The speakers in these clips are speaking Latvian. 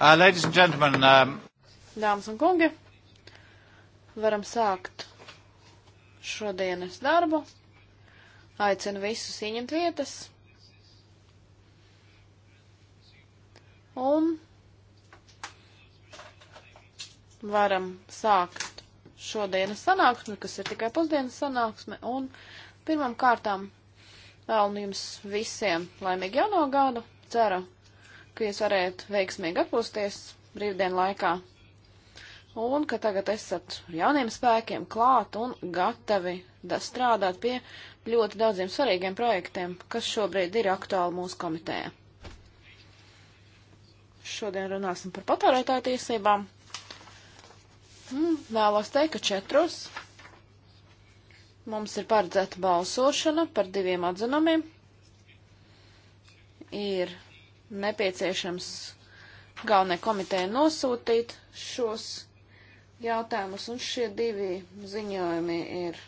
Uh, ladies and gentlemen, um... Dāmas un kungi, varam sākt šodienas darbu. Aicinu visus ieņemt vietas. Un varam sākt šodienas sanāksmi, kas ir tikai pusdienas sanāksme. Un pirmam kārtām vēlu jums visiem laimīgu jauno gadu. Ceru, ka jūs varētu veiksmīgi atpūsties brīvdienu laikā un ka tagad esat jauniem spēkiem klāt un gatavi strādāt pie ļoti daudziem svarīgiem projektiem, kas šobrīd ir aktuāli mūsu komitējā. Šodien runāsim par patērētāju tiesībām. Mm, vēlos teikt, ka četrus mums ir paredzēta balsošana par diviem atzinumiem. Ir nepieciešams galvenai komiteja nosūtīt šos jautājumus, un šie divi ziņojumi ir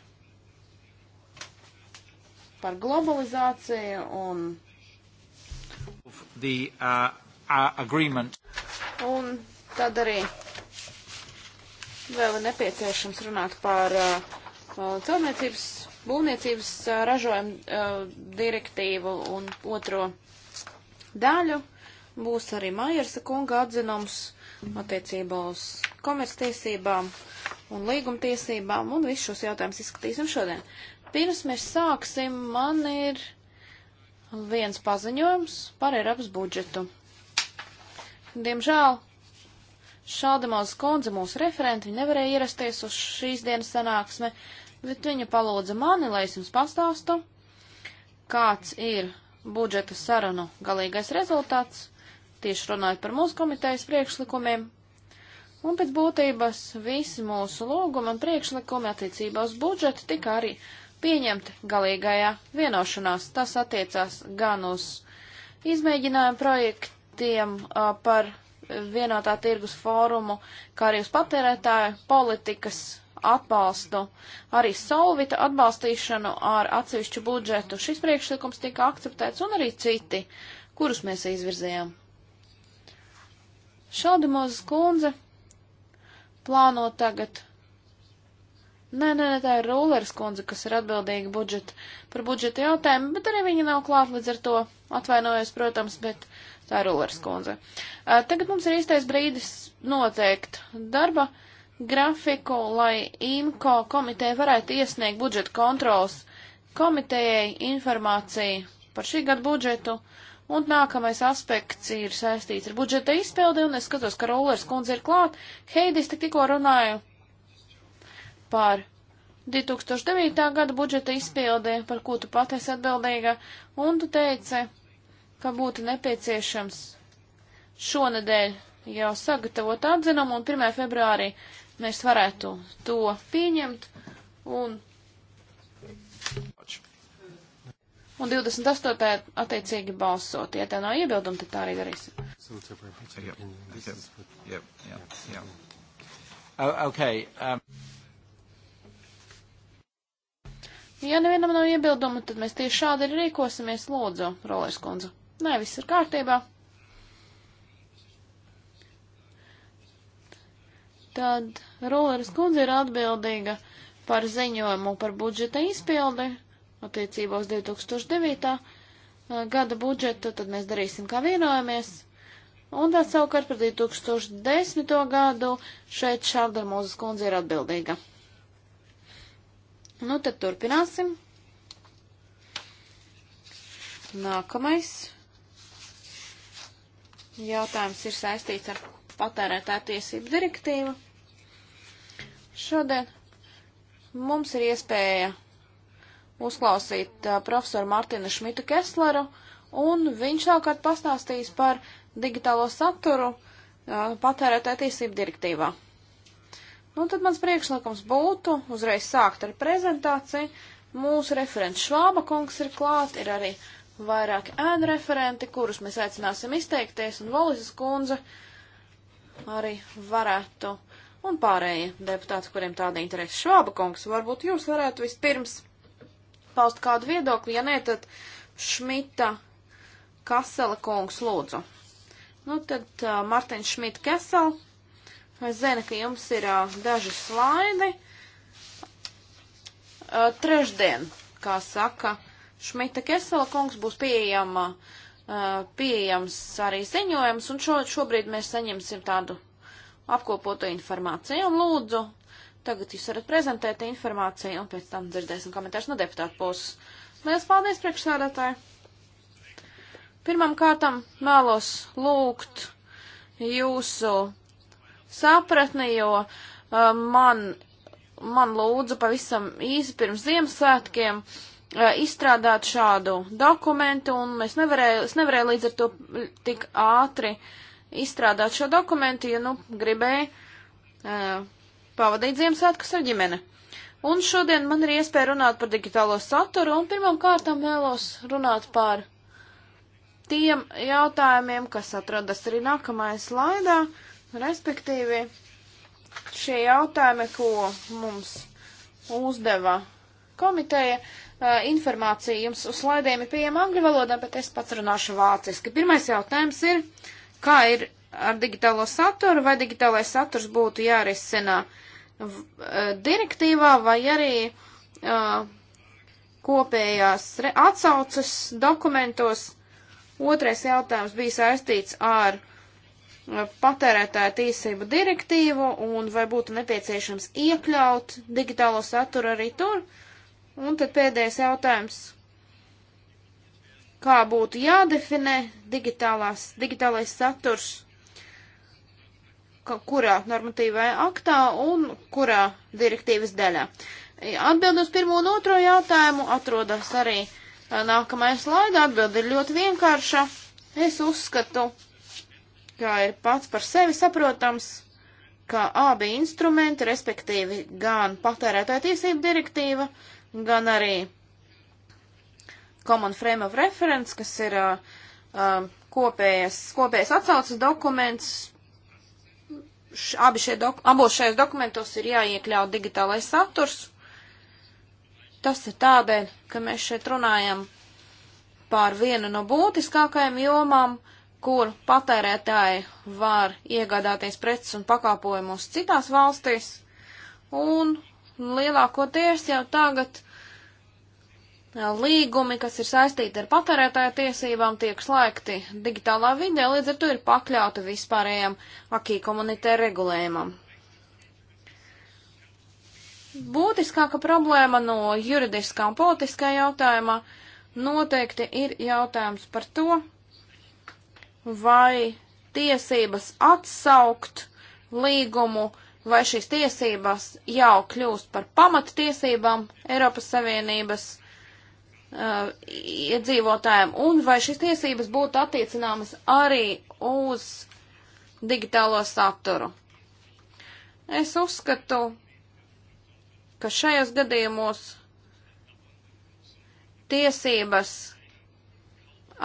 par globalizāciju un, the, uh, uh, un tad arī vēl ir nepieciešams runāt par uh, uh celtniecības, būvniecības uh, ražojumu uh, direktīvu un otro daļu. Būs arī Majersa kunga atzinums attiecībā uz komerctiesībām un līgumtiesībām, un visus šos jautājumus izskatīsim šodien. Pirms mēs sāksim, man ir viens paziņojums par Eiropas budžetu. Diemžēl Šādamās kundze mūsu referenti nevarēja ierasties uz šīs dienas sanāksme, bet viņa palūdza mani, lai es jums pastāstu, kāds ir budžeta sarunu galīgais rezultāts, tieši runājot par mūsu komitejas priekšlikumiem, un pēc būtības visi mūsu lūgumi un priekšlikumi attiecībā uz budžetu tika arī pieņemti galīgajā vienošanās. Tas attiecās gan uz izmēģinājumu projektiem a, par vienotā tirgus fórumu, kā arī uz patērētāju politikas atbalstu arī solvita atbalstīšanu ar atsevišķu budžetu. Šis priekšlikums tika akceptēts un arī citi, kurus mēs izvirzījām. Šaldimozes kundze plāno tagad. Nē, nē, tā ir Rūleris kundze, kas ir atbildīga budžeta, par budžeta jautājumu, bet arī viņa nav klāt līdz ar to. Atvainojos, protams, bet tā ir Rūleris kundze. Tagad mums ir īstais brīdis noteikt darba grafiku, lai IMCO komiteja varētu iesniegt budžeta kontrols komitejai informāciju par šī gada budžetu. Un nākamais aspekts ir saistīts ar budžeta izpildi, un es skatos, ka Rūlers kundze ir klāt. Heidis tik tikko runāju par 2009. gada budžeta izpildi, par ko tu pat esi atbildīga, un tu teici, ka būtu nepieciešams šonadēļ jau sagatavot atzinumu, un 1. februārī mēs varētu to pieņemt un, un 28. attiecīgi balsot. Ja tev nav iebildumi, tad tā arī darīsim. Um, ja nevienam nav iebildumu, tad mēs tieši šādi arī rīkosimies, lūdzu, Rolēs kundze. Nē, viss ir kārtībā. tad Rūleris kundze ir atbildīga par ziņojumu par budžeta izpildi attiecībā uz 2009. Uh, gada budžetu, tad mēs darīsim, kā vienojamies. Un tā savukārt par 2010. gadu šeit Šārda Mūzes kundze ir atbildīga. Nu, tad turpināsim. Nākamais jautājums ir saistīts ar patērētā tiesību direktīvu. Šodien mums ir iespēja uzklausīt uh, profesoru Martinu Šmitu Kesleru, un viņš savukārt pastāstīs par digitālo saturu uh, patērētāju tiesību direktīvā. Nu, tad mans priekšlikums būtu uzreiz sākt ar prezentāciju. Mūsu referents Švāba kungs ir klāt, ir arī vairāki ēnu referenti, kurus mēs aicināsim izteikties, un Valisas kundze arī varētu uh, un pārējie deputāti, kuriem tāda interese. Švāba kungs, varbūt jūs varētu vispirms paust kādu viedokli, ja nē, tad Šmita Kasela kungs lūdzu. Nu tad uh, Martins Šmita Kasela, es zinu, ka jums ir uh, daži slaidi. Uh, trešdien, kā saka, Šmita Kasela kungs būs pieejama, uh, pieejams arī ziņojums, un šo, šobrīd mēs saņemsim tādu apkopoto informāciju un lūdzu, tagad jūs varat prezentēt informāciju un pēc tam dzirdēsim komentārus no deputāta puses. Lielas paldies priekšsēdētāji! Pirmam kārtam vēlos lūgt jūsu sapratni, jo uh, man, man lūdzu pavisam īsi pirms Ziemassvētkiem uh, izstrādāt šādu dokumentu, un es nevarēju, es nevarēju līdz ar to tik ātri uh, izstrādāt šo dokumentu, ja nu gribēja uh, pavadīt Ziemassvētkus ar ģimeni. Un šodien man ir iespēja runāt par digitālo saturu, un pirmam kārtam vēlos runāt par tiem jautājumiem, kas atrodas arī nākamajā slaidā, respektīvi šie jautājumi, ko mums uzdeva komiteja, uh, informācija jums uz slaidiem ir pieejama angļu valodā, bet es pats runāšu vāciski. Pirmais jautājums ir, uh, kā ir ar digitālo saturu, vai digitālais saturs būtu jārisina eh, direktīvā vai arī uh, kopējās atsaucas dokumentos. Otrais jautājums bija saistīts ar uh, eh, patērētāja tīsību direktīvu un vai būtu nepieciešams iekļaut digitālo saturu arī tur. Un tad pēdējais jautājums kā būtu jādefinē digitālās, digitālais saturs, ka, kurā normatīvajā aktā un kurā direktīvas daļā. Atbild uz pirmo un otro jautājumu atrodas arī nākamais slaida. Atbildi ir ļoti vienkārša. Es uzskatu, ka ir pats par sevi saprotams ka abi instrumenti, respektīvi gan patērētāja tiesība direktīva, gan arī Common Frame of Reference, kas ir uh, um, kopējas, kopējas atsaucas dokuments. Š, abi šie dok, abos šajos dokumentos ir jāiekļaut digitālais saturs. Tas ir tādēļ, ka mēs šeit runājam par vienu no būtiskākajām jomām, kur patērētāji var iegādāties preces un pakalpojumus citās valstīs, un lielākoties jau tagad līgumi, kas ir saistīti ar patērētāju tiesībām, tiek slēgti digitālā vidē, līdz ar to ir pakļauti vispārējiem akī komunitē regulējumam. Būtiskāka problēma no juridiskā un politiskā jautājumā noteikti ir jautājums par to, vai tiesības atsaukt līgumu, vai šīs tiesības jau kļūst par pamattiesībām Eiropas Savienības uh, iedzīvotājiem, un vai šīs tiesības būtu attiecināmas arī uz digitālo saturu. Es uzskatu, ka šajos gadījumos tiesības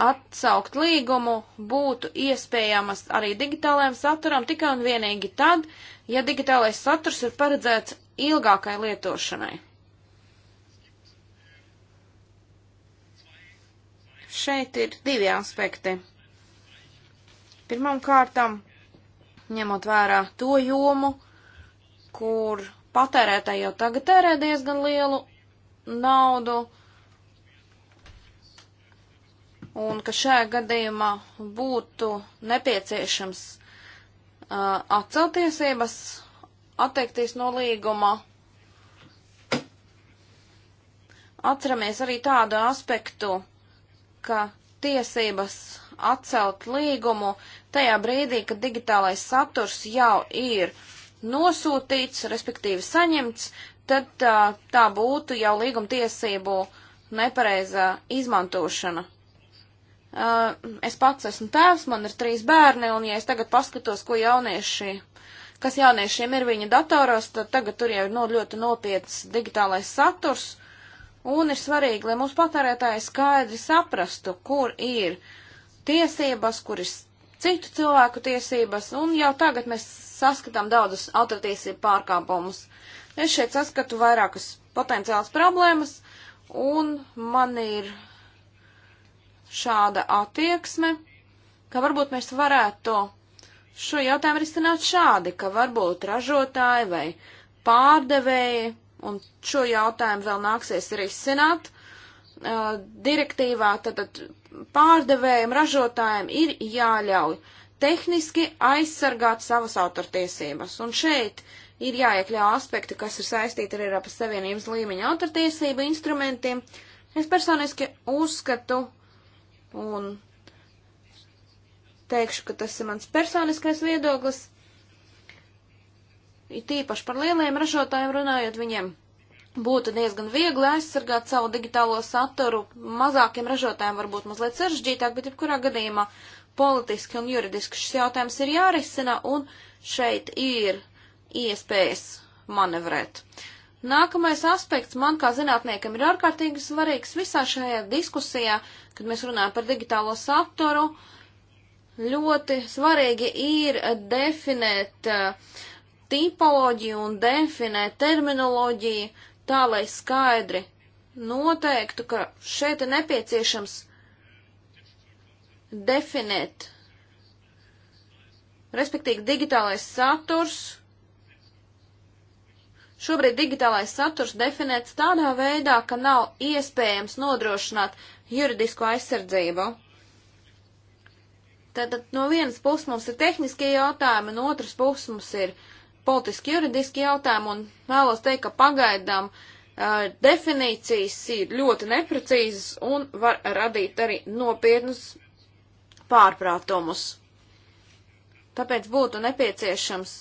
atsaukt līgumu būtu iespējamas arī digitālajam saturam tikai un vienīgi tad, ja digitālais saturs ir paredzēts ilgākai lietošanai. Šeit ir divi aspekti. Pirmam kārtam, ņemot vērā to jomu, kur patērētāji jau tagad tērē diezgan lielu naudu, un ka šajā gadījumā būtu nepieciešams uh, atcelt tiesības, atteikties no līguma. Atceramies arī tādu aspektu, ka tiesības atcelt līgumu tajā brīdī, kad digitālais saturs jau ir nosūtīts, respektīvi saņemts, tad tā, tā būtu jau līguma tiesību nepareizā izmantošana. Es pats esmu tēvs, man ir trīs bērni, un ja es tagad paskatos, ko jaunieši, kas jauniešiem ir viņa datoros, tad tagad tur jau ir no ļoti nopietns digitālais saturs, un ir svarīgi, lai mūsu patērētāji skaidri saprastu, kur ir tiesības, kur ir citu cilvēku tiesības, un jau tagad mēs saskatām daudzus autortiesību pārkāpumus. Es šeit saskatu vairākas potenciālas problēmas, un man ir šāda attieksme, ka varbūt mēs varētu šo jautājumu risināt šādi, ka varbūt ražotāji vai pārdevēji un šo jautājumu vēl nāksies risināt. Uh, direktīvā tad pārdevējiem, ražotājiem ir jāļauj tehniski aizsargāt savas autortiesības. Un šeit ir jāiekļauj aspekti, kas ir saistīti ar Eiropas Savienības līmeņa autortiesību instrumentiem. Es personiski uzskatu un teikšu, ka tas ir mans personiskais viedoklis, tīpaši par lieliem ražotājiem runājot, viņiem būtu diezgan viegli aizsargāt savu digitālo saturu. Mazākiem ražotājiem varbūt mazliet sarežģītāk, bet jebkurā gadījumā politiski un juridiski šis jautājums ir jārisina, un šeit ir iespējas manevrēt. Nākamais aspekts man kā zinātniekam ir ārkārtīgi svarīgs visā šajā diskusijā, kad mēs runājam par digitālo saturu. Ļoti svarīgi ir definēt uh, tīpoloģiju un definēt terminoloģiju tā, lai skaidri noteiktu, ka šeit ir nepieciešams definēt, respektīvi, digitālais saturs. Šobrīd digitālais saturs definēts tādā veidā, ka nav iespējams nodrošināt juridisko aizsardzību. Tātad no vienas puses mums ir tehniskie jautājumi, no otras puses mums ir uh, politiski juridiski jautājumi un vēlos teikt, ka pagaidām uh, definīcijas ir ļoti neprecīzas un var radīt arī nopietnus pārprātumus. Tāpēc būtu nepieciešams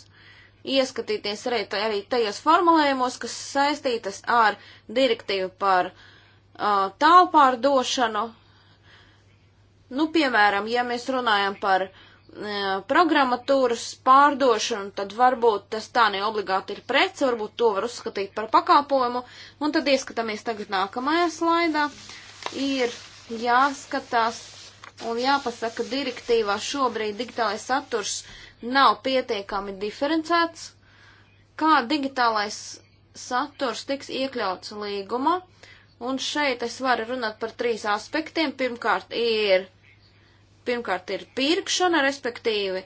ieskatīties arī, arī tajos formulējumos, kas saistītas ar direktīvu par uh, tālpārdošanu. Nu, piemēram, ja mēs runājam par uh, E, programmatūras pārdošanu, tad varbūt tas tā ne obligāti ir prece, varbūt to var uzskatīt par pakalpojumu. Un tad ieskatāmies tagad nākamajā slaidā. Ir jāskatās un jāpasaka direktīvā šobrīd digitālais saturs nav pietiekami diferencēts. Kā digitālais saturs tiks iekļauts līgumā? Un šeit es varu runāt par trīs aspektiem. Pirmkārt ir Pirmkārt ir pirkšana, respektīvi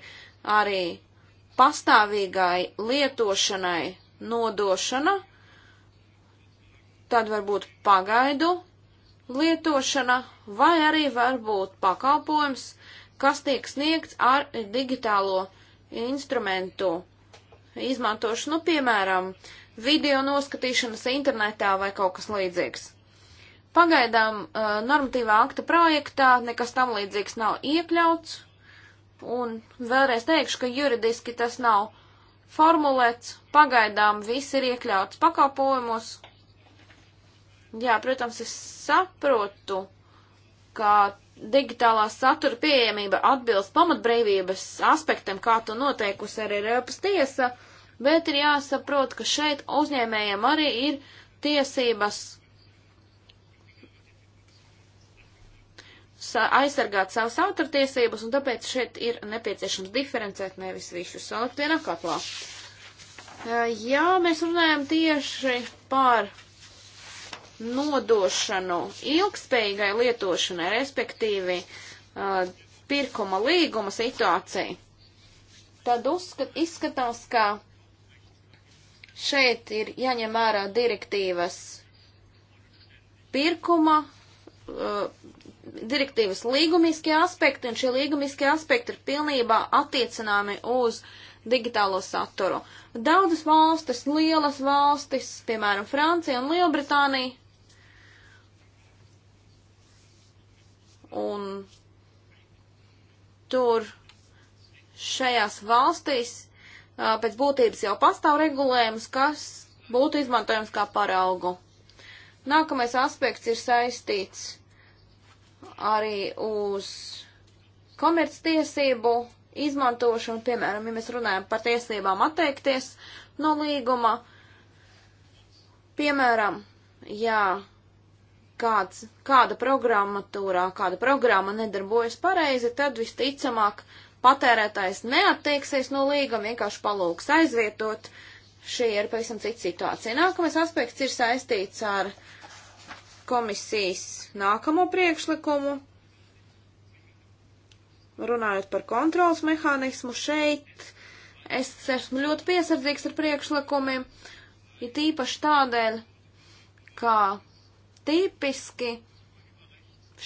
arī pastāvīgai lietošanai nodošana, tad varbūt pagaidu lietošana vai arī varbūt pakalpojums, kas tiek sniegts ar digitālo instrumentu izmantošanu, piemēram, video noskatīšanas internetā vai kaut kas līdzīgs. Pagaidām uh, normatīvā akta projektā nekas tam līdzīgs nav iekļauts, un vēlreiz teikšu, ka juridiski tas nav formulēts, pagaidām viss ir iekļauts pakalpojumos. Jā, protams, es saprotu, ka digitālā satura pieejamība atbilst pamatbrīvības aspektam, kā to noteikusi arī Eiropas tiesa, bet ir jāsaprot, ka šeit uzņēmējiem arī ir tiesības aizsargāt savas autortiesības, un tāpēc šeit ir nepieciešams diferencēt nevis visus salikt vienā katlā. Ja mēs runājam tieši par nodošanu ilgspējīgai lietošanai, respektīvi pirkuma līguma situāciju, tad uzskat, izskatās, ka šeit ir jāņem vērā direktīvas pirkuma direktīvas līgumiskie aspekti, un šie līgumiskie aspekti ir pilnībā attiecināmi uz digitālo saturu. Daudzas valstis, lielas valstis, piemēram, Francija un Lielbritānija, un tur šajās valstīs pēc būtības jau pastāv regulējums, kas būtu izmantojams kā paraugu. Nākamais aspekts ir saistīts arī uz komerctiesību izmantošanu, piemēram, ja mēs runājam par tiesībām atteikties no līguma, piemēram, ja kāds, kāda programmatūrā, kāda programma nedarbojas pareizi, tad visticamāk patērētājs neatteiksies no līguma, vienkārši palūgs aizvietot. Šī ir pavisam cita situācija. Nākamais aspekts ir saistīts ar uh, komisijas nākamo priekšlikumu. Runājot par kontrols mehānismu šeit, es esmu ļoti piesardzīgs ar priekšlikumiem, ir ja tīpaši tādēļ, kā tipiski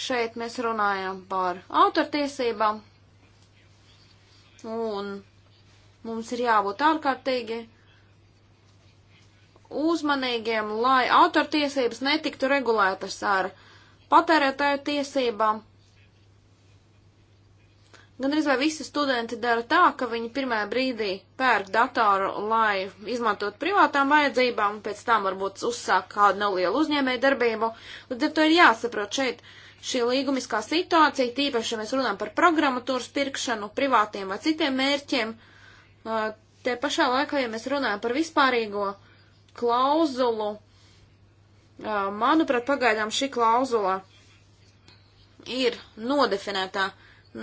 šeit mēs runājam par autortiesībām, un mums ir jābūt ārkārtīgi uzmanīgiem, lai autortiesības netiktu regulētas ar patērētāju tiesībām. Gan arī visi studenti dara tā, ka viņi pirmajā brīdī pērk datoru, lai izmantot privātām vajadzībām, un pēc tam varbūt uzsāk kādu nelielu uzņēmēju darbību. Līdz ar to ir jāsaprot šeit šī līgumiskā situācija, tīpaši, ja mēs runājam par programmatūras pirkšanu privātiem vai citiem mērķiem. Te pašā laikā, ja mēs runājam par vispārīgo uh, klauzulu. Manuprāt, pagaidām šī klauzula ir nodefinētā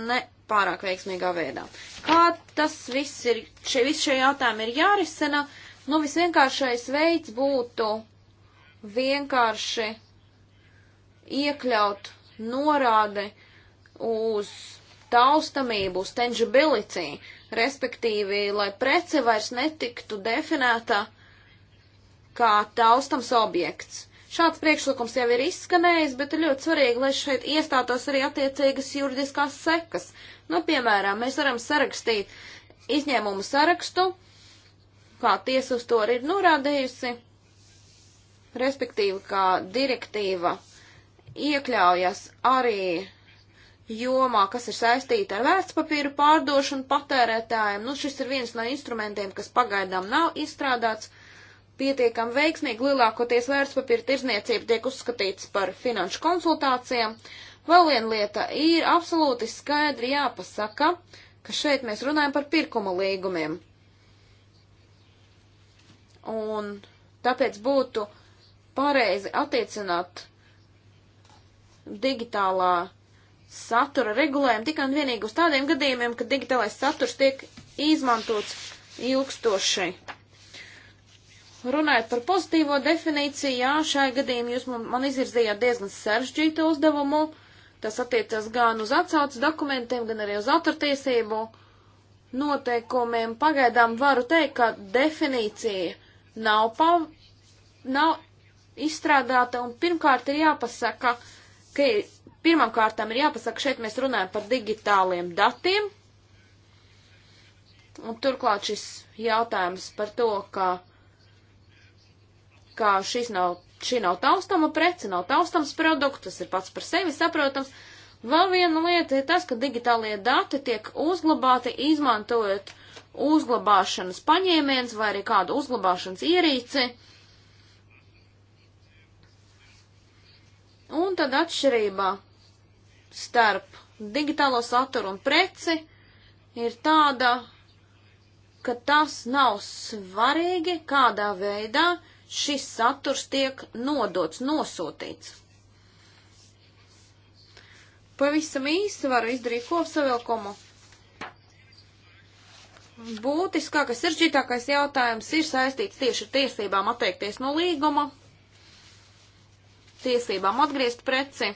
ne pārāk veiksmīgā veidā. Kā tas viss ir, šie visi šie jautājumi ir jārisina, nu visvienkāršais veids būtu vienkārši iekļaut norādi uz taustamību, uz tangibility, respektīvi, lai prece vairs netiktu definēta uh, kā taustams objekts. Šāds priekšlikums jau ir izskanējis, bet ir ļoti svarīgi, lai šeit iestātos arī attiecīgas juridiskās sekas. Nu, piemēram, mēs varam sarakstīt izņēmumu sarakstu, kā tiesa uz to arī ir norādījusi, respektīvi, kā direktīva iekļaujas arī jomā, kas ir saistīta ar vērtspapīru pārdošanu patērētājiem. Nu, šis ir viens no instrumentiem, kas pagaidām nav izstrādāts pietiekami veiksmīgi. Lielākoties vērtspapīra tirzniecība tiek uzskatīts par finanšu konsultācijām. Vēl viena lieta ir absolūti skaidri jāpasaka, ka šeit mēs runājam par pirkuma līgumiem. Un tāpēc būtu pareizi attiecināt digitālā satura regulējumu tikai un vienīgi uz tādiem gadījumiem, kad digitālais saturs tiek izmantots ilgstoši. Runājot par pozitīvo definīciju, jā, šai gadījumā jūs man, man izvirzījāt diezgan sarežģītu uzdevumu. Tas attiecas gan uz atsaucas dokumentiem, gan arī uz autortiesību noteikumiem. Pagaidām varu teikt, ka definīcija nav, pav, nav izstrādāta un pirmkārt ir jāpasaka, ka pirmām kārtām ir jāpasaka, šeit mēs runājam par digitāliem datiem. Un turklāt šis jautājums par to, ka ka šis nav, šī nav taustama prece, nav taustams produkts, tas ir pats par sevi saprotams. Vēl viena lieta ir tas, ka digitālie dati tiek uzglabāti izmantojot uzglabāšanas paņēmiens vai arī kādu uzglabāšanas ierīci. Un tad atšķirībā starp digitālo saturu un preci ir tāda, ka tas nav svarīgi, kādā veidā šis saturs tiek nodots, nosūtīts. Pavisam īsi varu izdarīt kopsavilkumu. Būtiskākais, saržģītākais jautājums ir saistīts tieši ar tiesībām atteikties no līguma, tiesībām atgriezt preci,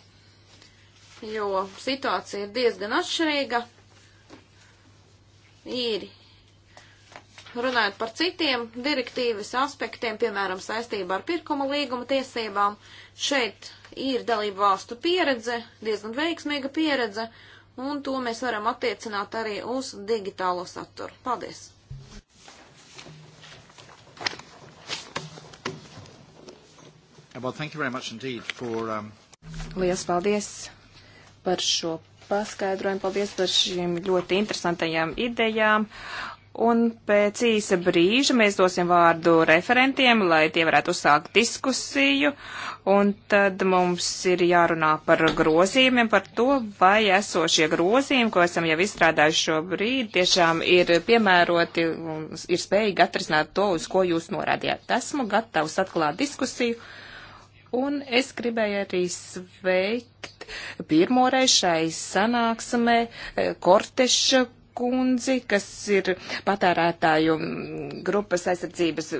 jo situācija ir diezgan atšķirīga. Ir runājot par citiem direktīvas aspektiem, piemēram, saistībā ar pirkuma līguma tiesībām, šeit ir dalību valstu pieredze, diezgan veiksmīga pieredze, un to mēs varam attiecināt arī uz digitālo saturu. Paldies! Well, thank you very much indeed for... Um... Lielas paldies par šo paskaidrojumu. Paldies par šīm ļoti interesantajām idejām. Un pēc īsa brīža mēs dosim vārdu referentiem, lai tie varētu uzsākt diskusiju, un tad mums ir jārunā par grozījumiem, par to, vai esošie grozījumi, ko esam jau izstrādājuši šobrīd, tiešām ir piemēroti un ir spējīgi atrisināt to, uz ko jūs norādījāt. Esmu gatavs atklāt diskusiju, un es gribēju arī sveikt pirmoreiz šai sanāksmē eh, Korteša kundzi, kas ir patērētāju grupas aizsardzības,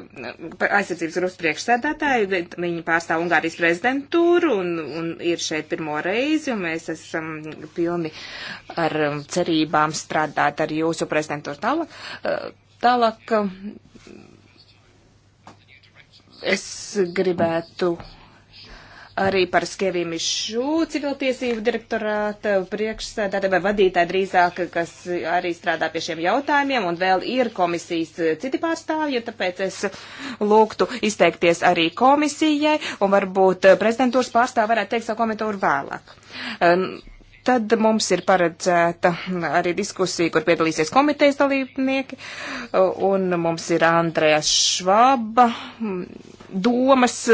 aizsardzības grupas priekšsēdētāju. Viņi pārstāv Ungārijas prezidentūru un, un ir šeit pirmo reizi, un mēs esam pilni ar um, cerībām strādāt ar jūsu prezidentūru tālāk. Uh, tālāk um, es gribētu arī par Skevīmi Šu civiltiesību direktorāta priekšsēdētāju vai vadītāju drīzāk, kas arī strādā pie šiem jautājumiem, un vēl ir komisijas citi pārstāvji, tāpēc es lūgtu izteikties arī komisijai, un varbūt prezidentūras pārstāvi varētu teikt savu komentāru vēlāk. Tad mums ir paredzēta arī diskusija, kur piedalīsies komitejas dalībnieki, un mums ir Andrēs Švaba, domas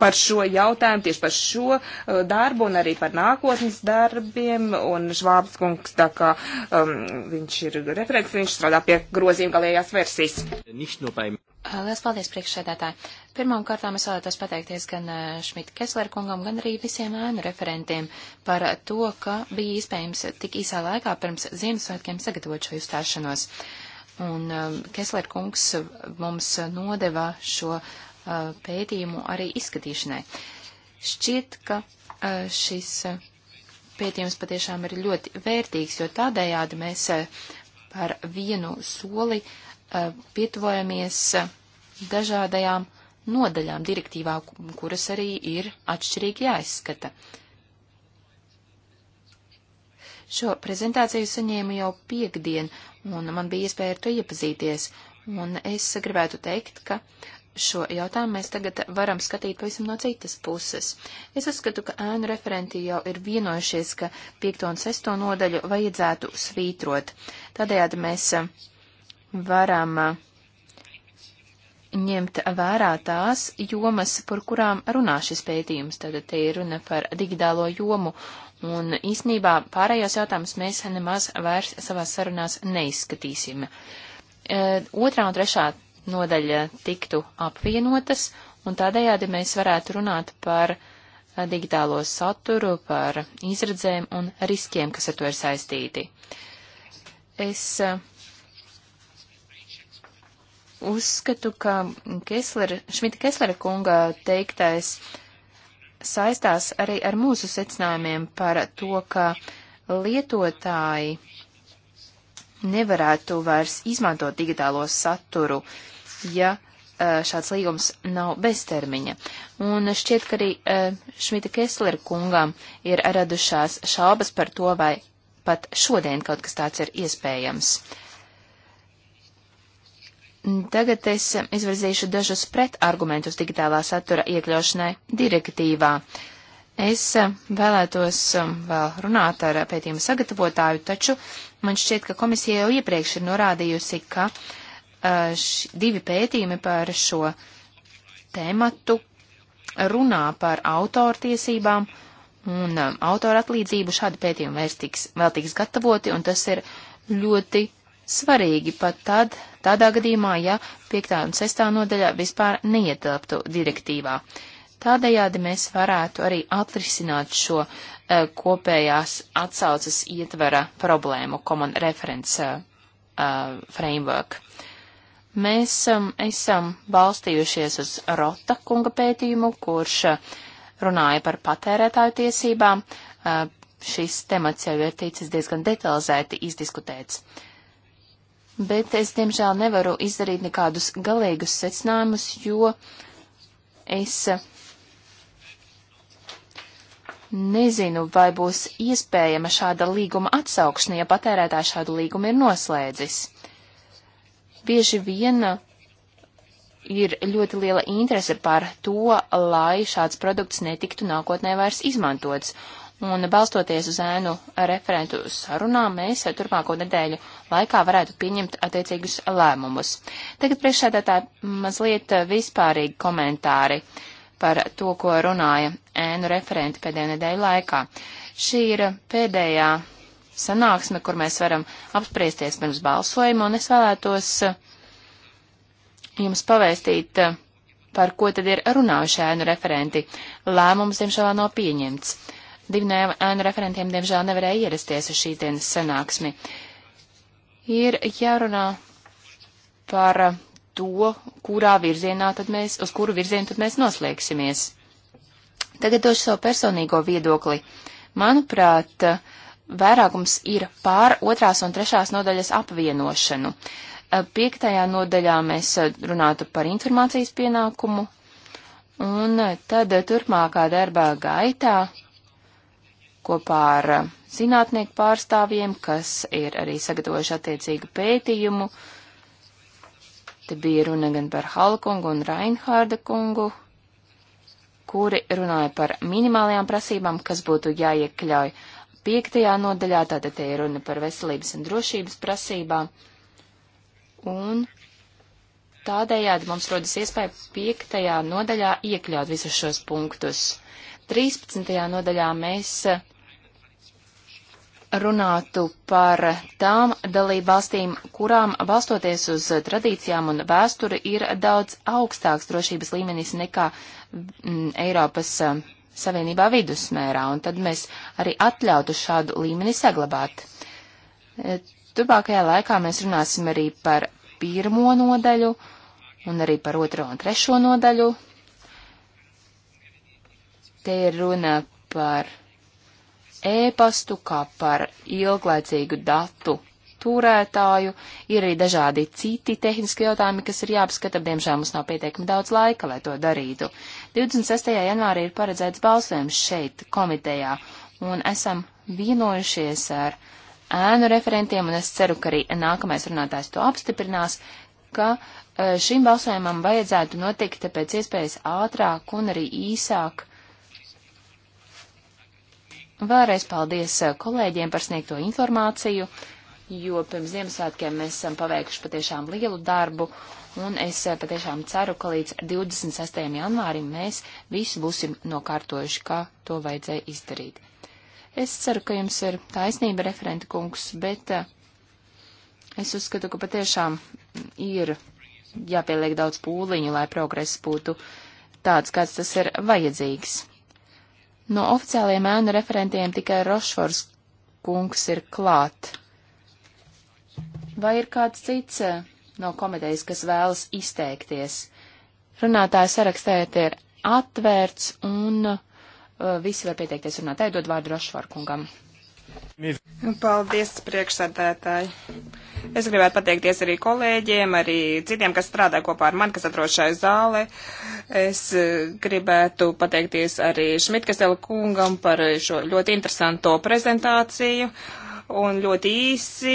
par šo jautājumu, tieši par šo eh, darbu un arī par nākotnes darbiem. Un Žvābs kungs, tā kā um, viņš ir referents, viņš strādā pie grozījuma galējās versijas. Lielas paldies priekšsēdētāji. Pirmām kārtām es vēlētos pateikties gan Šmita Kesler kungam, gan arī visiem ēnu referentiem par to, ka bija iespējams tik īsā laikā pirms Ziemassvētkiem sagatavot šo uzstāšanos. Un Kesler kungs mums nodeva šo Uh, pētījumu arī izskatīšanai. Šķiet, ka uh, šis uh, pētījums patiešām ir ļoti vērtīgs, jo tādējādi mēs par vienu soli pietuvojamies dažādajām nodaļām direktīvā, kuras arī ir atšķirīgi jāizskata. Šo prezentāciju saņēmu jau piekdien, un man bija iespēja ar to iepazīties, un es gribētu teikt, ka šo jautājumu mēs tagad varam skatīt pavisam no citas puses. Es uzskatu, ka ēnu referenti jau ir vienojušies, ka 5. un 6. nodaļu vajadzētu svītrot. Tādējādi mēs eh, varam eh, ņemt vērā tās jomas, par kurām runā šis pētījums. Tātad te ir runa par digitālo jomu, un īsnībā pārējos jautājumus mēs nemaz vairs savās sarunās neizskatīsim. Eh, otrā un trešā nodaļa tiktu apvienotas, un tādējādi mēs varētu runāt par eh, digitālo saturu, par izredzēm un riskiem, kas ar to ir saistīti. Es eh, uzskatu, ka Kesler, Šmita Keslera kunga teiktais saistās arī ar mūsu secinājumiem par to, ka lietotāji nevarētu vairs izmantot digitālo saturu uh, ja eh, šāds līgums nav beztermiņa. Un šķiet, ka arī eh, Šmita Keslera kungam ir radušās šaubas par to, vai pat šodien kaut kas tāds ir iespējams. Tagad es izvirzīšu dažus pretargumentus digitālā satura iekļaušanai direktīvā. Es eh, vēlētos vēl runāt ar pētījumu sagatavotāju, taču man šķiet, ka komisija jau iepriekš ir norādījusi, ka uh, Eh, š, divi pētījumi par šo tematu runā par autortiesībām un eh, autora atlīdzību. Šādi pētījumi tiks, vēl tiks gatavoti, un tas ir ļoti svarīgi pat tad, tādā gadījumā, ja 5. un 6. nodaļā vispār neietilptu direktīvā. Tādējādi mēs varētu arī atrisināt šo e, kopējās atsaucas ietvara problēmu, common reference e, framework. E, Mēs um, esam balstījušies uz Rota kunga pētījumu, kurš uh, runāja par patērētāju tiesībām. Uh, šis temats jau ir ticis diezgan detalizēti izdiskutēts. Bet es, diemžēl, nevaru izdarīt nekādus galīgus secinājumus, jo es uh, nezinu, vai būs iespējama šāda līguma atsaukšana, ja patērētājs šādu līgumu ir noslēdzis. Bieži viena ir ļoti liela interese par to, lai šāds produkts netiktu nākotnē vairs izmantots. Un balstoties uz ēnu referentu sarunām, mēs turpmāko nedēļu laikā varētu pieņemt attiecīgus lēmumus. Tagad priekšsēdētāji mazliet vispārīgi komentāri par to, ko runāja ēnu referenti pēdējā nedēļa laikā. Šī ir pēdējā sanāksme, kur mēs varam apspriesties pirms balsojuma, un es vēlētos eh, jums pavēstīt, eh, par ko tad ir runājuši ēnu referenti. Lēmums, diemžēl, nav pieņemts. Diviem ēnu referentiem, diemžēl, nevarēja ierasties uz šīs dienas sanāksmi. Ir jārunā par eh, to, kurā virzienā tad mēs, uz kuru virzienu tad mēs noslēgsimies. Tagad došu savu personīgo viedokli. Manuprāt, uh, vairākums ir pār otrās un trešās nodaļas apvienošanu. Eh, piektajā nodaļā mēs eh, runātu par informācijas pienākumu, un eh, tad turpmākā darbā gaitā kopā ar zinātnieku pārstāvjiem, kas ir arī sagatavojuši attiecīgu pētījumu. Te bija runa gan par Halkungu un Reinhārda kungu, kuri runāja par minimālajām prasībām, kas būtu jāiekļauj uh, piektajā nodaļā, tātad te ir runa par veselības un drošības prasībām. Un tādējādi mums rodas iespēja piektajā nodaļā iekļaut visus šos punktus. 13. nodaļā mēs runātu par tām dalībvalstīm, kurām balstoties uz tradīcijām un vēsturi ir daudz augstāks drošības līmenis nekā m, mm, Eiropas m, Savienībā vidusmērā, un tad mēs arī atļautu šādu līmeni saglabāt. E, Turpākajā laikā mēs runāsim arī par pirmo nodaļu un arī par otro un trešo nodaļu. Te ir runa par ēpastu kā par ilglaicīgu datu turētāju, ir arī dažādi citi tehniski jautājumi, kas ir jāapskata, diemžēl mums nav pietiekami daudz laika, lai to darītu. 26. janvārī ir paredzēts balsojums šeit, komitejā, un esam vienojušies ar ēnu referentiem, un es ceru, ka arī nākamais runātājs to apstiprinās, ka e, šim balsojumam vajadzētu notikt pēc iespējas ātrāk un arī īsāk. Vēlreiz paldies e, kolēģiem par sniegto informāciju jo pirms Ziemassvētkiem mēs esam paveikuši patiešām lielu darbu, un es eh, patiešām ceru, ka līdz 26. janvārim mēs visi būsim nokārtojuši, kā to vajadzēja izdarīt. Es ceru, ka jums ir taisnība, referenta kungs, bet eh, es uzskatu, ka patiešām ir jāpieliek daudz pūliņu, lai progress būtu tāds, kāds tas ir vajadzīgs. No oficiālajiem ēnu referentiem tikai Rošfors kungs ir klāt. Vai ir kāds cits eh, no komitejas, kas vēlas izteikties? Runātāja sarakstē ir atvērts un uh, visi var pieteikties runātāji. Dod vārdu Rošvarkungam. Paldies, priekšsēdētāji. Es gribētu pateikties arī kolēģiem, arī citiem, kas strādā kopā ar mani, kas atrodas šajā zālē. Es eh, gribētu pateikties arī Šmitkasela kungam par šo ļoti interesanto prezentāciju. Uh, Un ļoti īsi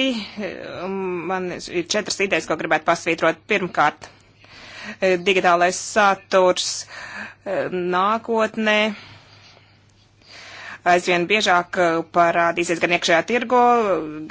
um, man ir četras idejas, ko gribētu pasvītrot. Pirmkārt, eh, digitālais saturs eh, nākotnē aizvien biežāk eh, parādīsies gan iekšējā tirgo,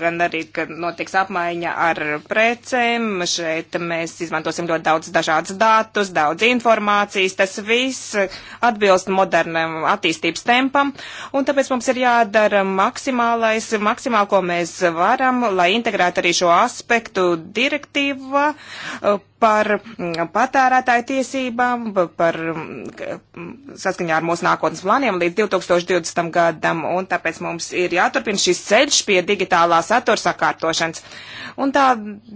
gan arī, kad notiks apmaiņa ar precēm. Šeit mēs izmantosim ļoti daudz dažādas datus, daudz informācijas. Tas viss atbilst modernam attīstības tempam, un tāpēc mums ir jādara maksimālais, maksimāl, ko mēs varam, lai integrētu arī šo aspektu direktīvā eh, par mm, patērētāju tiesībām, par mm, mm, saskaņā ar mūsu nākotnes plāniem līdz 2020. gadam, un tāpēc mums ir jāturpina šis ceļš pie digitālā satura sakārtošanas. Un tā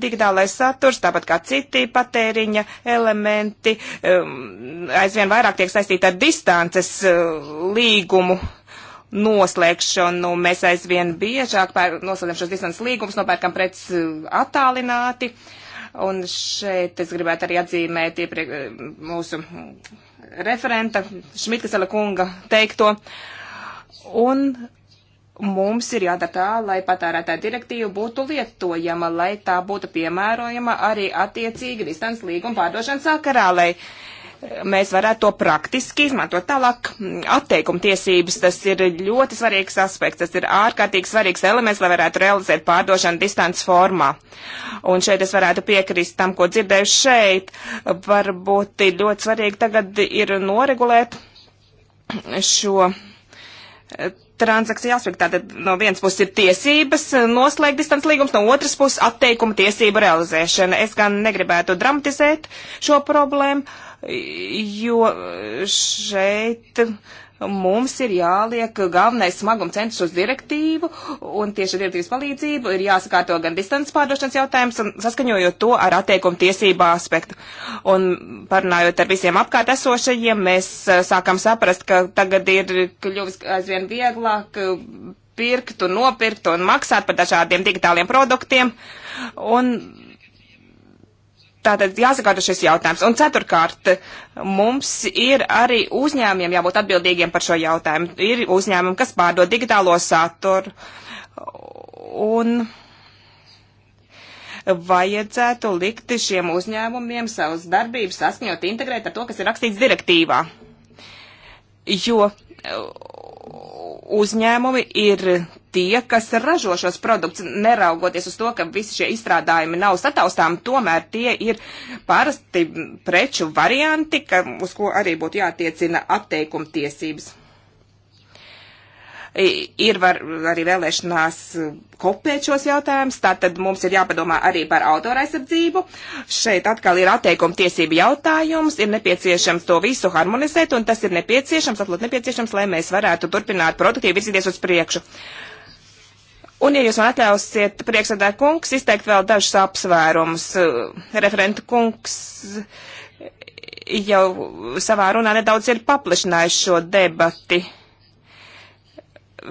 digitālais saturs, tāpat kā citi patēriņa elementi, aizvien vairāk tiek saistīti ar distances līgumu noslēgšanu. Mēs aizvien biežāk noslēdzam šos distances līgumus, nopērkam preces attālināti. Uh, Un šeit es gribētu arī atzīmēt iepriek mūsu referenta Šmitkasela kunga teikto. Un mums ir jādara tā, lai patērētāja direktīva būtu lietojama, lai tā būtu piemērojama arī attiecīgi distants līguma pārdošanas sakarā, lai mēs varētu to praktiski izmantot tālāk. Atteikuma tiesības, tas ir ļoti svarīgs aspekts, tas ir ārkārtīgi svarīgs elements, lai varētu realizēt pārdošanu distances formā. Un šeit es varētu piekrist tam, ko dzirdēju šeit. Varbūt ir ļoti svarīgi tagad ir noregulēt šo eh, transakciju aspektu. Tātad no vienas puses ir tiesības noslēgt distants līgums, no otras puses atteikuma tiesību realizēšana. Es gan negribētu dramatizēt šo problēmu, jo šeit mums ir jāliek galvenais smaguma centrs uz direktīvu, un tieši ar direktīvas palīdzību ir jāsakārto gan distances pārdošanas jautājums, un saskaņojot to ar attiekumu tiesību aspektu. Un parunājot ar visiem apkārt esošajiem, mēs eh, sākam saprast, ka tagad ir kļuvis aizvien vieglāk eh, pirkt un nopirkt un maksāt par dažādiem digitāliem produktiem. Un Tātad jāsakārta šis jautājums. Un ceturkārt, mums ir arī uzņēmiem jābūt atbildīgiem par šo jautājumu. Ir uzņēmumi, kas pārdod digitālo saturu. Un vajadzētu likt šiem uzņēmumiem savus darbības saskaņot, integrēt ar to, kas ir rakstīts direktīvā. Jo uzņēmumi ir tie, kas ražo šos produktus, neraugoties uz to, ka visi šie izstrādājumi nav sataustām, tomēr tie ir parasti preču varianti, ka, uz ko arī būtu jātiecina apteikuma tiesības. Ir var, arī vēlēšanās kopēt šos jautājumus, tātad mums ir jāpadomā arī par autoraizsardzību. Šeit atkal ir atteikuma tiesība jautājums, ir nepieciešams to visu harmonizēt, un tas ir nepieciešams, atlūk nepieciešams, lai mēs varētu turpināt produktīvi virzīties uz priekšu. Uh, Un, ja jūs man atļausiet, priekšsēdā kungs, izteikt vēl dažus apsvērumus. Eh, referenta kungs jau savā runā nedaudz ir paplašinājis šo debati.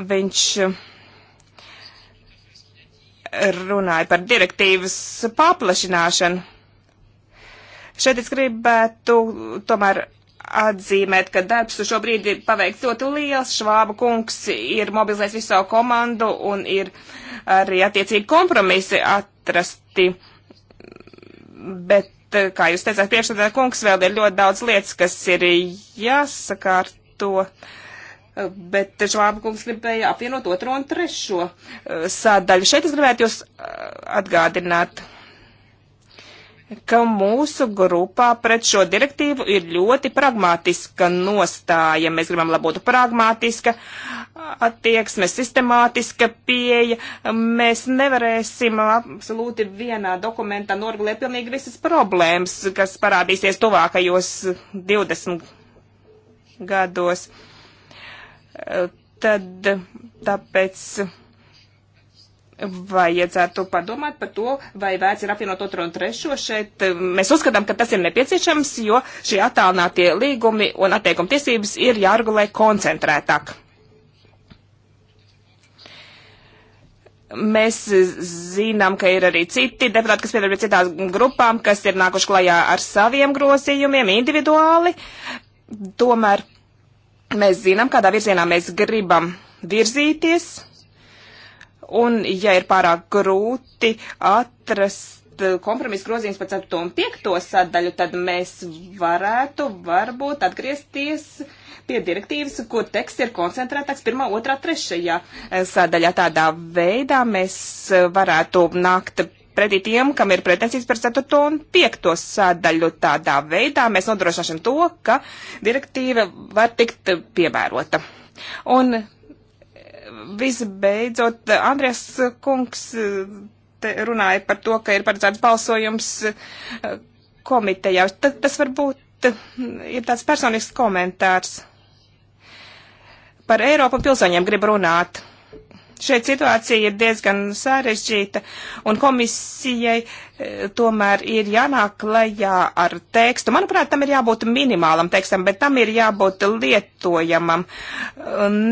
Viņš eh, runāja par direktīvas paplašināšanu. Šeit es gribētu tomēr atzīmēt, ka darbs šobrīd ir paveikts ļoti liels. Švāba kungs ir mobilizējis visu savu komandu un ir arī attiecīgi kompromisi atrasti. Bet, eh, kā jūs teicāt, priekšstādā kungs vēl ir ļoti daudz lietas, kas ir jāsakārto. Eh, bet Švāba kungs gribēja apvienot otro un trešo eh, sadaļu. Šeit es gribētu jūs atgādināt ka mūsu grupā pret šo direktīvu ir ļoti pragmatiska nostāja. Mēs gribam, lai būtu pragmatiska attieksme, sistemātiska pieeja. Mēs nevarēsim absolūti vienā dokumentā norgulēt pilnīgi visas problēmas, kas parādīsies tuvākajos 20 gados. Tad tāpēc vajadzētu padomāt par to, vai vērts ir apvienot otro un trešo. Šeit mēs uzskatām, ka tas ir nepieciešams, jo šie attālinātie līgumi un attiekuma tiesības ir jārgulē koncentrētāk. Mēs zinām, ka ir arī citi deputāti, kas piedar pie citās grupām, kas ir nākuši klajā ar saviem grozījumiem individuāli. Tomēr mēs zinām, kādā virzienā mēs gribam virzīties Un, ja ir pārāk grūti atrast kompromisa grozījums par 4. un 5. sadaļu, tad mēs varētu varbūt atgriezties pie direktīvas, kur teksts ir koncentrētāks 1., 2., 3. sadaļā. Tādā veidā mēs varētu nākt pretī tiem, kam ir pretensības par 4. un 5. sadaļu. Tādā veidā mēs nodrošināsim to, ka direktīva var tikt piemērota. Un visbeidzot, Andrēs kungs runāja par to, ka ir paredzēts balsojums eh, komitejā. Tad tas varbūt eh, ir tāds personisks komentārs. Par Eiropu pilsoņiem grib runāt. Šeit situācija ir diezgan sarežģīta, un komisijai e, tomēr ir jānāk klajā ar tekstu. Manuprāt, tam ir jābūt minimālam tekstam, bet tam ir jābūt lietojamam.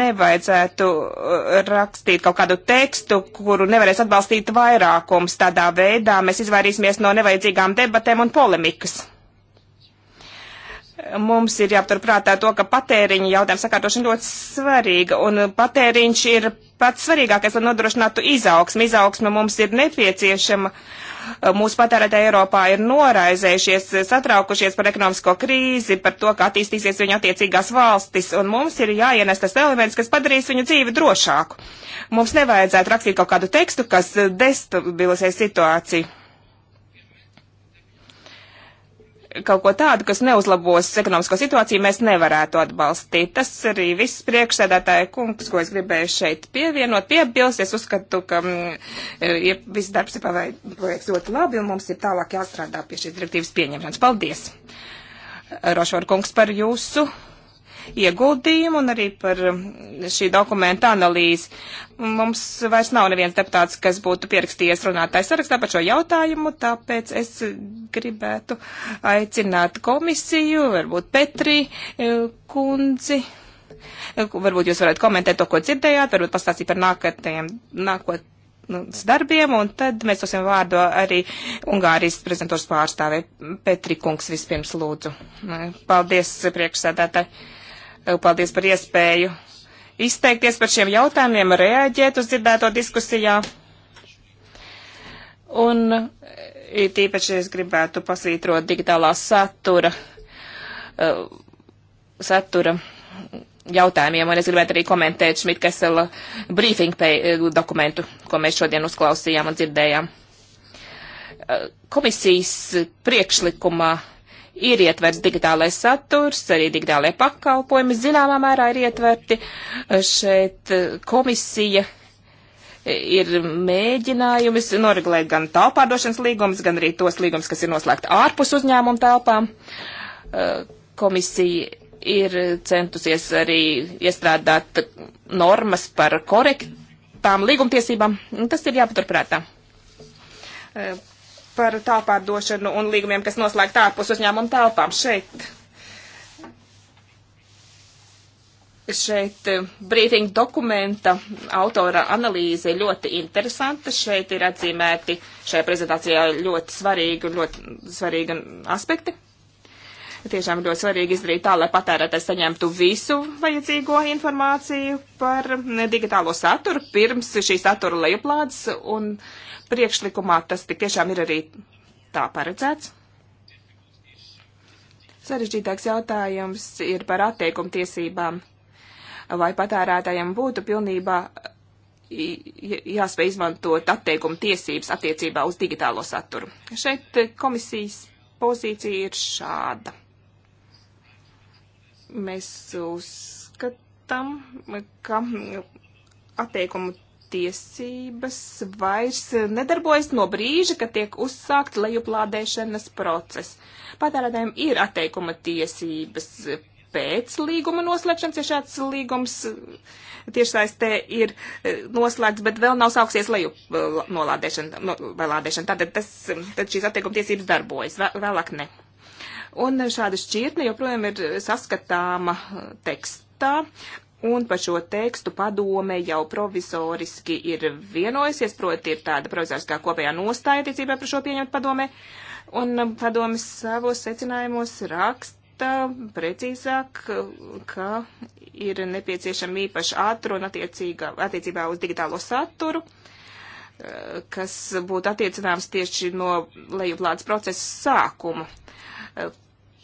Nevajadzētu e, rakstīt kaut kādu tekstu, kuru nevarēs atbalstīt vairākums. Tādā veidā mēs izvairīsimies no nevajadzīgām debatēm un polemikas mums ir jāpaturprātā to, ka patēriņa jautājuma sakārtošana ļoti svarīga, un patēriņš ir pats svarīgākais, lai nodrošinātu izaugsmu. Izaugsme mums ir nepieciešama. Mūsu patērētāji Eiropā ir noraizējušies, satraukušies par ekonomisko krīzi, par to, kā attīstīsies viņu attiecīgās valstis, un mums ir jāienes tas elements, kas padarīs viņu dzīvi drošāku. Mums nevajadzētu rakstīt kaut kādu tekstu, kas destabilizē situāciju kaut ko tādu, kas neuzlabos ekonomisko situāciju, mēs nevarētu atbalstīt. Tas arī viss priekšsēdētāja kungs, ko es gribēju šeit pievienot, piebilst. Es uzskatu, ka ja mm, e, viss darbs ir paveikts ļoti labi un mums ir tālāk jāstrādā pie šīs direktīvas pieņemšanas. Paldies, Rošvar kungs, par jūsu ieguldījumu un arī par um, šī dokumenta analīzi. Mums vairs nav neviens deputāts, kas būtu pierakstījies runātājs sarakstā par šo jautājumu, tāpēc es gribētu aicināt komisiju, varbūt Petri eh, kundzi. Eh, varbūt jūs varētu komentēt to, ko dzirdējāt, varbūt pastāstīt par nākotnējiem, nākot, darbiem, un tad mēs dosim vārdu arī Ungārijas prezidentūras pārstāvē Petri Kungs vispirms lūdzu. Paldies, priekšsēdētāji. Paldies par iespēju izteikties par šiem jautājumiem, reaģēt uz dzirdēto diskusijā. Un eh, tīpaši es gribētu pasvītrot digitālā satura, eh, satura jautājumiem, un es gribētu arī komentēt Šmitkesela briefing eh, dokumentu, ko mēs šodien uzklausījām un dzirdējām. Komisijas priekšlikumā ir ietverts digitālais saturs, arī digitālajie pakalpojumi zināmā mērā ir ietverti. Šeit eh, komisija eh, ir mēģinājums noregulēt gan tālpārdošanas līgumus, gan arī tos līgumus, kas ir noslēgti ārpus uzņēmumu telpām. Eh, komisija ir centusies arī iestrādāt normas par korektām līgumtiesībām. Tas ir jāpaturprātā par tālpārdošanu un līgumiem, kas noslēgt ārpus uzņēmuma telpām šeit. Šeit eh, brīfinga dokumenta autora analīze ļoti interesanta. Šeit ir atzīmēti šajā prezentācijā ļoti svarīgi un ļoti svarīgi aspekti. Tiešām ļoti svarīgi izdarīt tā, lai patērētājs saņemtu visu vajadzīgo informāciju par digitālo saturu pirms šī satura lejuplādes un priekšlikumā tas tik tiešām ir arī tā paredzēts. Sarežģītāks jautājums ir par attiekumu tiesībām. Vai patērētājiem būtu pilnībā jāspēj izmantot atteikuma tiesības attiecībā uz digitālo saturu. Šeit komisijas pozīcija ir šāda. Mēs uzskatām, ka atteikuma tiesības vairs nedarbojas no brīža, kad tiek uzsākt lejuplādēšanas process. Patērētājiem ir atteikuma tiesības pēc līguma noslēgšanas, ja šāds līgums tiešsaistē ir e, noslēgts, bet vēl nav sāksies lejup e, nolādēšana no, vai lādēšana. Tātad tas, tad šīs atteikuma tiesības darbojas, vēlāk ne. Un šāda šķirtne joprojām ir saskatāma tekstā un par šo tekstu padome jau provizoriski ir vienojusies, proti ir tāda provizoriskā kopējā nostāja ticībā par šo pieņemt padome, un padomas savos secinājumos raksta precīzāk, ka ir nepieciešama īpaši ātru un attiecībā uz digitālo saturu kas būtu attiecināms tieši no lejuplādes procesa sākuma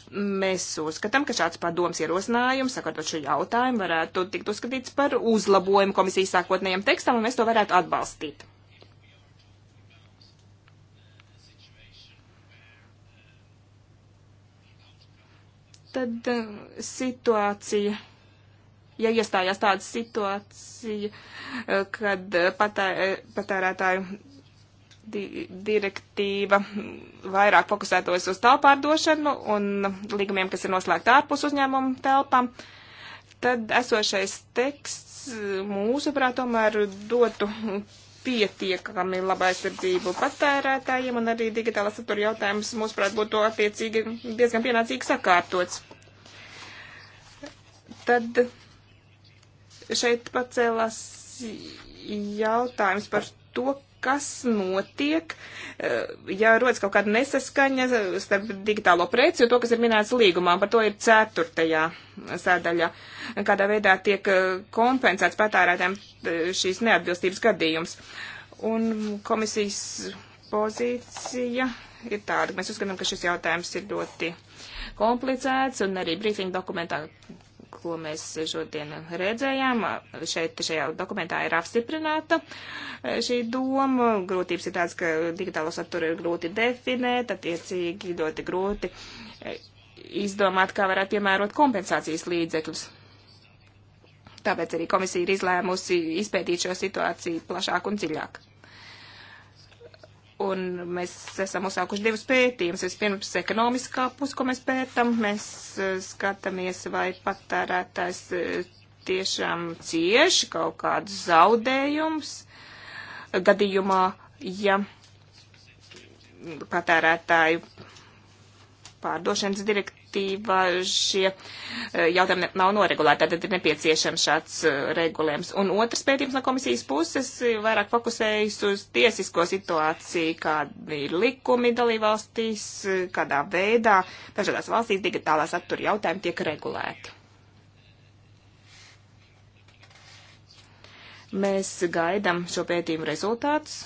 Mēs uzskatām, ka šāds padoms ierosinājums, sakot šo jautājumu, varētu tikt uzskatīts par uzlabojumu komisijas sākotnējiem tekstam, un mēs to varētu atbalstīt. Tad eh, situācija ja iestājās tāda situācija, eh, kad eh, patērētāju di direktīva vairāk fokusētos uz tālpārdošanu un līgumiem, kas ir noslēgti ārpus uzņēmumu telpām, tad esošais teksts mūsuprāt tomēr dotu pietiekami labu aizsardzību patērētājiem un arī digitālā satura jautājums, mūsuprāt, būtu attiecīgi diezgan pienācīgi sakārtots. Tad šeit pacēlās jautājums par to, kas notiek, eh, ja rodas kaut kāda nesaskaņa starp digitālo preci un to, kas ir minēts līgumā, par to ir ceturtajā sēdaļā, kādā veidā tiek eh, kompensēts patērētēm eh, šīs neatbilstības gadījums. Un komisijas pozīcija ir tāda, ka mēs uzskatām, ka šis jautājums ir ļoti komplicēts un arī brīfinga dokumentā ko mēs šodien redzējām. Šeit šajā dokumentā ir apstiprināta e, šī doma. Grūtības ir tāds, ka digitālo saturu ir grūti definēt, attiecīgi ļoti grūti e, izdomāt, kā varētu piemērot kompensācijas līdzekļus. Tāpēc arī komisija ir izlēmusi izpētīt šo situāciju plašāk un dziļāk. Un mēs esam uzsākuši divus pētījumus. Vispirms ekonomiskā puse, ko mēs pētam, mēs eh, skatāmies, vai patērētājs eh, tiešām cieši kaut kādus zaudējumus gadījumā, ja patērētāju pārdošanas direktīva direktīvā šie eh, jautājumi nav noregulēti, tad ir nepieciešams šāds eh, regulējums. Un otrs pētījums no komisijas puses eh, vairāk fokusējas uz tiesisko situāciju, kādi ir likumi dalībvalstīs, kādā veidā dažādās valstīs digitālā satura jautājumi tiek regulēti. Mēs gaidam šo pētījumu rezultātus.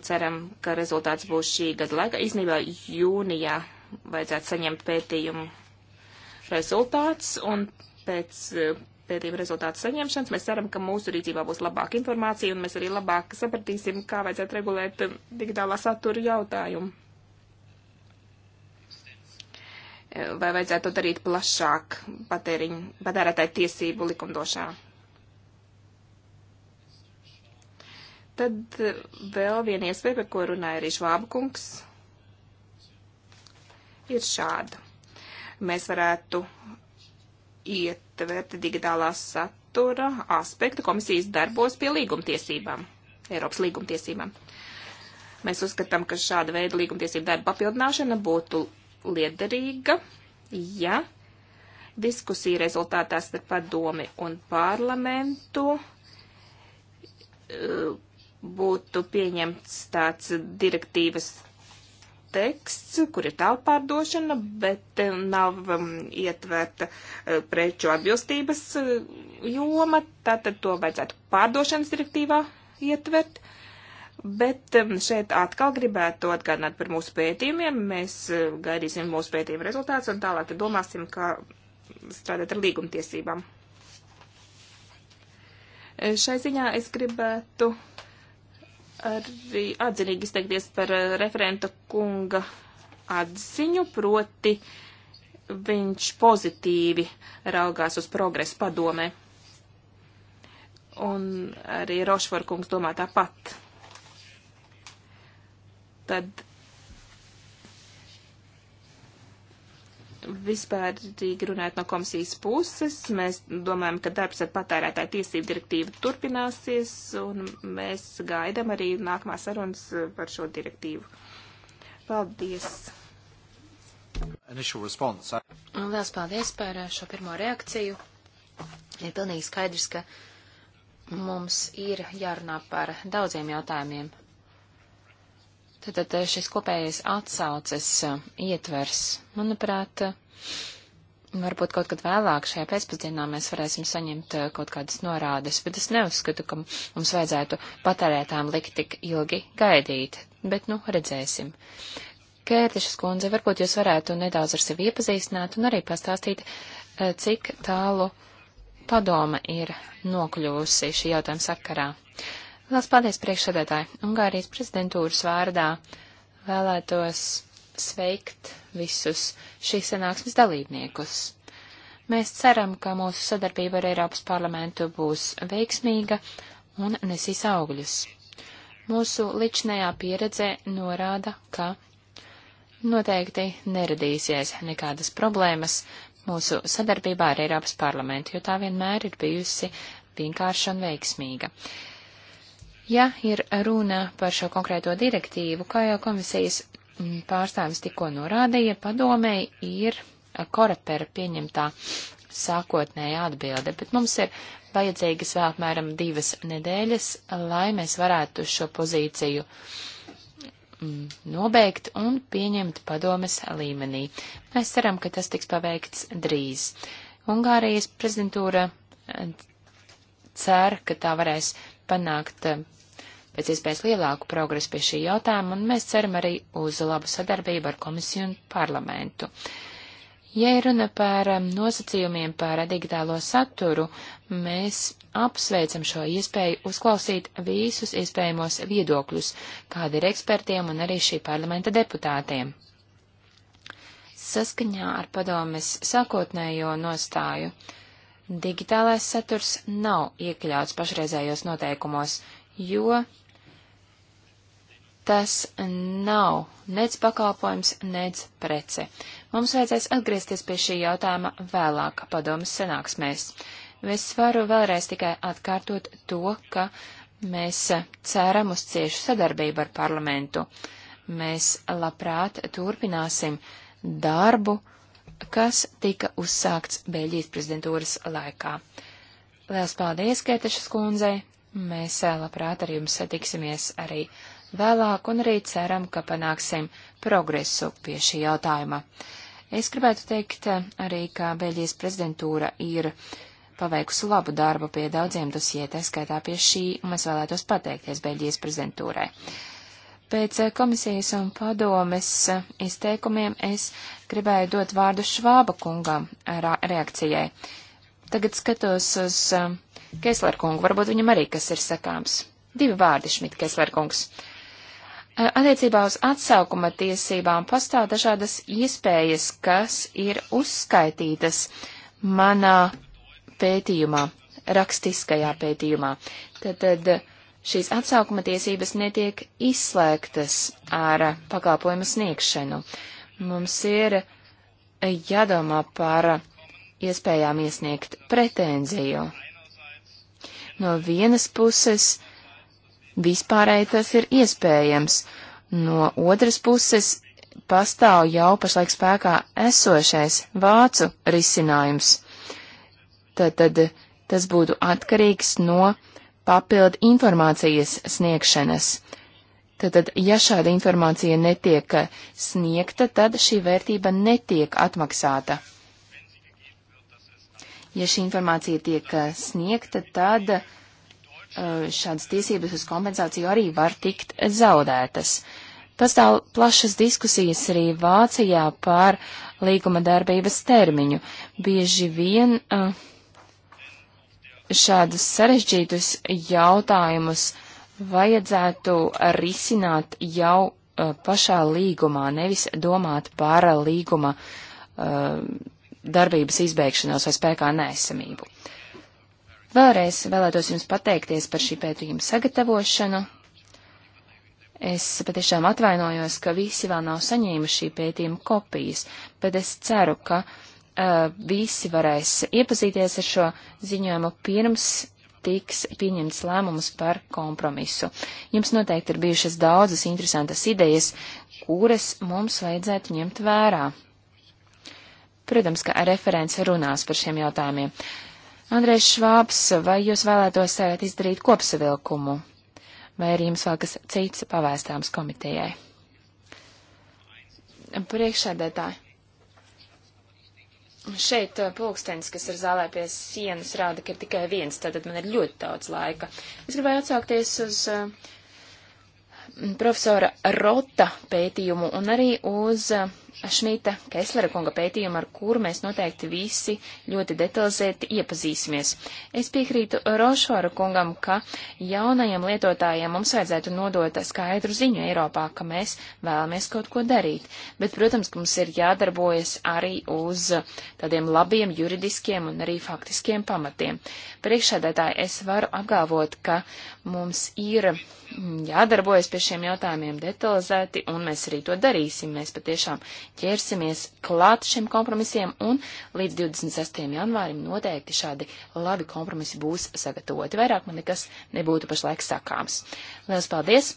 Ceram, ka rezultāts būs šī gada laikā. Īsnībā jūnijā vajadzētu saņemt pētījumu rezultāts, un pēc eh, pētījuma rezultātu saņemšanas mēs ceram, ka mūsu rīcībā būs labāka informācija, un mēs arī labāk sapratīsim, kā vajadzētu regulēt eh, digitālā satura jautājumu. Eh, vai vajadzētu to darīt plašāk patēriņu, patērētāju tiesību likumdošanā? Tad vēl viena iespēja, par ko runāja arī Švāba kungs, ir šāda. Mēs varētu ietvert digitālā satura aspektu komisijas darbos pie līgumtiesībām, Eiropas līgumtiesībām. Mēs uzskatām, ka šāda veida līgumtiesību darba papildināšana būtu liederīga, ja diskusija rezultātā starp padomi un parlamentu eh, būtu pieņemts tāds direktīvas teksts, kur ir tālpārdošana, bet eh, nav um, ietverta eh, preču atbilstības eh, joma, tātad to vajadzētu pārdošanas direktīvā ietvert. Bet um, šeit atkal gribētu atgādināt par mūsu pētījumiem. Mēs gaidīsim mūsu pētījumu rezultātus un tālāk domāsim, kā strādāt ar līgumtiesībām. Šai ziņā es gribētu arī atzinīgi izteikties par eh, referenta kunga atziņu, proti viņš pozitīvi raugās uz progresu padomē. Un arī Rošvar kungs domā tāpat. Tad vispārīgi runājot no komisijas puses, mēs domājam, ka darbs ar patērētāju tiesību direktīvu turpināsies, un mēs gaidam arī nākamās sarunas par šo direktīvu. Paldies! Lielas paldies par šo pirmo reakciju. Ir pilnīgi skaidrs, ka mums ir jārunā par daudziem jautājumiem, Tātad eh, šis kopējais atsauces eh, ietvers, manuprāt, eh, varbūt kaut kad vēlāk šajā pēcpusdienā mēs varēsim saņemt kaut kādas norādes, bet es neuzskatu, ka mums vajadzētu patērētām likt tik ilgi gaidīt, bet nu redzēsim. Kērtišas kundze, varbūt jūs varētu nedaudz ar sevi iepazīstināt un arī pastāstīt, cik tālu padoma ir nokļuvusi šī jautājuma sakarā. Uh, Lielas paldies priekšsēdētāji. Ungārijas prezidentūras vārdā vēlētos sveikt visus šīs sanāksmes dalībniekus. Mēs ceram, ka mūsu sadarbība ar Eiropas parlamentu būs veiksmīga un nesīs augļus. Mūsu ličnējā pieredze norāda, ka noteikti neradīsies nekādas problēmas mūsu sadarbībā ar Eiropas parlamentu, jo tā vienmēr ir bijusi vienkārša un veiksmīga. Ja ir runa par šo konkrēto direktīvu, kā jau komisijas mm, pārstāvis tikko norādīja, padomēji ir korepera pieņemtā sākotnēja atbilde, bet mums ir vajadzīgas vēl apmēram divas nedēļas, lai mēs varētu šo pozīciju mm, nobeigt un pieņemt padomes līmenī. Mēs ceram, ka tas tiks paveikts drīz. Ungārijas prezidentūra eh, cer, ka tā varēs panākt eh, pēc iespējas lielāku progresu pie šī jautājuma, un mēs ceram arī uz labu sadarbību ar komisiju un parlamentu. Ja runa par um, nosacījumiem par digitālo saturu, mēs apsveicam šo iespēju uzklausīt visus iespējamos viedokļus, kādi ir ekspertiem un arī šī parlamenta deputātiem. Saskaņā ar padomes sākotnējo nostāju, digitālais saturs nav iekļauts pašreizējos noteikumos, jo tas nav nec pakalpojums, nec prece. Mums vajadzēs atgriezties pie šī jautājuma vēlāk padomas sanāksmēs. Es varu vēlreiz tikai atkārtot to, ka mēs ceram uz ciešu sadarbību ar parlamentu. Mēs labprāt turpināsim darbu, kas tika uzsākts Beļģijas prezidentūras laikā. Liels paldies, Kētešas kundzei! Mēs eh, labprāt ar jums satiksimies arī vēlāk un arī ceram, ka panāksim progresu pie šī jautājuma. Es gribētu teikt eh, arī, ka Beļģijas prezidentūra ir paveikusi labu darbu pie daudziem dosijē, tā skaitā pie šī, un es vēlētos pateikties Beļģijas prezidentūrai. Pēc eh, komisijas un padomes eh, izteikumiem es gribēju dot vārdu Švāba kungam reakcijai. Tagad skatos uz Kesler kungu, varbūt viņam arī kas ir sakāms. Divi vārdi, Šmit Kesler kungs. Uh, Eh, attiecībā uz atsaukuma tiesībām pastāv dažādas iespējas, kas ir uzskaitītas manā pētījumā, rakstiskajā pētījumā. Tad, tad šīs atsaukuma tiesības netiek izslēgtas ar pakalpojumu sniegšanu. Mums ir jādomā par iespējām iesniegt pretenziju. No vienas puses, uh, vispārēji tas ir iespējams. No otras puses pastāv jau pašlaik spēkā esošais vācu risinājums. Tad, tad tas būtu atkarīgs no papildu informācijas sniegšanas. Tātad, ja šāda informācija netiek sniegta, tad šī vērtība netiek atmaksāta. Ja šī informācija tiek sniegta, tad uh, Eh, šādas tiesības uz kompensāciju arī var tikt zaudētas. Pastāv plašas diskusijas arī Vācijā par līguma darbības termiņu. Bieži vien eh, šādus sarežģītus jautājumus vajadzētu risināt jau eh, pašā līgumā, nevis domāt par līguma darbības izbeigšanos vai spēkā nesamību. Uh, Vēlreiz vēlētos jums pateikties par šī pētījuma sagatavošanu. Es patiešām atvainojos, ka visi vēl nav saņēmuši šī pētījuma kopijas, bet es ceru, ka uh, visi varēs iepazīties ar šo ziņojumu pirms tiks pieņemts lēmums par kompromisu. Jums noteikti ir bijušas daudzas interesantas idejas, kuras mums vajadzētu ņemt vērā. Protams, ka referents runās par šiem jautājumiem. Andrēs Švāps, vai jūs vēlētos izdarīt kopsavilkumu? Vai arī jums vēl kas cits pavēstāms komitejai? Priekšsēdētāji. Šeit uh, pulkstenis, kas ir zālē pie sienas, rāda, ka ir tikai viens, tātad man ir ļoti daudz laika. Es gribēju atsaukties uz uh, profesora Rota pētījumu un arī uz uh, Šmita Keslera kunga pētījumu, ar kuru mēs noteikti visi ļoti detalizēti iepazīsimies. Es piekrītu Rošvara kungam, ka jaunajiem lietotājiem mums vajadzētu nodot skaidru ziņu Eiropā, ka mēs vēlamies kaut ko darīt. Bet, protams, ka mums ir jādarbojas arī uz tādiem labiem juridiskiem un arī faktiskiem pamatiem. Priekšsēdētāji, es varu apgalvot, ka mums ir mm, jādarbojas pie šiem jautājumiem detalizēti, un mēs arī to darīsim. Mēs patiešām ķersimies klāt šiem kompromisiem, un līdz 26. janvārim noteikti šādi labi kompromisi būs sagatavoti. Vairāk man nekas nebūtu pašlaik sakāms. Lielas paldies!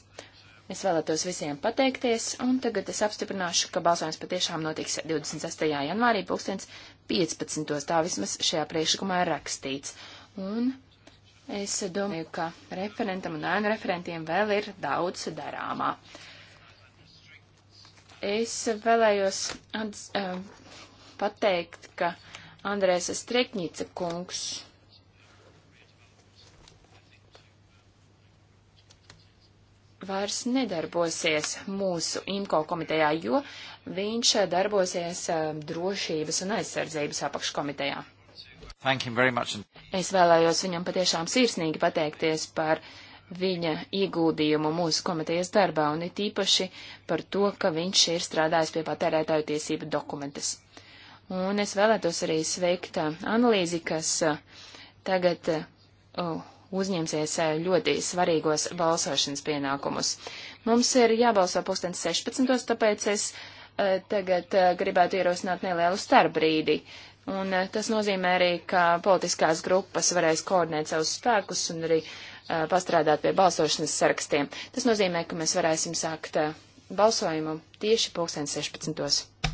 Es vēlētos visiem pateikties, un tagad es apstiprināšu, ka balsojums patiešām notiks 26. janvārī 2015. Tā vismaz šajā priekšlikumā ir rakstīts. Un Es domāju, ka referentam un ēnu referentiem vēl ir daudz darāmā. Es vēlējos atz, uh, eh, pateikt, ka Andrēsa Strekņica kungs vairs nedarbosies mūsu IMCO komitejā, jo viņš darbosies eh, drošības un aizsardzības apakškomitejā. Es vēlējos viņam patiešām sirsnīgi pateikties par viņa ieguldījumu mūsu komitejas darbā un it īpaši par to, ka viņš ir strādājis pie patērētāju tiesību dokumentas. Un es vēlētos arī sveikt uh, analīzi, kas uh, tagad uh, oh, uzņemsies uh, ļoti svarīgos balsošanas pienākumus. Mums ir jābalso pulkstens 16, tāpēc es uh, tagad uh, gribētu ierosināt nelielu starbrīdi. Un tas nozīmē arī, ka politiskās grupas varēs koordinēt savus spēkus un arī uh, Uh, pastrādāt pie balsošanas sarakstiem. Tas nozīmē, ka mēs varēsim sākt uh, balsojumu tieši pulksten 16.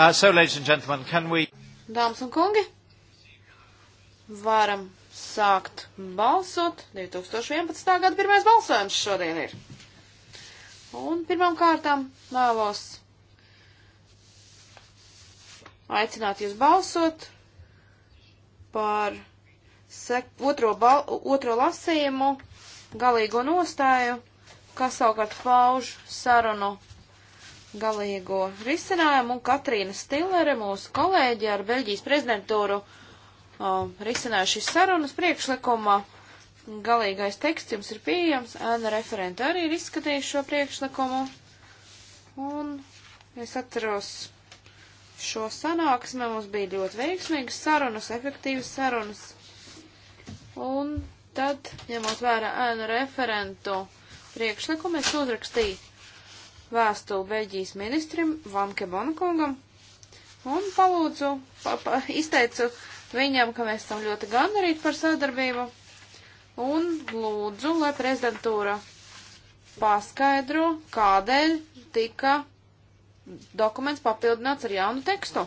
Uh, so, ladies and gentlemen, can we... Dāmas un kungi, varam sākt balsot. 2011. gada pirmais balsojums šodien ir. Un pirmām kārtām vēlos aicināt jūs balsot par sek, otro, bal, otro lasījumu, galīgo nostāju, kas savukārt pauž sarunu galīgo risinājumu, un Katrīna Stillere, mūsu kolēģi ar Beļģijas prezidentūru, um, risināja šīs sarunas priekšlikumā. Galīgais teksts jums ir pieejams, Anna referenta arī ir izskatījuši šo priekšlikumu, un es atceros šo sanāksmi, mums bija ļoti veiksmīgas sarunas, efektīvas sarunas, un tad, ņemot vērā Anna referentu priekšlikumu, es uzrakstīju vēstuli Beļģijas ministrim Vanke Bonkungam un palūdzu, pa, pa, izteicu viņam, ka mēs esam ļoti gandarīti par sadarbību un lūdzu, lai prezidentūra paskaidro, kādēļ tika dokuments papildināts ar jaunu tekstu.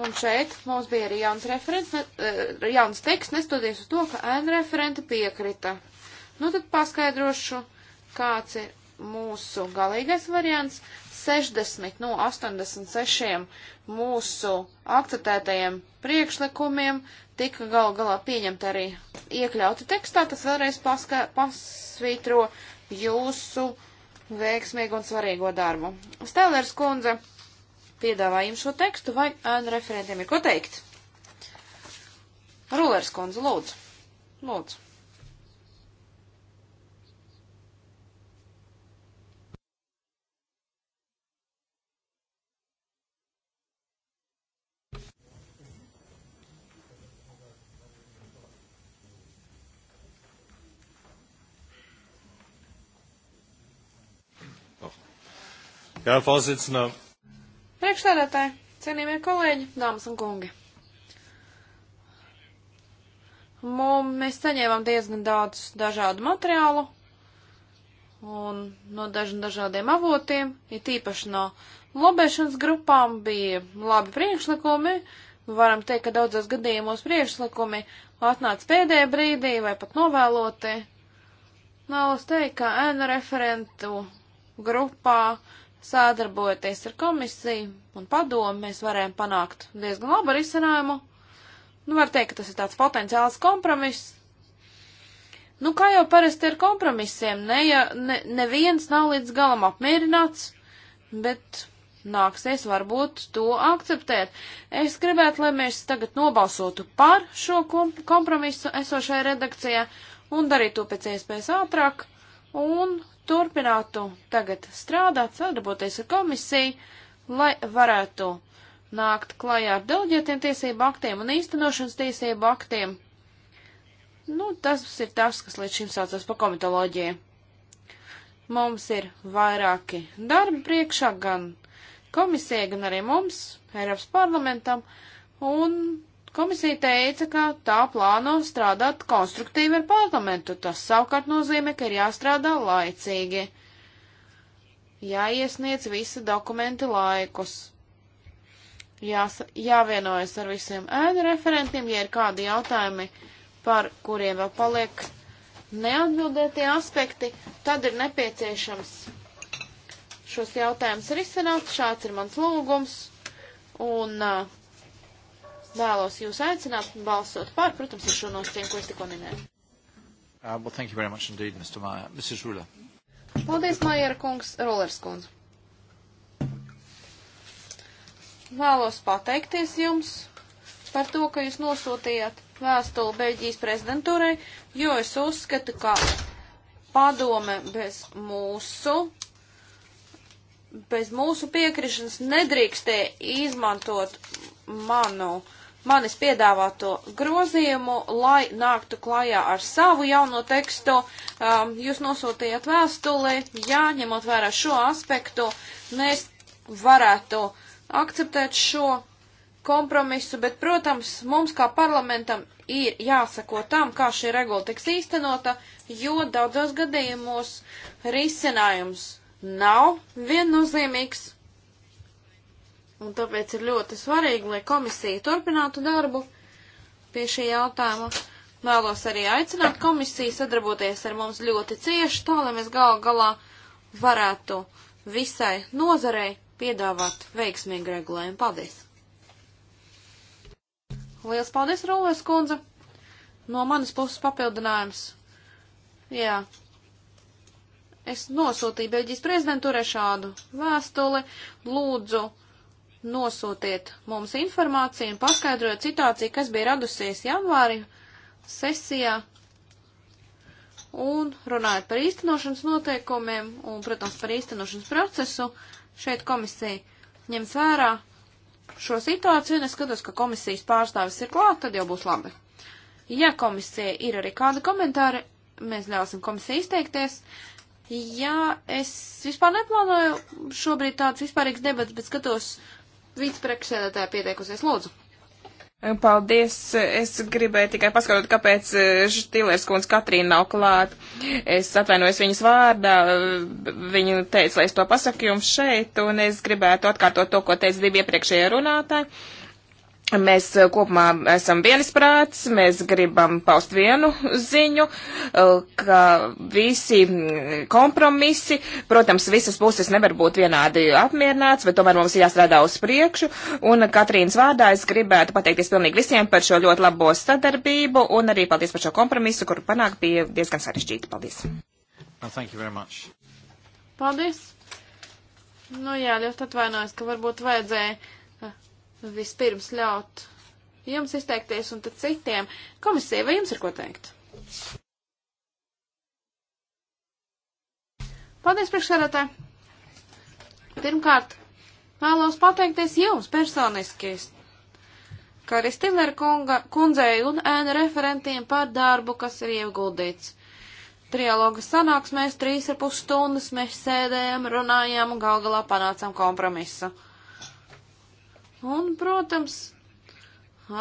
Un šeit mums bija arī jauns, referents, ne, eh, jauns teksts, nestoties uz to, ka N referenti piekrita. Nu tad paskaidrošu, kāds ir mūsu galīgais variants. 60 no 86 mūsu akceptētajiem priekšlikumiem tika gal galā pieņemti arī iekļauti tekstā. Tas vēlreiz paska, pasvītro jūsu veiksmīgu un svarīgo darbu. Stēlers kundze piedāvā jums šo tekstu, vai ēnu referentiem ir ko teikt? Rulers kundze, lūdzu. Lūdzu. Jā, pozicinā. Priekšstādātāji, cienījamie kolēģi, dāmas un kungi. Mums, mēs saņēmām diezgan daudz dažādu materiālu un no dažiem dažādiem avotiem, ir ja tīpaši no lobēšanas grupām bija labi priekšlikumi. Varam teikt, ka daudzos gadījumos priekšlikumi atnāca pēdējā brīdī vai pat novēloti. Nav es teikt, ka N referentu grupā uh, Sādarbojoties ar komisiju un padomu, mēs varējām panākt diezgan labu risinājumu. Nu, var teikt, ka tas ir tāds potenciāls kompromiss. Nu, kā jau parasti ar kompromisiem, ne, ja, ne, neviens nav līdz galam apmierināts, bet nāksies varbūt to akceptēt. Es gribētu, lai mēs tagad nobalsotu par šo kompromisu esošajā redakcijā un darītu to pēc iespējas ātrāk, un turpinātu tagad strādāt, sadarboties ar komisiju, lai varētu nākt klajā ar delģētiem tiesību aktiem un īstenošanas tiesību aktiem. Nu, tas ir tas, kas līdz šim saucās par komitoloģiju. Mums ir vairāki darbi priekšā gan komisijai, gan arī mums, Eiropas parlamentam, un Komisija teica, ka tā plāno strādāt konstruktīvi ar parlamentu. Tas savukārt nozīmē, ka ir jāstrādā laicīgi. Jāiesniedz visi dokumenti laikus. Jās, jāvienojas ar visiem ēnu referentiem, ja ir kādi jautājumi, par kuriem vēl paliek neatbildētie aspekti, tad ir nepieciešams šos jautājumus risināt. Šāds ir mans lūgums. Un uh, vēlos jūs aicināt balsot pār, protams, ar šo nosacījumu, ko es tikko minēju. Uh, well, thank you very much indeed, Mr. Mayer. Mrs. Ruler. Paldies, Maiera kungs, Rolers kundze. Vēlos pateikties jums par to, ka jūs nosūtījāt vēstuli Beļģijas prezidentūrai, jo es uzskatu, ka padome bez mūsu bez mūsu piekrišanas nedrīkstēja izmantot manu manis piedāvāto grozījumu, lai nāktu klajā ar savu jauno tekstu. Um, jūs nosūtījāt vēstuli, jā, ņemot vērā šo aspektu, mēs varētu akceptēt šo kompromisu, bet, protams, mums kā parlamentam ir jāsako tam, kā šī regula tiks īstenota, jo daudzos gadījumos risinājums nav viennozīmīgs Un tāpēc ir ļoti svarīgi, lai komisija turpinātu darbu pie šī jautājuma. Vēlos arī aicināt komisiju sadarboties ar mums ļoti cieši, tā lai mēs gal galā varētu visai nozarei piedāvāt veiksmīgu regulējumu. Paldies! Lielas paldies, Rūlēs kundze! No manas puses papildinājums. Jā. Es nosūtīju Beļģijas prezidentūrē šādu vēstuli. Lūdzu, uh, nosūtiet mums informāciju un paskaidrojot situāciju, kas bija radusies janvāri sesijā un runājot par īstenošanas noteikumiem un, protams, par īstenošanas procesu. Šeit komisija ņems vērā šo situāciju un es skatos, ka komisijas pārstāvis ir klāt, tad jau būs labi. Ja komisija ir arī kāda komentāra, mēs ļausim komisijai izteikties. Jā, es vispār neplānoju šobrīd tāds vispārīgs debats, bet skatos Vicepriekšsēdētāja pieteikusies, lūdzu. Paldies! Es gribēju tikai paskatot, kāpēc eh, Štilers kundze Katrīna nav klāt. Es atvainojos viņas vārdā, viņa teica, lai es to pasaku jums šeit, un es gribētu atkārtot to, ko teica divi iepriekšējie runātāji Mēs eh, kopumā esam vienisprāts, mēs gribam paust vienu ziņu, eh, ka visi mm, kompromisi, protams, visas puses nevar būt vienādi apmierināts, bet tomēr mums jāstrādā uz priekšu. Un Katrīnas vārdā es gribētu pateikties pilnīgi visiem par šo ļoti labo sadarbību un arī paldies par šo kompromisu, kuru panākt bija diezgan sarežģīti. Paldies! Well, paldies! Nu jā, ļoti atvainojos, ka varbūt vajadzēja vispirms ļaut jums izteikties un tad citiem. Komisija, vai jums ir ko teikt? Paldies, priekšsēdētāji! Pirmkārt, vēlos pateikties jums personiski, kā arī Stilera kundzei un ēna referentiem par darbu, kas ir ieguldīts. Trialoga sanāksmēs trīs ar pus stundas mēs sēdējām, runājām un gal galā panācām kompromisu. Un, protams,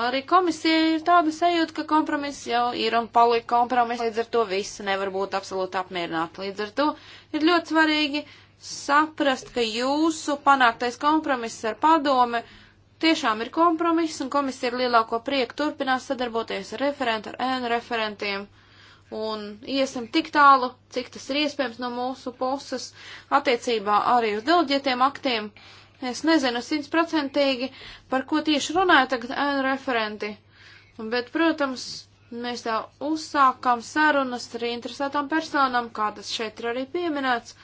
arī komisija ir tāda sajūta, ka kompromiss jau ir un palika kompromiss, līdz ar to visi nevar būt absolūti apmierināti. Līdz ar to ir ļoti svarīgi saprast, ka jūsu panāktais kompromiss ar padome tiešām ir kompromiss, un komisija ar lielāko prieku turpinās sadarboties ar referentu, ar ēnu referentiem, un iesim tik tālu, cik tas ir iespējams no mūsu puses, attiecībā arī uz delģietiem aktiem. Uh, Es nezinu simtprocentīgi, par ko tieši runāja tagad ēnu referenti. Bet, protams, mēs tā uzsākām sarunas ar interesētām personām, kā tas šeit ir arī pieminēts,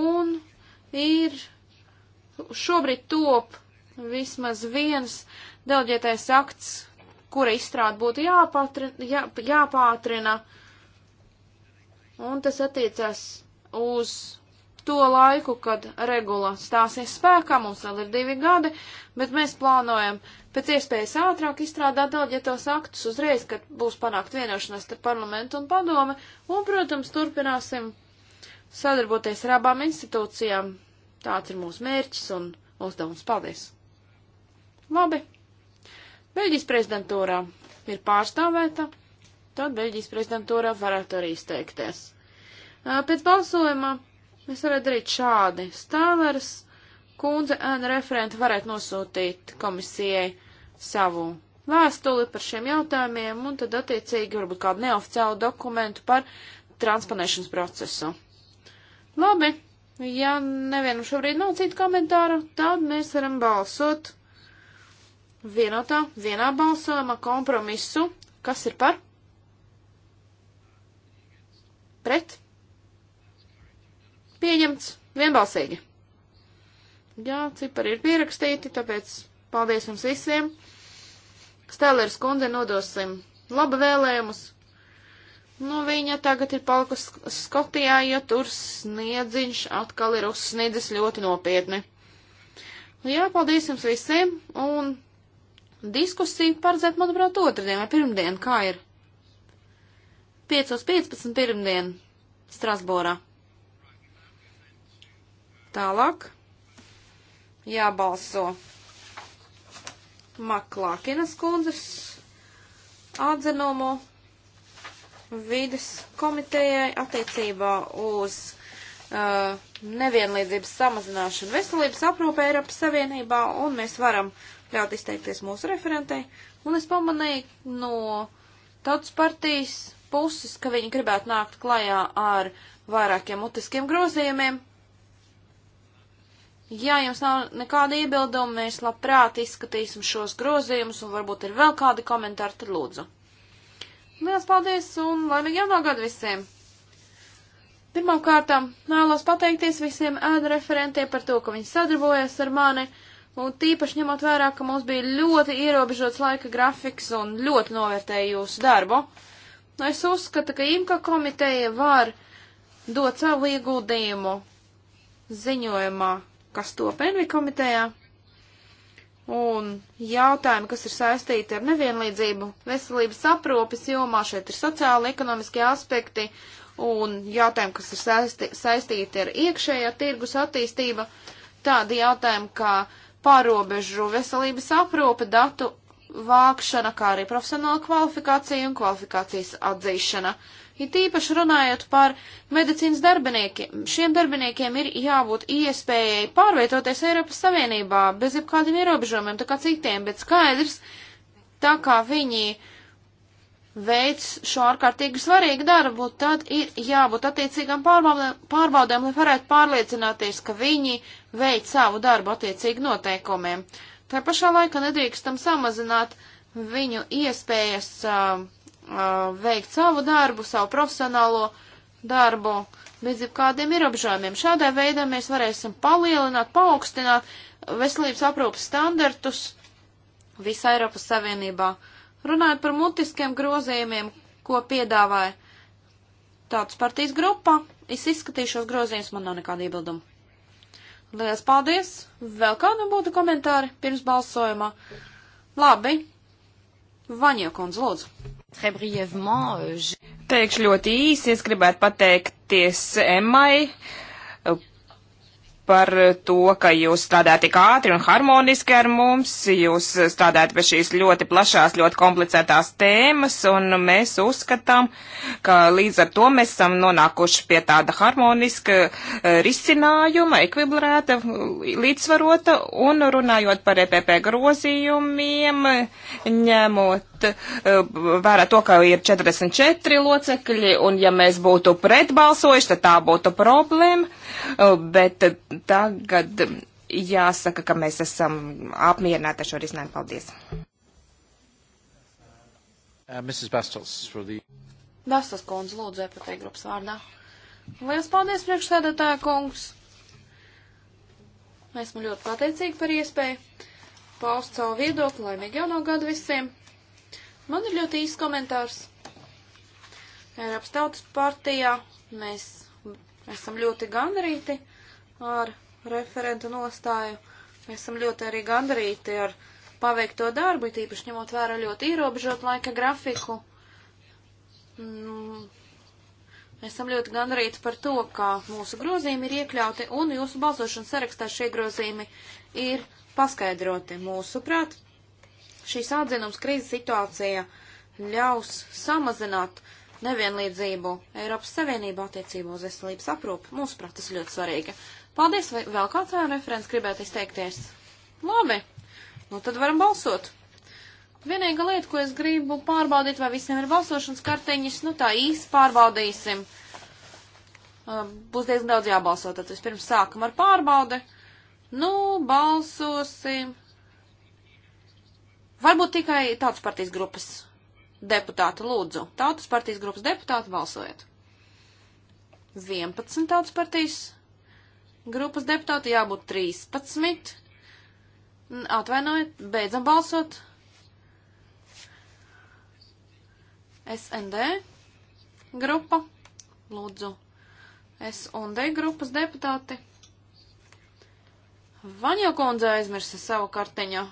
un ir šobrīd top vismaz viens delģietais akts, kura izstrāde būtu jāpātrina, jā, jāpātrina, un tas attiecas uz to laiku, kad regula stāsies spēkā, mums vēl ir divi gadi, bet mēs plānojam pēc iespējas ātrāk izstrādāt delģētos aktus uzreiz, kad būs panākt vienošanās ar parlamentu un padome, un, protams, turpināsim sadarboties ar abām institūcijām. Tāds ir mūsu mērķis un uzdevums. Paldies! Labi! Beļģijas prezidentūrā ir pārstāvēta, tad Beļģijas prezidentūrā varētu arī izteikties. Pēc balsojuma Mēs varētu darīt šādi. Stāveres kundze un referenti varētu nosūtīt komisijai savu vēstuli par šiem jautājumiem un tad attiecīgi varbūt kādu neoficiālu dokumentu par transponēšanas procesu. Labi, ja nevienam šobrīd nav citu komentāru, tad mēs varam balsot vienotā, vienā balsojumā kompromisu, kas ir par? Pret? Pieņemts vienbalsīgi. Jā, cipari ir pierakstīti, tāpēc paldies jums visiem. Stēlers kundze nodosim labu vēlējumus. Nu, viņa tagad ir palikusi Skotijā, jo tur sniedziņš atkal ir uzsniedzis ļoti nopietni. Jā, paldies jums visiem, un diskusiju paredzēt, manuprāt, otrdien vai pirmdien, kā ir? 5.15. pirmdien Strasbūrā. Tālāk jābalso Maklākinas kundzes atzinumu vides komitejai attiecībā uz uh, nevienlīdzības samazināšanu veselības aprūpē Eiropas Savienībā, un mēs varam ļaut izteikties mūsu referentei. Un es pamanīju no tautas partijas puses, ka viņi gribētu nākt klajā ar vairākiem mutiskiem grozījumiem, Ja jums nav nekāda iebilduma, mēs labprāt izskatīsim šos grozījumus, un varbūt ir vēl kādi komentāri, tad lūdzu. Lielas paldies, un laimīgi jaunā gada visiem! Pirmkārt, vēlos pateikties visiem ēdu referentiem par to, ka viņi sadarbojas ar mani, un tīpaši ņemot vērā, ka mums bija ļoti ierobežots laika grafiks un ļoti novērtēju jūsu darbu. Nu, es uzskatu, ka IMKA komiteja var dot savu ieguldījumu ziņojumā kas top Envi komitejā. Un jautājumi, kas ir saistīti ar nevienlīdzību veselības aprūpes jomā, šeit ir sociāli, ekonomiskie aspekti un jautājumi, kas ir saisti, saistīti ar iekšējā tirgus attīstība, tādi jautājumi kā pārobežu veselības aprūpe, datu vākšana, kā arī profesionāla kvalifikācija un kvalifikācijas atzīšana. Uh, Ir ja tīpaši runājot par medicīnas darbiniekiem. Šiem darbiniekiem ir jābūt iespējai pārvietoties Eiropas Savienībā bez jebkādiem ierobežojumiem, tā kā citiem, bet skaidrs, tā kā viņi veic šo ārkārtīgi svarīgu darbu, tad ir jābūt attiecīgām pārbaudēm, pārbaudēm lai varētu pārliecināties, ka viņi veic savu darbu attiecīgi noteikumiem. Tā pašā laikā nedrīkstam samazināt viņu iespējas uh, veikt savu darbu, savu profesionālo darbu bez jebkādiem ierobežojumiem. Šādā veidā mēs varēsim palielināt, paaugstināt veselības aprūpas standartus visā Eiropas Savienībā. Runājot par mutiskiem grozījumiem, ko piedāvāja tautas partijas grupa, es izskatīšu šos grozījumus, man nav nekāda iebilduma. Lielas paldies! Vēl kādam būtu komentāri pirms balsojumā? Labi, Vaņiekons, lūdzu. Euh, Teikšu ļoti īsi, es gribētu pateikties Emmai uh, par to, ka jūs strādājat tik ātri un harmoniski ar mums, jūs strādājat pie šīs ļoti plašās, ļoti komplicētās tēmas, un mēs uzskatām, ka līdz ar to mēs esam nonākuši pie tāda harmoniska uh, risinājuma, ekvibrēta, līdzsvarota, un runājot par EPP grozījumiem, ņemot ņemot eh, vērā to, ka ir 44 locekļi, un ja mēs būtu pretbalsojuši, tad tā būtu problēma, eh, bet tagad jāsaka, ka mēs esam apmierināti ar šo risinājumu. Paldies! Uh, Mrs. Bastos, for the... Bastos kundze, lūdzu, EPT grupas vārdā. Lielas paldies, priekšsēdētāja kungs! Esmu ļoti pateicīga par iespēju paust savu viedokli, laimīgi jauno gadu visiem! Man ir ļoti īsts komentārs. Eiropas Tautas partijā mēs esam ļoti gandarīti ar referentu nostāju. Mēs esam ļoti arī gandarīti ar paveikto darbu, tīpaši ņemot vērā ļoti ierobežot laika grafiku. Mm. Mēs esam ļoti gandarīti par to, ka mūsu grozījumi ir iekļauti un jūsu balsošanas sarakstā šie grozījumi ir paskaidroti. Mūsuprāt, Šī sādzinums krīzes situācija ļaus samazināt nevienlīdzību Eiropas Savienību attiecībā uz veselības aprūpu. Mūsuprāt, tas ir ļoti svarīgi. Paldies, vai vēl kāds vēl referents gribētu izteikties? Labi, nu tad varam balsot. Vienīga lieta, ko es gribu pārbaudīt, vai visiem ir balsošanas karteņas, nu tā īsti pārbaudīsim. Uh, būs diezgan daudz jābalso, tad vispirms sākam ar pārbaudi. Nu, balsosim. Varbūt tikai tautas partijas grupas deputāti lūdzu. Tautas partijas grupas deputāti balsojiet. 11 tautas partijas grupas deputāti, jābūt 13. Atvainojiet, beidzam balsot. SND grupa, lūdzu, SND grupas deputāti. Vaņokundze aizmirsa savu kartiņu.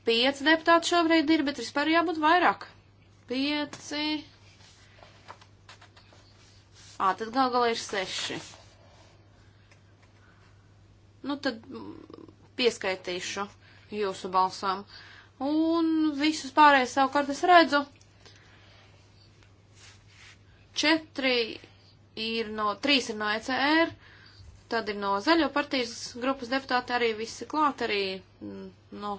Pieci deputāti šobrīd ir, bet vispār jābūt vairāk. Pieci. Ā, tad gal galā ir seši. Nu, tad pieskaitīšu jūsu balsām. Un visus pārējais savukārt es redzu. Četri ir no, trīs ir no ECR, tad ir no Zaļo partijas grupas deputāti arī visi klāt, arī mm, no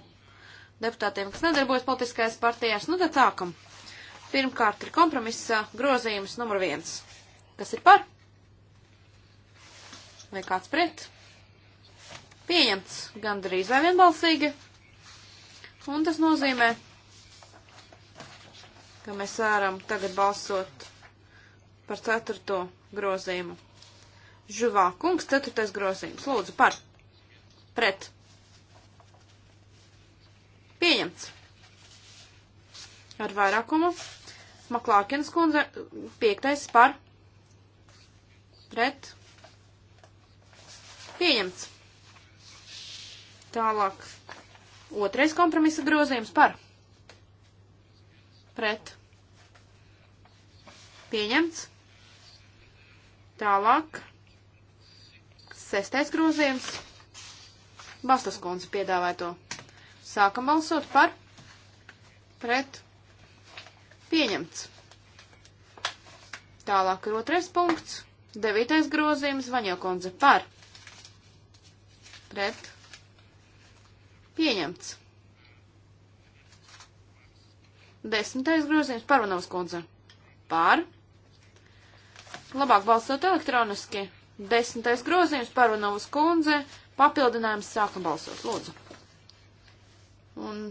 deputātiem, kas nedarbojas politiskajās partijās. Nu, tad sākam. Pirmkārt ir kompromisa grozījums numur viens. Kas ir par? Vai kāds pret? Pieņemts gandrīz vai vienbalsīgi. Un tas nozīmē, ka mēs varam tagad balsot par ceturto grozījumu. Žuvā kungs, ceturtais grozījums. Lūdzu, par. Pret. Pieņemts. Ar vairākumu. Maklākins kundze, piektais par, pret, pieņemts. Tālāk, otrais kompromisa grozījums par, pret, pieņemts. Tālāk, sestais grozījums, Bastas kundze piedāvāja to Sākam balsot par pret pieņemts. Tālāk ir otrais punkts. Devītais grozījums Vaņokundze par pret pieņemts. Desmitais grozījums Parvanovas kundze par. Labāk balsot elektroniski. Desmitais grozījums Parvanovas kundze. Papildinājums sākam balsot. Lūdzu. Un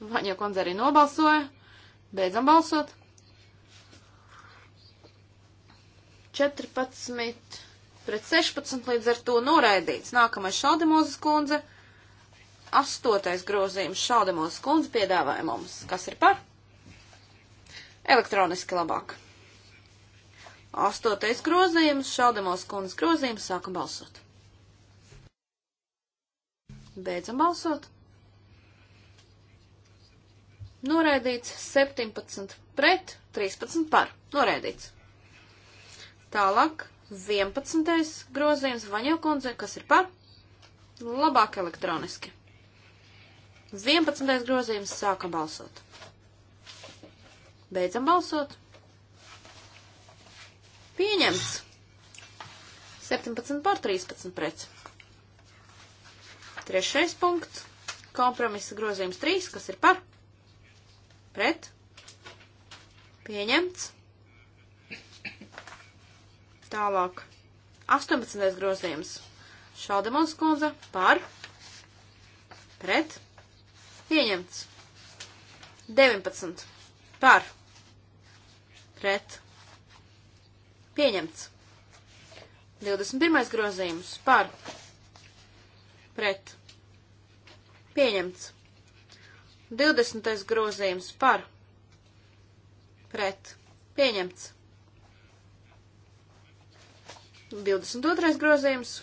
Vaņa kundze arī nobalsoja. Beidzam balsot. 14 pret 16 līdz ar to noraidīts. Nākamais šaldemozes kundze. Astotais grozījums šaldemozes kundze piedāvāja mums. Kas ir par? Elektroniski labāk. Astotais grozījums šaldemozes kundzes grozījums. Sākam balsot. Beidzam balsot. Noraidīts 17 pret 13 par. Noraidīts. Tālāk 11. grozījums Vaņokundze, kas ir par. Labāk elektroniski. 11. grozījums sākam balsot. Beidzam balsot. Pieņemts. 17 par 13 pret. Trešais punkts. Kompromisa grozījums 3, kas ir par pret, pieņemts. Tālāk, 18. grozījums. Šaldemons kundze par, pret, pieņemts. 19. par, pret, pieņemts. 21. grozījums par, pret, pieņemts. 20. grozījums par pret pieņemts. 22. grozījums.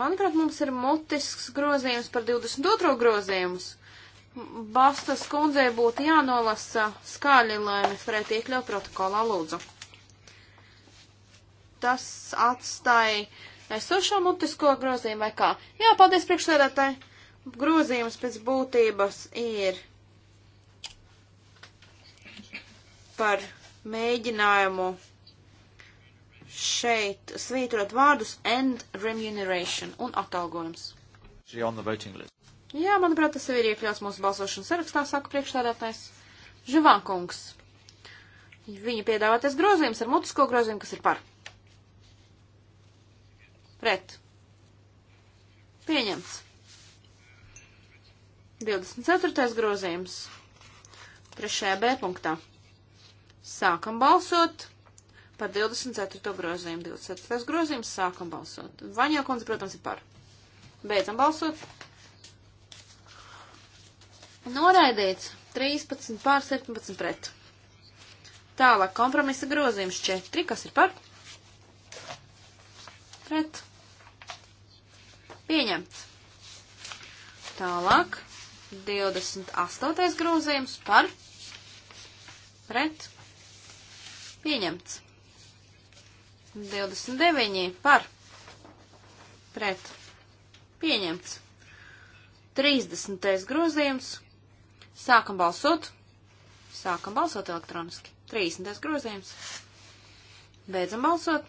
Manuprāt, mums ir mutisks grozījums par 22. grozījumus. Bastas kundzei būtu jānolasa skaļi, lai mēs varētu iekļaut protokolā lūdzu. Tas atstāja esošo mutisko grozījumu vai kā? Jā, paldies priekšsēdētāji! grozījums pēc būtības ir par mēģinājumu šeit svītrot vārdus and remuneration un atalgojums. Jā, manuprāt, tas jau ir iekļauts mūsu balsošanas sarakstā, saka priekšstādātais Živankungs. Viņa piedāvātais grozījums ar mutisko grozījumu, kas ir par. Pret. Pieņemts. 24. grozījums. Trešajā B punktā. Sākam balsot par 24. grozījumu. 24. grozījums sākam balsot. Vaņokons, protams, ir par. Beidzam balsot. Noraidīts 13 pār 17 pret. Tālāk kompromisa grozījums 4, kas ir par? Pret. Pieņemts. Tālāk 28. grozījums par pret pieņemts. 29 par pret pieņemts. 30. grozījums. Sākam balsot. Sākam balsot elektroniski. 30. grozījums. Beidzam balsot.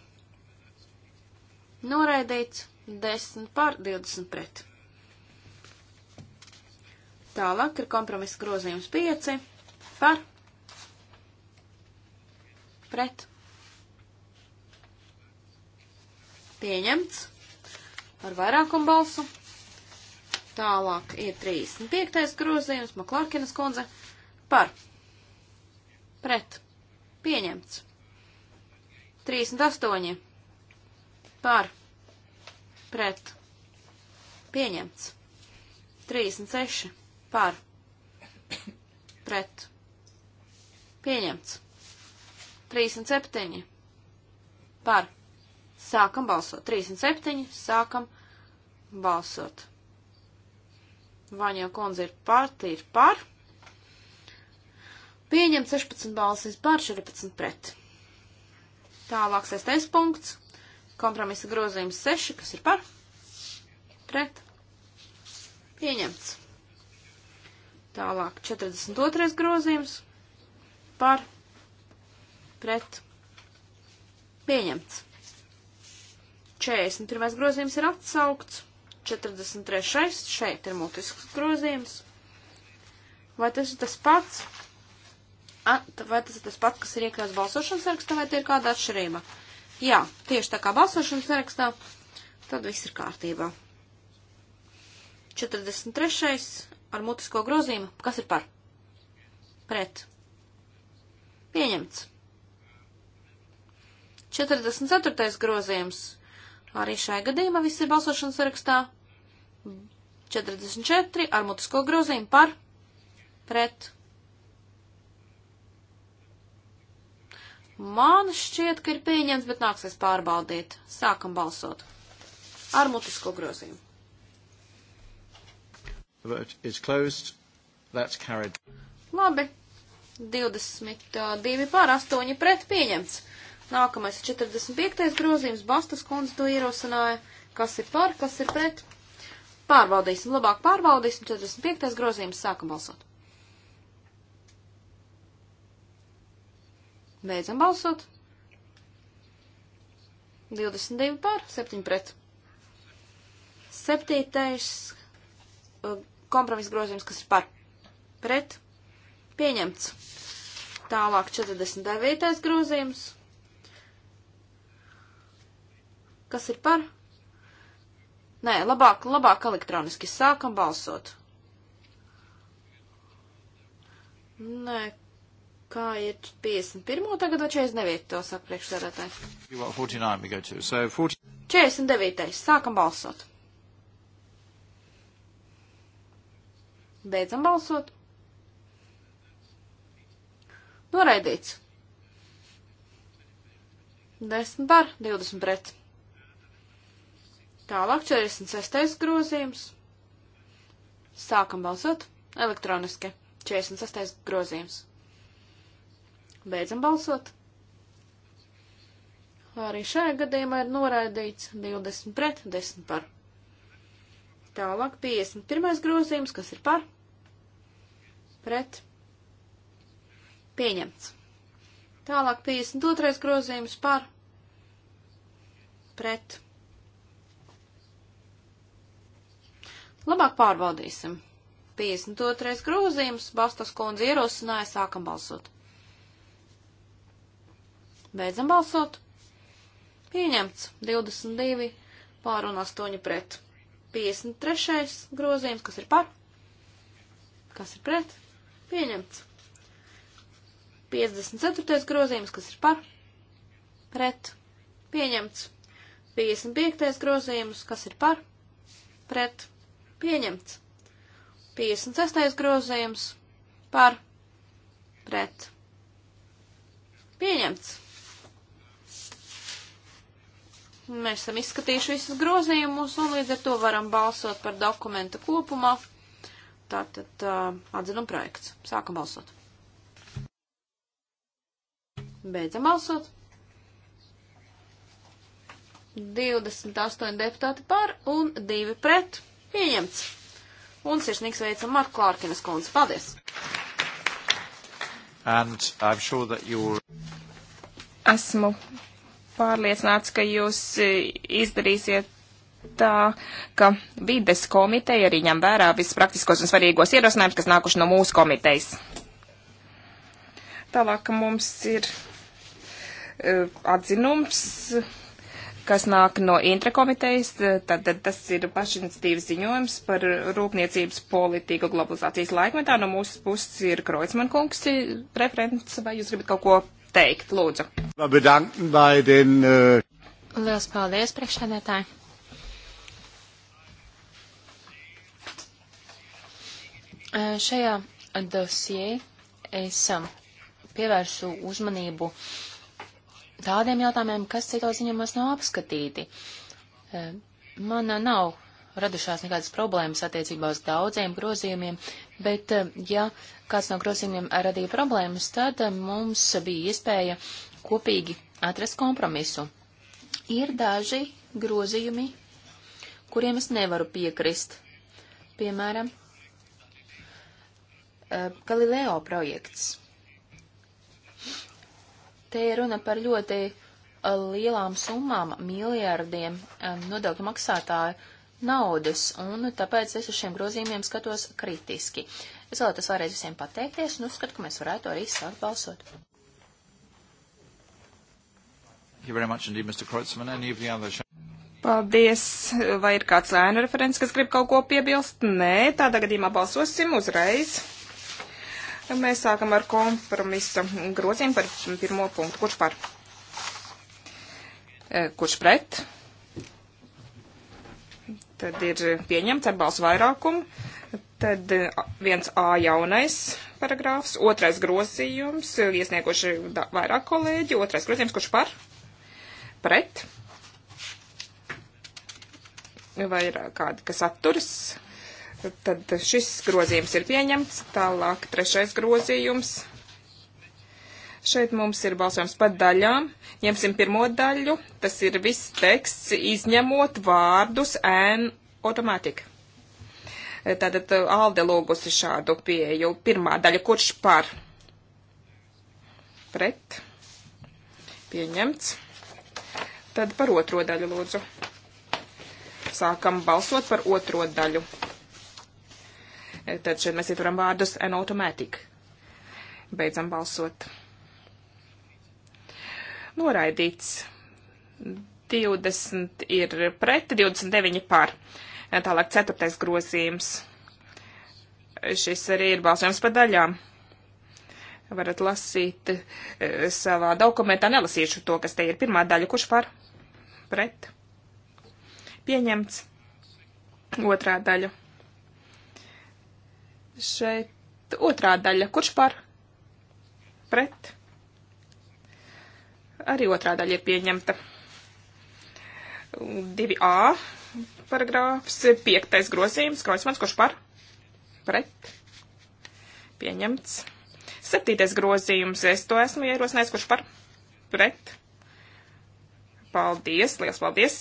Noraidīts 10 par 20 pret. Tālāk ir kompromisa grozījums 5 par pret. Pieņemts ar vairākumu balsu. Tālāk ir 35. grozījums Maklārkinas kundze par pret. Pieņemts. 38 par pret. Pieņemts. 36 Par. Pret. Pieņemts. 37. Par. Sākam balsot. 37. Sākam balsot. Vaņo kundze ir par, ir par. Pieņem 16 balsis par, 14 pret. Tālāk sestais punkts. Kompromisa grozījums 6, kas ir par. Pret. Pieņemts. Tālāk 42. grozījums par pret pieņemts. 41. grozījums ir atsaukts, 43. šeit ir mutisks grozījums. Vai tas ir tas pats? A, vai tas ir tas pats, kas ir iekļauts balsošanas sarakstā, vai tie ir kāda atšķirība? Jā, tieši tā kā balsošanas sarakstā, tad viss ir kārtībā. 43 ar mutisko grozījumu. Kas ir par? Pret. Pieņemts. 44. grozījums. Arī šai gadījumā viss ir balsošanas sarakstā. 44 ar mutisko grozījumu par. Pret. Man šķiet, ka ir pieņemts, bet nāksies pārbaudīt. Sākam balsot. Ar mutisko grozījumu. Vote is closed. That's carried. Labi. 22 uh, pār 8 pret pieņemts. Nākamais 45. grozījums. Bastas kundze to ierosināja. Kas ir par, kas ir pret? Pārbaudīsim, labāk pārbaudīsim. 45. grozījums. Sākam balsot. Beidzam balsot. 22 pār 7 pret. Septītais uh, kompromisa grozījums, kas ir par pret pieņemts. Tālāk 49. grozījums, kas ir par. Nē, labāk, labāk elektroniski sākam balsot. Nē, kā ir 51. tagad vai 49. to saka priekšsēdētājs? 49. 49. sākam balsot. Beidzam balsot. Noraidīts. 10 par, 20 pret. Tālāk 46. grozījums. Sākam balsot elektroniski. 46. grozījums. Beidzam balsot. Arī šajā gadījumā ir noraidīts 20 pret, 10 par. Tālāk 51. grozījums, kas ir par pret pieņemts. Tālāk 52. grozījums par pret. Labāk pārbaudīsim. 52. grozījums Bastas kundze ierosināja, sākam balsot. Beidzam balsot. Pieņemts 22 pār un 8 pret. 53. grozījums, kas ir par, kas ir pret Pieņemts. 54. grozījums, kas ir par, pret, pieņemts. 55. grozījums, kas ir par, pret, pieņemts. 56. grozījums, par, pret, pieņemts. Mēs esam izskatījuši visus grozījumus un līdz ar to varam balsot par dokumentu kopumā. Tātad atzinuma projekts. Sākam balsot. Beidzam balsot. 28 deputāti par un 2 pret. Pieņemts. Un sirsnīgs veicam Marku Klārkinas kundzi. Paldies! Sure Esmu pārliecināts, ka jūs izdarīsiet tā, ka vides komiteja arī ņem vērā visus praktiskos un svarīgos ierosinājumus, kas nākuši no mūsu komitejas. Tālāk mums ir uh, atzinums, kas nāk no Intra komitejas, e, tad, tad tas ir pašinstīvas ziņojums par rūpniecības politiku globalizācijas laikmetā. No mūsu puses ir Kreutzmann kungs e, referents, vai jūs gribat kaut ko teikt, lūdzu? Liels paldies, priekšsēdētāji! Šajā dosijā es pievērsu uzmanību tādiem jautājumiem, kas citos ziņojumos nav apskatīti. Man nav radušās nekādas problēmas attiecībā uz daudziem grozījumiem, bet ja kāds no grozījumiem radīja problēmas, tad mums bija iespēja kopīgi atrast kompromisu. Ir daži grozījumi, kuriem es nevaru piekrist. Piemēram, Uh, Galileo projekts. Te ir runa par ļoti uh, lielām summām, miljardiem um, nodokļu maksātāju naudas, un tāpēc es uz šiem grozījumiem skatos kritiski. Es vēlētos vēlreiz visiem pateikties, un uzskatu, ka mēs varētu arī sākt balsot. Paldies. Vai ir kāds lēnu referents, kas grib kaut ko piebilst? Nē, tādā gadījumā balsosim uzreiz. Nu, mēs sākam ar kompromisa grozījumu par pirmo punktu. Kurš par? E, kurš pret? Tad ir pieņemts ar balsu vairākumu. Tad e, viens A jaunais paragrāfs, otrais grozījums, iesnieguši vairāk kolēģi, otrais grozījums, kurš par? Pret? Vai ir kādi, kas atturas? Tad šis grozījums ir pieņemts. Tālāk trešais grozījums. Šeit mums ir balsojums par daļām. Ņemsim pirmo daļu. Tas ir viss teksts, izņemot vārdus and automatic. Tātad uh, Alde lūgusi šādu pieju. Pirmā daļa, kurš par? Pret. Pieņemts. Tad par otro daļu lūdzu. Sākam balsot par otro daļu. Tad šeit mēs ietveram vārdus an automatic. Beidzam balsot. Noraidīts. 20 ir pret, 29 par. Tālāk ceturtais grozījums. Šis arī ir balsojums pa daļām. Varat lasīt e, savā dokumentā, nelasīšu to, kas te ir pirmā daļa, kurš par pret. Pieņemts. Otrā daļa Šeit otrā daļa. Kurš par? Pret? Arī otrā daļa ir pieņemta. 2a paragrāfs, 5. grozījums, Kroismans, kurš par? Pret? Pieņemts. 7. grozījums, es to esmu ierosinājis, kurš par? Pret? Paldies, liels paldies.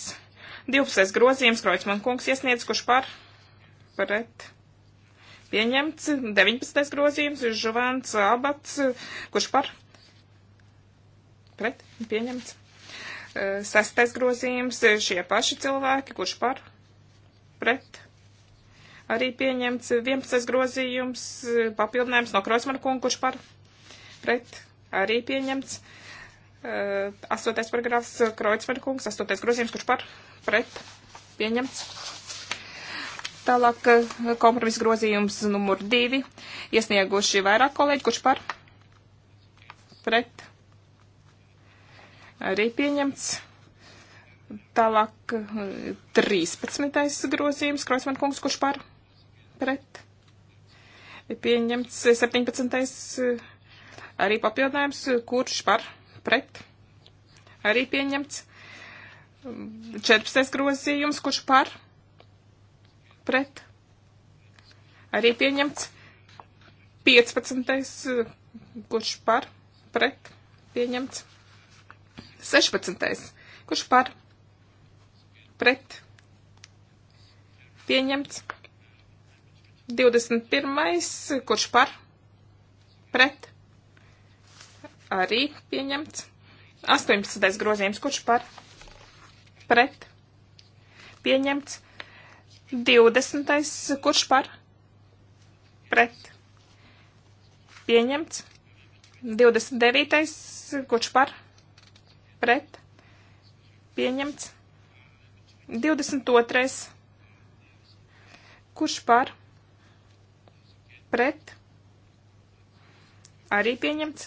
12. grozījums, Kroismans kungs iesniedz, kurš par? Pret? Pieņemts 19. grozījums, ir Žuvants Abats, kurš par? Pret? Pieņemts. Eh, sestais grozījums, šie paši cilvēki, kurš par? Pret? Arī pieņemts 11. grozījums, papildinājums no Krosmana kunga, kurš par? Pret? Arī pieņemts. Eh, astotais paragrāfs Kreutzmann kungs, astotais grozījums, kurš par? Pret? Pieņemts. Tālāk eh, kompromisa grozījums numur divi. Iesnieguši vairāk kolēģi, kurš par? Pret. Arī pieņemts. Tālāk 13. Eh, grozījums, Kroisman kungs, kurš par? Pret. Pieņemts 17. Eh, arī papildinājums, kurš par? Pret. Arī pieņemts 14. grozījums, kurš par? Pret pret arī pieņemts. 15. kurš par pret pieņemts. 16. kurš par pret pieņemts. 21. kurš par pret arī pieņemts. 18. grozījums kurš par pret pieņemts. 20. kurš par? Pret. Pieņemts. 29. kurš par? Pret. Pieņemts. 22. kurš par? Pret. Arī pieņemts.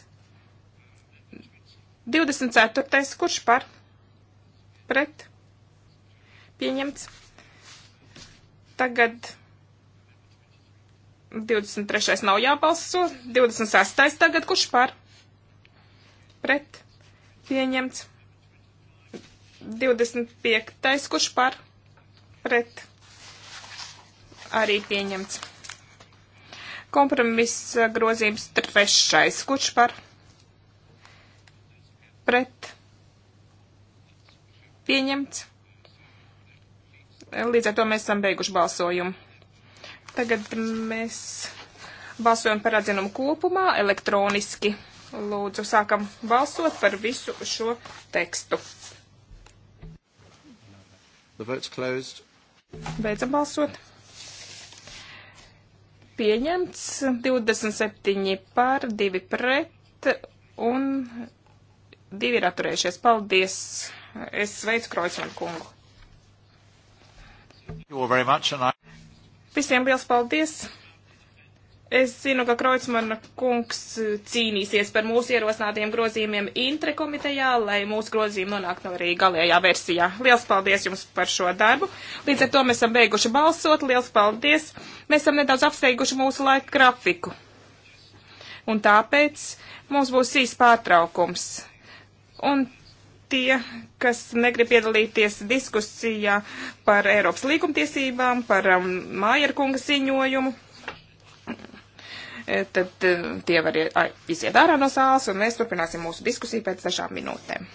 24. kurš par? Pret. Pieņemts. Tagad 23. nav jābalso, 26. tagad kurš par? Pret. Pieņemts. 25. kurš par? Pret. Arī pieņemts. Kompromiss eh, grozījums trešais. Kurš par? Pret. Pieņemts. Līdz ar to mēs esam beiguši balsojumu. Tagad mēs balsojam par atzinumu kopumā elektroniski. Lūdzu, sākam balsot par visu šo tekstu. The vote's closed. Beidzam balsot. Pieņemts 27 pār, 2 pret un 2 ir atturējušies. Paldies! Es sveicu Kroicmanu kungu. Visiem liels paldies! Es zinu, ka Kreutzmana kungs cīnīsies par mūsu ierosinātiem grozījumiem Intre komitejā, lai mūsu grozījumi nonāktu no arī galējā versijā. Liels paldies jums par šo darbu. Līdz ar to mēs esam beiguši balsot. Liels paldies. Mēs esam nedaudz apsteiguši mūsu laika grafiku. Un tāpēc mums būs īs pārtraukums. Un tie, kas negrib piedalīties diskusijā par Eiropas līkumtiesībām, par um, Mājerkunga ziņojumu, e, tad e, tie var iziet ārā no sāls, un mēs turpināsim mūsu diskusiju pēc dažām minūtēm.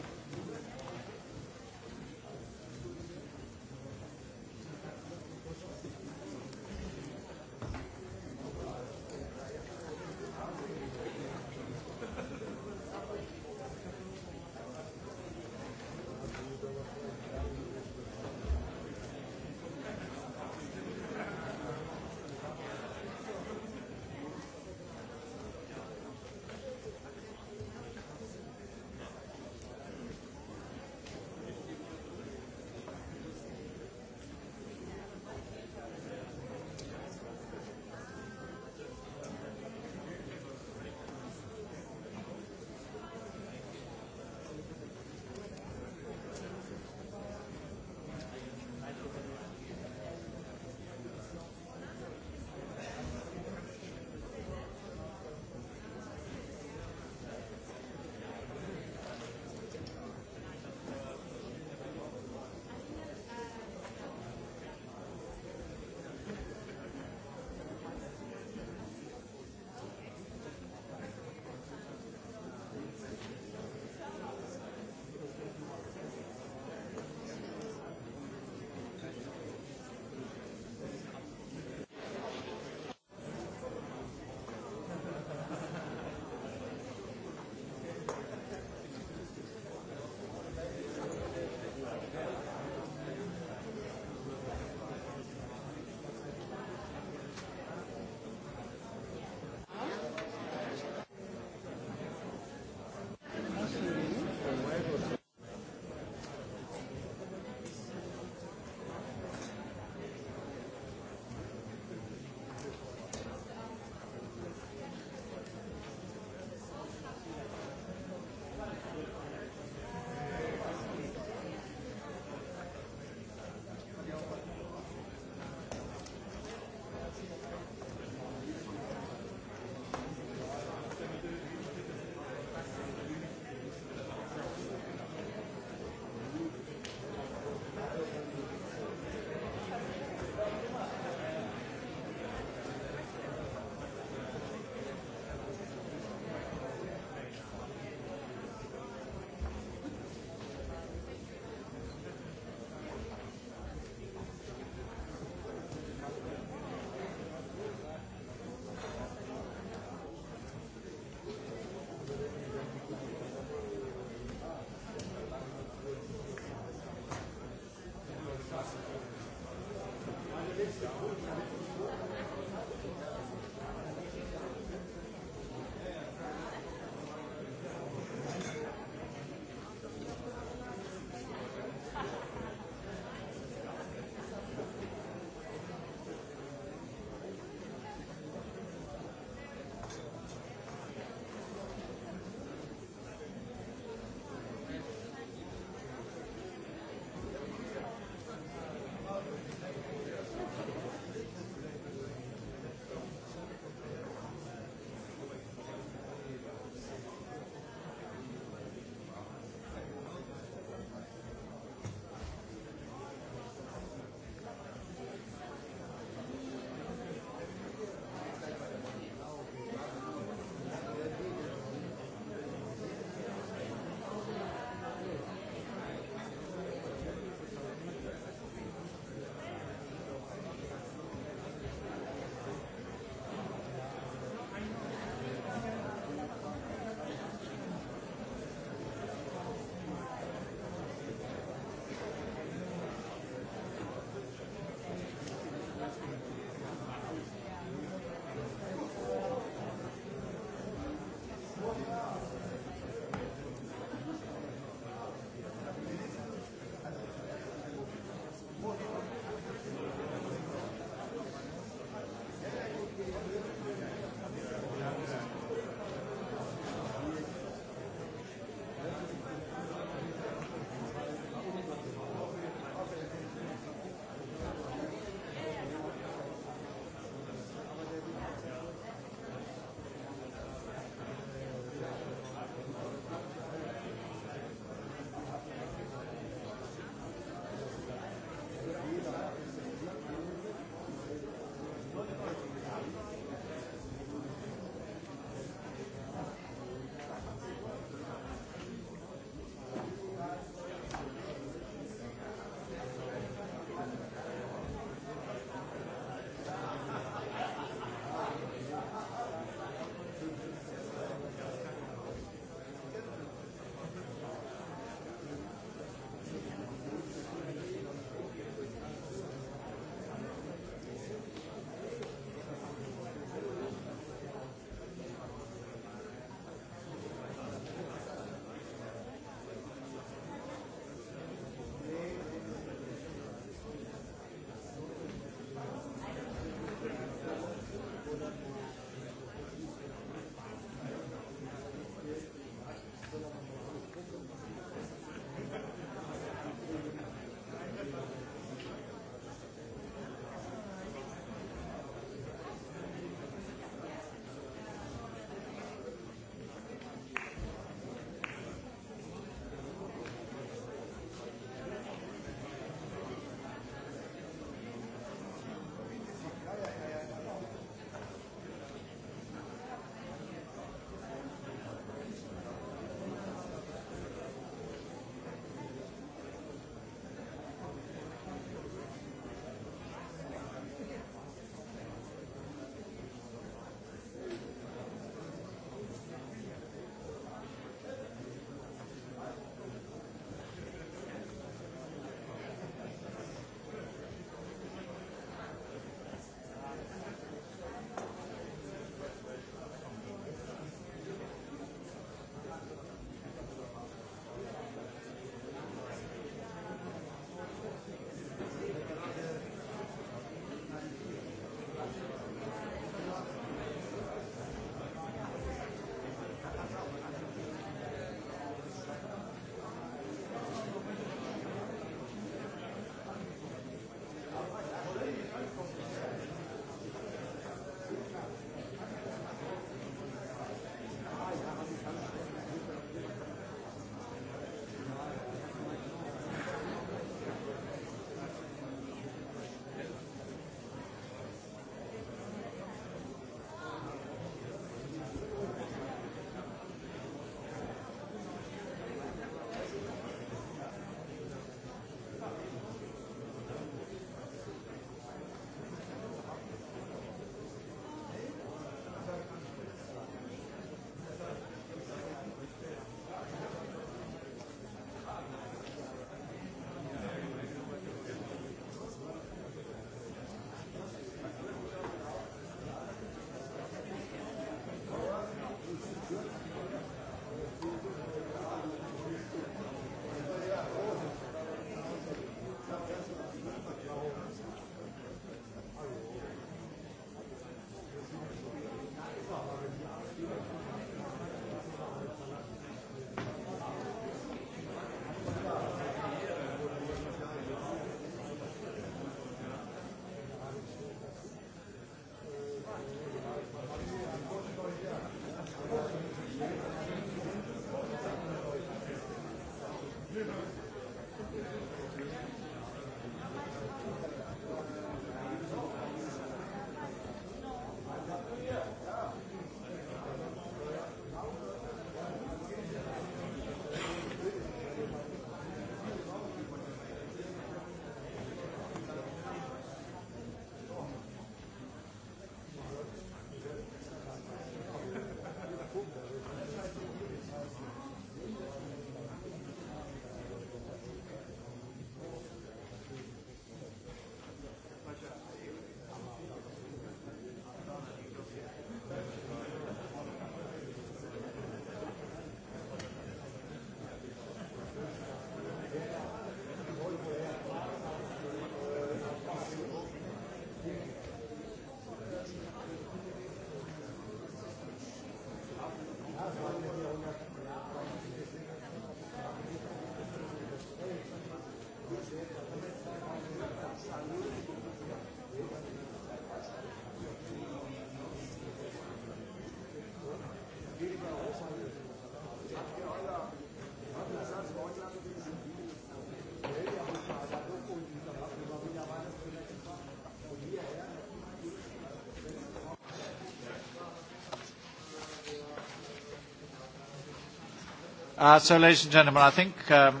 Uh, so, ladies and gentlemen, I think um,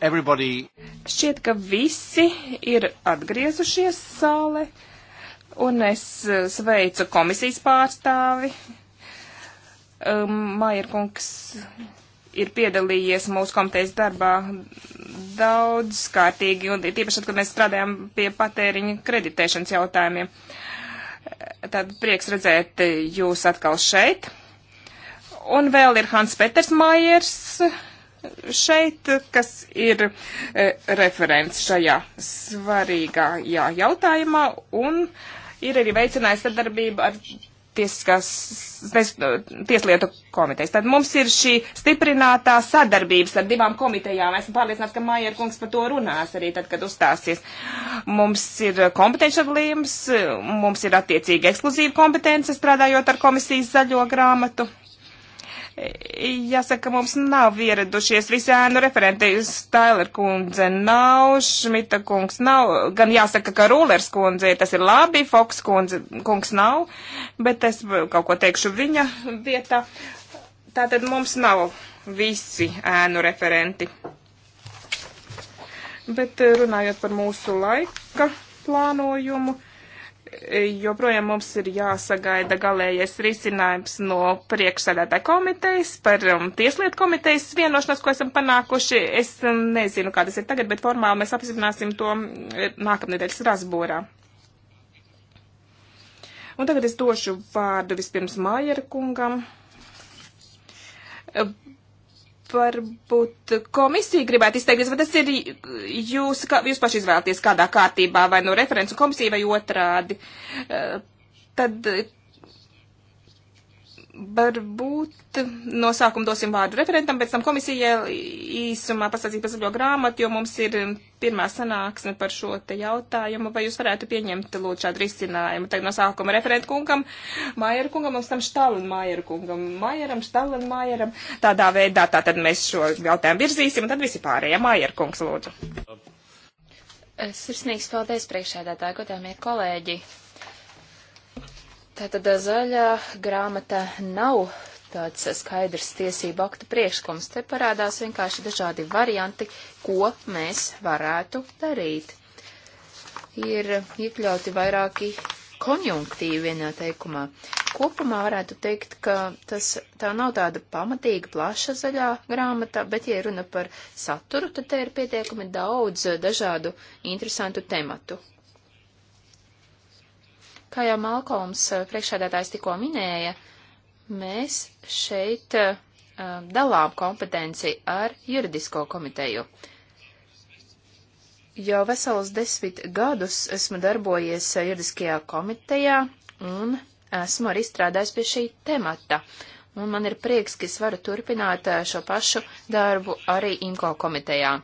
everybody. Šķiet, ka visi ir atgriezušies sāle, un es uh, sveicu komisijas pārstāvi. Um, Mairkungs ir piedalījies mūsu komitejas darbā daudz kārtīgi, un tīpaši, kad mēs strādājam pie patēriņa kreditēšanas jautājumiem. Tad prieks redzēt jūs atkal šeit. Un vēl ir Hans Peters Maiers šeit, kas ir e, referents šajā svarīgajā jautājumā un ir arī veicinājis sadarbību ar tiesiskās ties, e, tieslietu komitejas. Tad mums ir šī stiprinātā sadarbības ar divām komitejām. Esmu pārliecināts, ka Maier kungs par to runās arī tad, kad uzstāsies. Mums ir kompetenci atlījums, mums ir attiecīgi ekskluzīva kompetence strādājot ar komisijas zaļo grāmatu. Jāsaka, mums nav ieradušies visi ēnu referenti. Stailer kundze nav, Šmita kungs nav, gan jāsaka, ka Rūlers kundze, tas ir labi, Foks kundze, kungs nav, bet es kaut ko teikšu viņa vietā. Tātad mums nav visi ēnu referenti. Bet eh, runājot par mūsu laika plānojumu joprojām mums ir jāsagaida galējais risinājums no priekšsēdētāja komitejas par um, tieslietu komitejas vienošanos, ko esam panākuši. Es um, nezinu, kā tas ir tagad, bet formāli mēs apzināsim to um, nākamnedēļ Strasbūrā. Un tagad es došu vārdu vispirms Mājera kungam varbūt komisija gribētu izteikties, vai tas ir jūs, kā, jūs paši izvēlaties kādā kārtībā, vai no referents komisija vai otrādi. Eh, tad Varbūt no sākuma dosim vārdu referentam, pēc tam komisijai īsumā pastāstīt par zaļo grāmatu, jo mums ir um, pirmā sanāksme par šo te jautājumu. Vai jūs varētu pieņemt lūdzu šādu risinājumu? Tagad no sākuma referentu kungam, Maieru kungam, mums tam Štalin Maieru kungam, Maieram, Štalin Maieram. Tādā veidā tātad mēs šo jautājumu virzīsim, un tad visi pārējie. Maieru kungs, lūdzu. Sirsnīgs paldies priekšēdētāji, godāmie kolēģi. Tātad zaļā grāmatā nav tāds skaidrs tiesību aktu priekšlikums. Te parādās vienkārši dažādi varianti, ko mēs varētu darīt. Ir iekļauti vairāki konjunktīvi vienā teikumā. Kopumā varētu teikt, ka tas, tā nav tāda pamatīga plaša zaļā grāmata, bet, ja runa par saturu, tad te ir pietiekami daudz dažādu interesantu tematu. Kā jau Malkolms eh, priekšādātājs tikko minēja, mēs šeit eh, eh, dalām kompetenci ar juridisko komiteju. Jau veselus desmit gadus esmu darbojies juridiskajā komitejā un esmu arī strādājis pie šī temata. Un man ir prieks, ka es varu turpināt šo pašu darbu arī IMCO komitejā.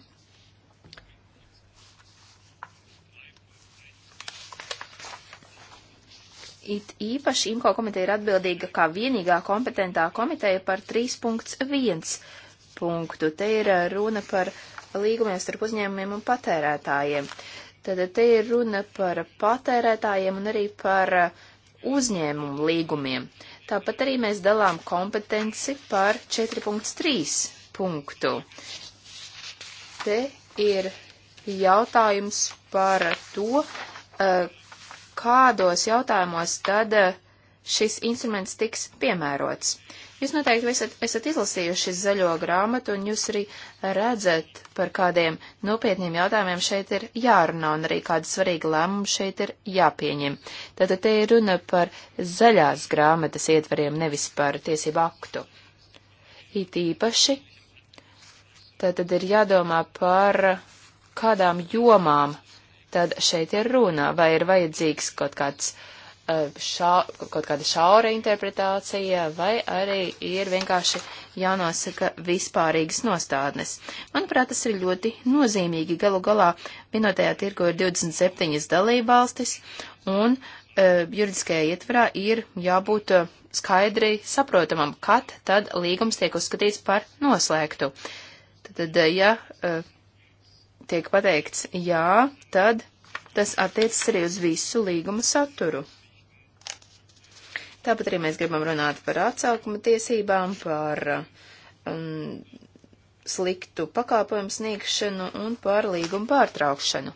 It īpaši IMCO komiteja ir atbildīga kā vienīgā kompetentā komiteja par 3.1 punktu. Te ir runa par līgumiem starp uzņēmumiem un patērētājiem. Tad te ir runa par patērētājiem un arī par uzņēmumu līgumiem. Tāpat arī mēs dalām kompetenci par 4.3 punktu. Te ir jautājums par to, kādos jautājumos tad eh, šis instruments tiks piemērots. Jūs noteikti esat, esat izlasījuši zaļo grāmatu, un jūs arī redzat, par kādiem nopietniem jautājumiem šeit ir jārunā, un arī kāda svarīga lēmuma šeit ir jāpieņem. Tātad te ir runa par zaļās grāmatas ietvariem, nevis par tiesību aktu. It īpaši, tātad ir jādomā par kādām jomām tad šeit ir runa, vai ir vajadzīgs kaut kāds uh, šā, kaut kāda šaura interpretācija, vai arī ir vienkārši jānosaka vispārīgas nostādnes. Manuprāt, tas ir ļoti nozīmīgi. Galu galā vienotajā tirgo ir 27 dalībvalstis, un e, juridiskajā ietvarā ir jābūt uh, skaidri saprotamam, kad tad līgums tiek uzskatīts par noslēgtu. Tad, ja e, tiek pateikts jā, tad tas attiecas arī uz visu līguma saturu. Tāpat arī mēs gribam runāt par atsaukuma tiesībām, par um, sliktu pakāpojumu sniegšanu un par līgumu pārtraukšanu.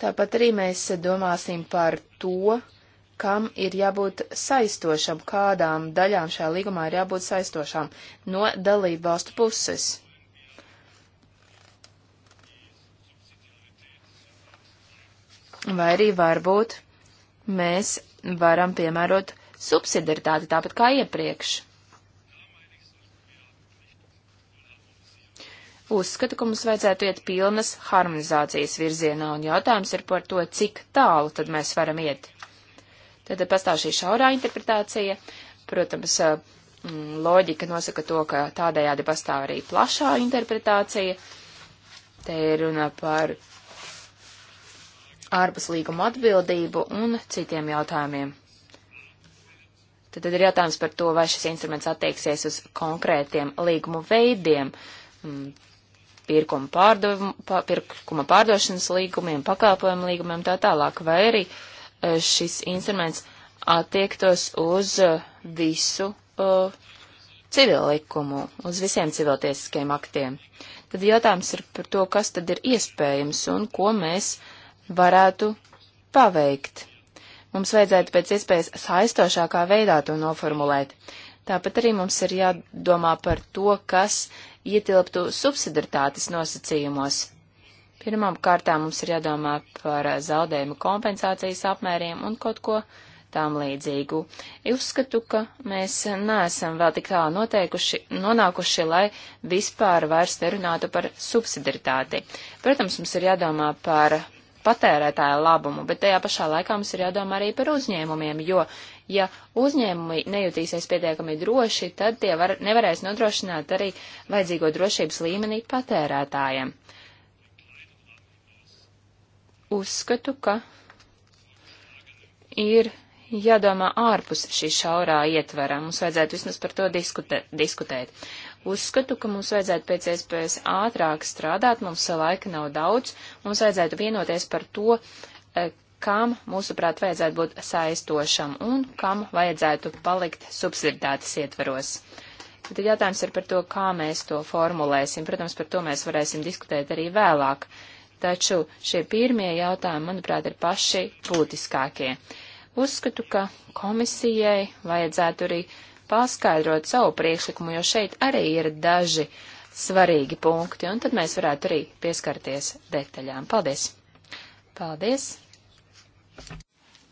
Tāpat arī mēs domāsim par to, kam ir jābūt saistošam, kādām daļām šajā līgumā ir jābūt saistošām no dalību valstu puses. Vai arī varbūt mēs varam piemērot subsidiaritāti tāpat kā iepriekš. Uzskatu, ka mums vajadzētu iet pilnas harmonizācijas virzienā, un jautājums ir par to, cik tālu tad mēs varam iet. Tad pastāv šī šaurā interpretācija, protams, eh, loģika nosaka to, ka tādējādi pastāv arī plašā interpretācija. Te ir runa par ārpus līguma atbildību un citiem jautājumiem. Tad, tad ir jautājums par to, vai šis instruments attieksies uz konkrētiem līgumu veidiem, pirkuma, pārdovu, pirkuma pārdošanas līgumiem, pakalpojumu līgumiem tā tālāk, vai arī uh, Eh, šis instruments attiektos uz eh, visu uh, civillikumu, uz visiem civiltiesiskiem aktiem. Tad jautājums ir par to, kas tad ir iespējams un ko mēs varētu paveikt. Mums vajadzētu pēc iespējas saistošākā veidā to noformulēt. Tāpat arī mums ir jādomā par to, kas ietilptu subsidaritātes nosacījumos. Pirmām kārtām mums ir jādomā par eh, zaudējumu kompensācijas apmēriem un kaut ko tam līdzīgu. Uzskatu, ka mēs neesam vēl tik tālu noteikuši, nonākuši, lai vispār vairs nerunātu par subsidiritāti. Protams, mums ir jādomā par patērētāja labumu, bet tajā pašā laikā mums ir jādomā arī par uzņēmumiem, jo, ja uzņēmumi nejutīsies pietiekami droši, tad tie var, nevarēs nodrošināt arī vajadzīgo drošības līmenī patērētājiem uzskatu, ka ir jādomā ārpus šī šaurā ietvera. Mums vajadzētu vismaz par to diskutē, diskutēt. Uzskatu, ka mums vajadzētu pēc iespējas ātrāk strādāt, mums laika nav daudz, mums vajadzētu vienoties par to, e, kam, mūsuprāt, vajadzētu būt saistošam un kam vajadzētu palikt subsidiātas ietveros. Tad jautājums ir par to, kā mēs to formulēsim. Protams, par to mēs varēsim diskutēt arī vēlāk. Uh, taču šie pirmie jautājumi, manuprāt, ir paši būtiskākie. Uzskatu, ka komisijai vajadzētu arī paskaidrot savu priekšlikumu, jo šeit arī ir daži svarīgi punkti, un tad mēs varētu arī pieskarties detaļām. Paldies! Paldies!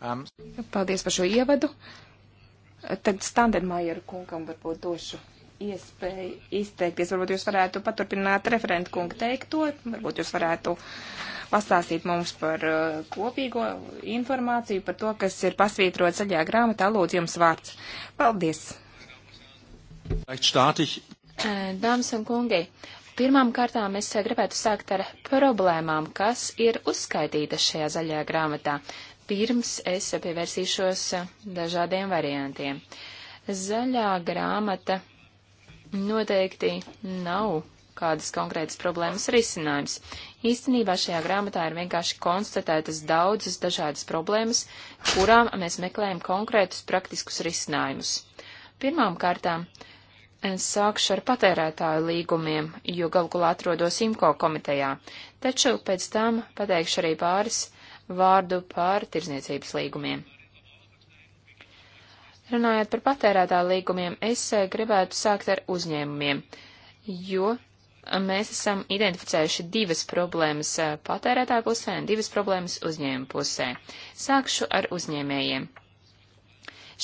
Um. Paldies par šo ievadu. Tad Standermajeru kungam varbūt došu iespēju izteikties. Varbūt jūs varētu paturpināt referentu kungu teikto, varbūt jūs varētu pastāstīt mums par uh, kopīgo informāciju, par to, kas ir pasvītrots zaļā grāmatā. Lūdzu, jums vārds. Paldies! Dāmas un kungi, pirmām kārtām es gribētu sākt ar problēmām, kas ir uzskaitītas šajā zaļajā grāmatā. Pirms es pievērsīšos dažādiem variantiem. Zaļā grāmata noteikti nav kādas konkrētas problēmas risinājums. Īstenībā šajā grāmatā ir vienkārši konstatētas daudzas dažādas problēmas, kurām mēs meklējam konkrētus praktiskus risinājumus. Pirmām kārtām eh, sākšu ar patērētāju līgumiem, jo galvkulā atrodos IMCO komitejā, taču pēc tam pateikšu arī pāris vārdu par tirzniecības līgumiem. Runājot par patērētā līgumiem, es eh, gribētu sākt ar uzņēmumiem, jo eh, mēs esam identificējuši divas problēmas eh, patērētāju pusē un divas problēmas uzņēmumu pusē. Sākšu ar uzņēmējiem.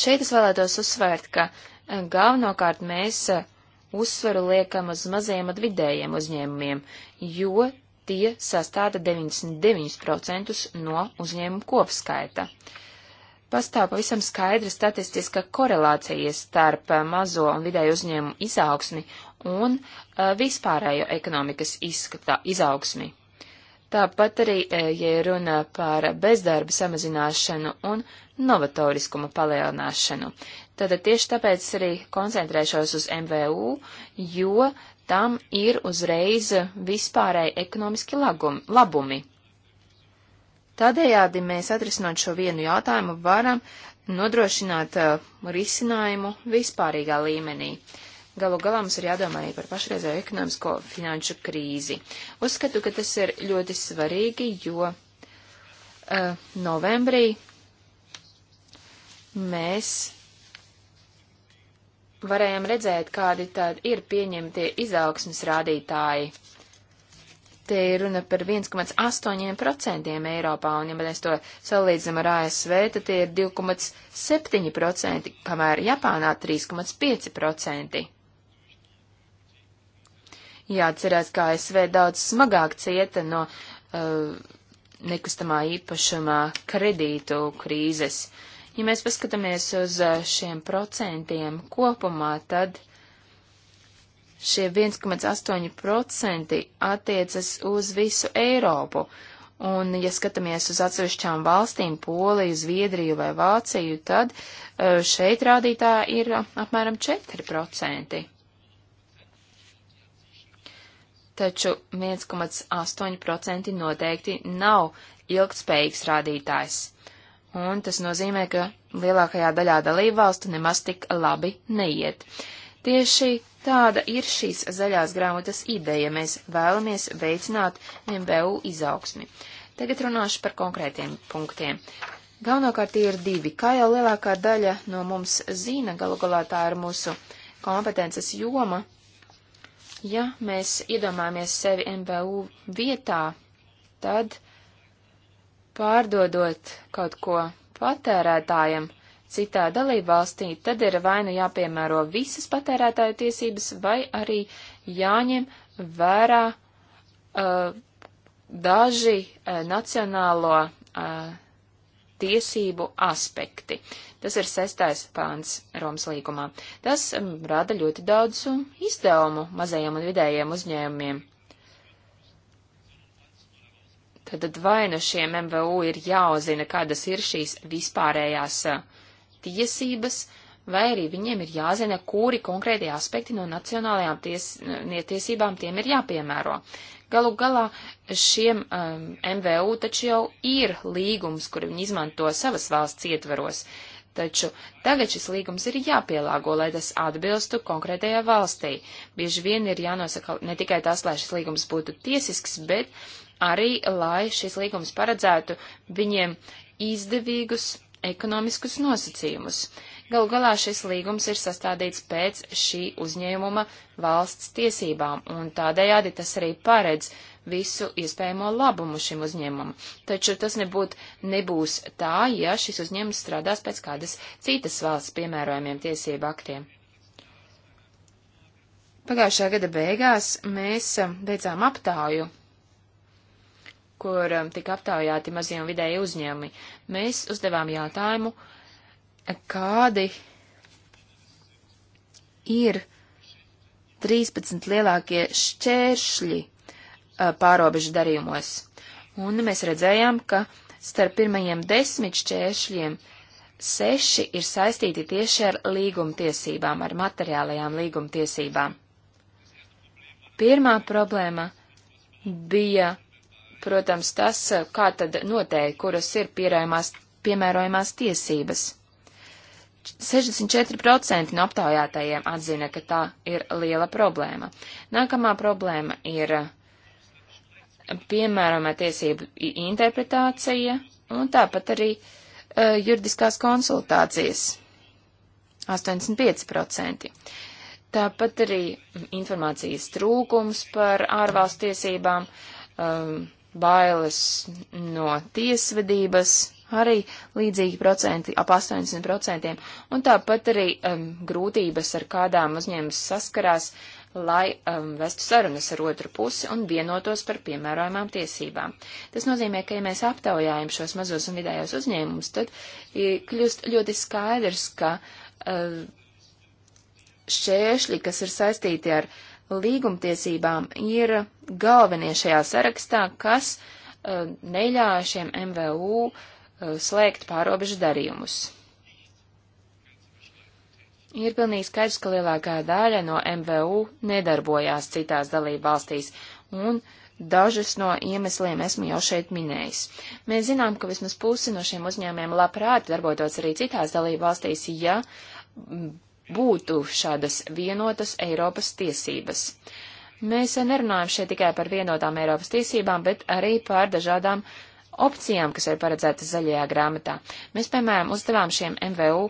Šeit es vēlētos uzsvērt, ka galvenokārt mēs uzsvaru liekam uz maziem un vidējiem uzņēmumiem, jo tie sastāda 99% no uzņēmumu kopskaita. Uh, pastāv pavisam skaidra statistiska korelācija starp eh, mazo un vidēju uzņēmumu izaugsmi un uh, vispārējo ekonomikas izskatā izaugsmi. Tāpat arī, eh, ja runa par bezdarba samazināšanu un novatoriskuma palielināšanu. Tad tieši tāpēc arī koncentrēšos uz MVU, jo tam ir uzreiz vispārēji ekonomiski lagumi, labumi. Tādējādi mēs atrisinot šo vienu jautājumu varam nodrošināt uh, risinājumu vispārīgā līmenī. Galu galā mums ir jādomā arī par pašreizēju ekonomisko finanšu krīzi. Uzskatu, ka tas ir ļoti svarīgi, jo uh, novembrī mēs varējām redzēt, kādi tad ir pieņemtie izaugsmas rādītāji Te ir runa par 1,8% Eiropā, un ja mēs to salīdzinām ar ASV, tad tie ir 2,7%, kamēr Japānā 3,5%. Jāatcerās, ka ASV daudz smagāk cieta no uh, nekustamā īpašumā kredītu krīzes. Ja mēs paskatāmies uz uh, šiem procentiem kopumā, tad Šie 1,8% attiecas uz visu Eiropu. Un, ja skatāmies uz atsevišķām valstīm, Poliju, Zviedriju vai Vāciju, tad e, šeit rādītā ir apmēram 4%. Taču 1,8% noteikti nav ilgtspējīgs rādītājs. Un tas nozīmē, ka lielākajā daļā dalībvalstu nemaz tik labi neiet. Uh, Tieši tāda ir šīs zaļās grāmatas ideja. Mēs vēlamies veicināt MBU izaugsmi. Tagad runāšu par konkrētiem punktiem. Galvenokārt tie ir divi. Kā jau lielākā daļa no mums zina, galu galā tā ir mūsu kompetences joma. Ja mēs iedomājamies sevi MBU vietā, tad pārdodot kaut ko patērētājiem, citā dalībvalstī, tad ir vai nu jāpiemēro visas patērētāju tiesības, vai arī jāņem vērā uh, daži uh, nacionālo uh, tiesību aspekti. Tas ir sestais pāns Romas līgumā. Tas um, rada ļoti daudz um, izdevumu mazajiem un vidējiem uzņēmumiem. Tad vai nu šiem MVU ir jāuzina, kādas ir šīs vispārējās uh, tiesības, vai arī viņiem ir jāzina, kuri konkrēti aspekti no nacionālajām ties, tiesībām tiem ir jāpiemēro. Galu galā šiem um, MVU taču jau ir līgums, kuru viņi izmanto savas valsts ietveros, taču tagad šis līgums ir jāpielāgo, lai tas atbilstu konkrētajā valstī. Bieži vien ir jānosaka ne tikai tas, lai šis līgums būtu tiesisks, bet arī, lai šis līgums paredzētu viņiem izdevīgus ekonomiskus nosacījumus. Galu galā šis līgums ir sastādīts pēc šī uzņēmuma valsts tiesībām, un tādējādi tas arī paredz visu iespējamo labumu šim uzņēmumam. Taču tas nebūt, nebūs tā, ja šis uzņēmums strādās pēc kādas citas valsts piemērojumiem tiesību aktiem. Pagājušā gada beigās mēs eh, beidzām aptāju kur um, tika aptaujāti mazie un vidēji uzņēmumi. Mēs uzdevām jautājumu, kādi ir 13 lielākie šķēršļi uh, pārobežu darījumos. Un mēs redzējām, ka starp pirmajiem desmit šķēršļiem seši ir saistīti tieši ar līgumtiesībām, ar materiālajām līgumtiesībām. Pirmā problēma bija protams, tas, kā tad noteikti, kuras ir piemērojamās tiesības. 64% no aptaujātajiem atzina, ka tā ir liela problēma. Nākamā problēma ir piemērojamā tiesību interpretācija un tāpat arī uh, juridiskās konsultācijas. 85%. Tāpat arī informācijas trūkums par ārvalstu tiesībām, um, bailes no tiesvedības, arī līdzīgi procenti, ap 80%, un tāpat arī um, grūtības, ar kādām uzņēmums saskarās, lai um, vestu sarunas ar otru pusi un vienotos par piemērojumām tiesībām. Tas nozīmē, ka, ja mēs aptaujājam šos mazos un vidējos uzņēmumus, tad kļūst ļoti skaidrs, ka uh, šķēršļi, kas ir saistīti ar uh, līgumtiesībām ir galvenie šajā sarakstā, kas uh, neļāja šiem MVU uh, slēgt pārobežu darījumus. Ir pilnīgi skaidrs, ka lielākā daļa no MVU nedarbojās citās dalību valstīs, un dažas no iemesliem esmu jau šeit minējis. Mēs zinām, ka vismaz pusi no šiem uzņēmiem labprāt darbotos arī citās dalību valstīs, ja mm, būtu šādas vienotas Eiropas tiesības. Mēs nerunājam šeit tikai par vienotām Eiropas tiesībām, bet arī par dažādām opcijām, kas ir paredzētas zaļajā grāmatā. Mēs, piemēram, uzdevām šiem MVU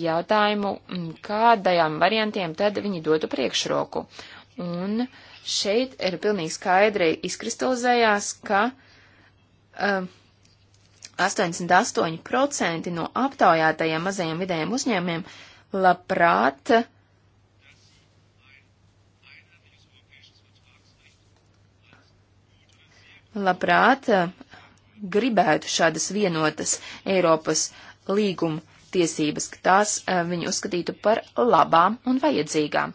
jautājumu, mm, kādajām variantiem tad viņi dotu priekšroku. Un šeit ir pilnīgi skaidri izkristalizējās, ka uh, um, 88% no aptaujātajiem mazajiem vidējiem uzņēmumiem uh, labprāt labprāt eh, gribētu šādas vienotas Eiropas līguma tiesības, ka tās eh, viņi uzskatītu par labām un vajadzīgām.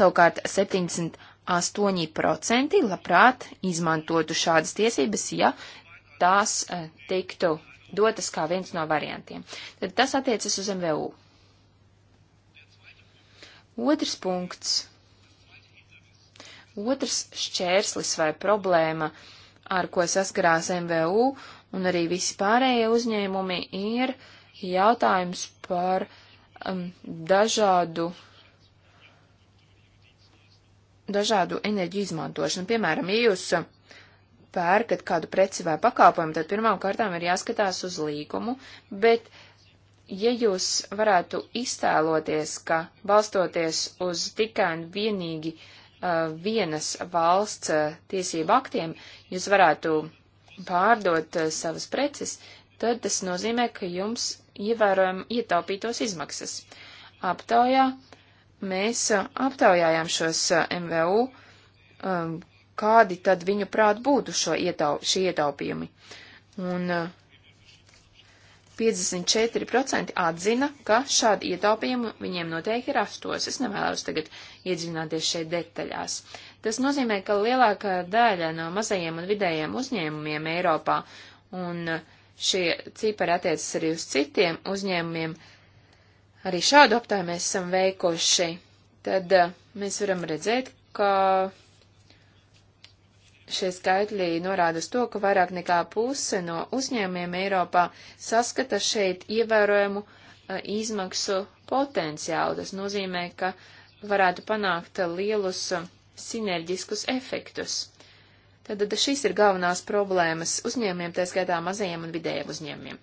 Savukārt 78% labprāt izmantotu šādas tiesības, ja tās eh, tiktu dotas kā viens no variantiem. Tad tas attiecas uz MVU. Otrs punkts. Otrs šķērslis vai problēma, ar ko saskarās MVU un arī visi pārējie uzņēmumi, ir jautājums par um, dažādu, dažādu enerģiju izmantošanu. Piemēram, ja jūs pērkat kādu preci vai pakalpojumu, tad pirmām kārtām ir jāskatās uz līgumu, bet uh, ja jūs varētu iztēloties, ka balstoties uz tikai un vienīgi uh, vienas valsts uh, tiesību aktiem, jūs varētu pārdot uh, savas preces, tad tas nozīmē, ka jums ievērojami ietaupītos izmaksas. Aptaujā mēs uh, aptaujājām šos uh, MVU, um, kādi tad viņu prāt būtu šo ietau, šie ietaupījumi. Un uh, 54% atzina, ka šādi ietaupījumi viņiem noteikti rastos. Es nevēlos tagad iedziļināties šeit detaļās. Tas nozīmē, ka lielākā daļa no mazajiem un vidējiem uzņēmumiem Eiropā, un šie cipari attiecas arī uz citiem uzņēmumiem, arī šādu aptāju mēs esam veikuši, tad eh, mēs varam redzēt, ka Šie skaitļi norāda uz to, ka vairāk nekā puse no uzņēmiem Eiropā saskata šeit ievērojumu eh, izmaksu potenciālu. Tas nozīmē, ka varētu panākt lielus eh, sinerģiskus efektus. Tad šīs ir galvenās problēmas uzņēmiem, tā skaitā mazajiem un vidējiem uzņēmiem.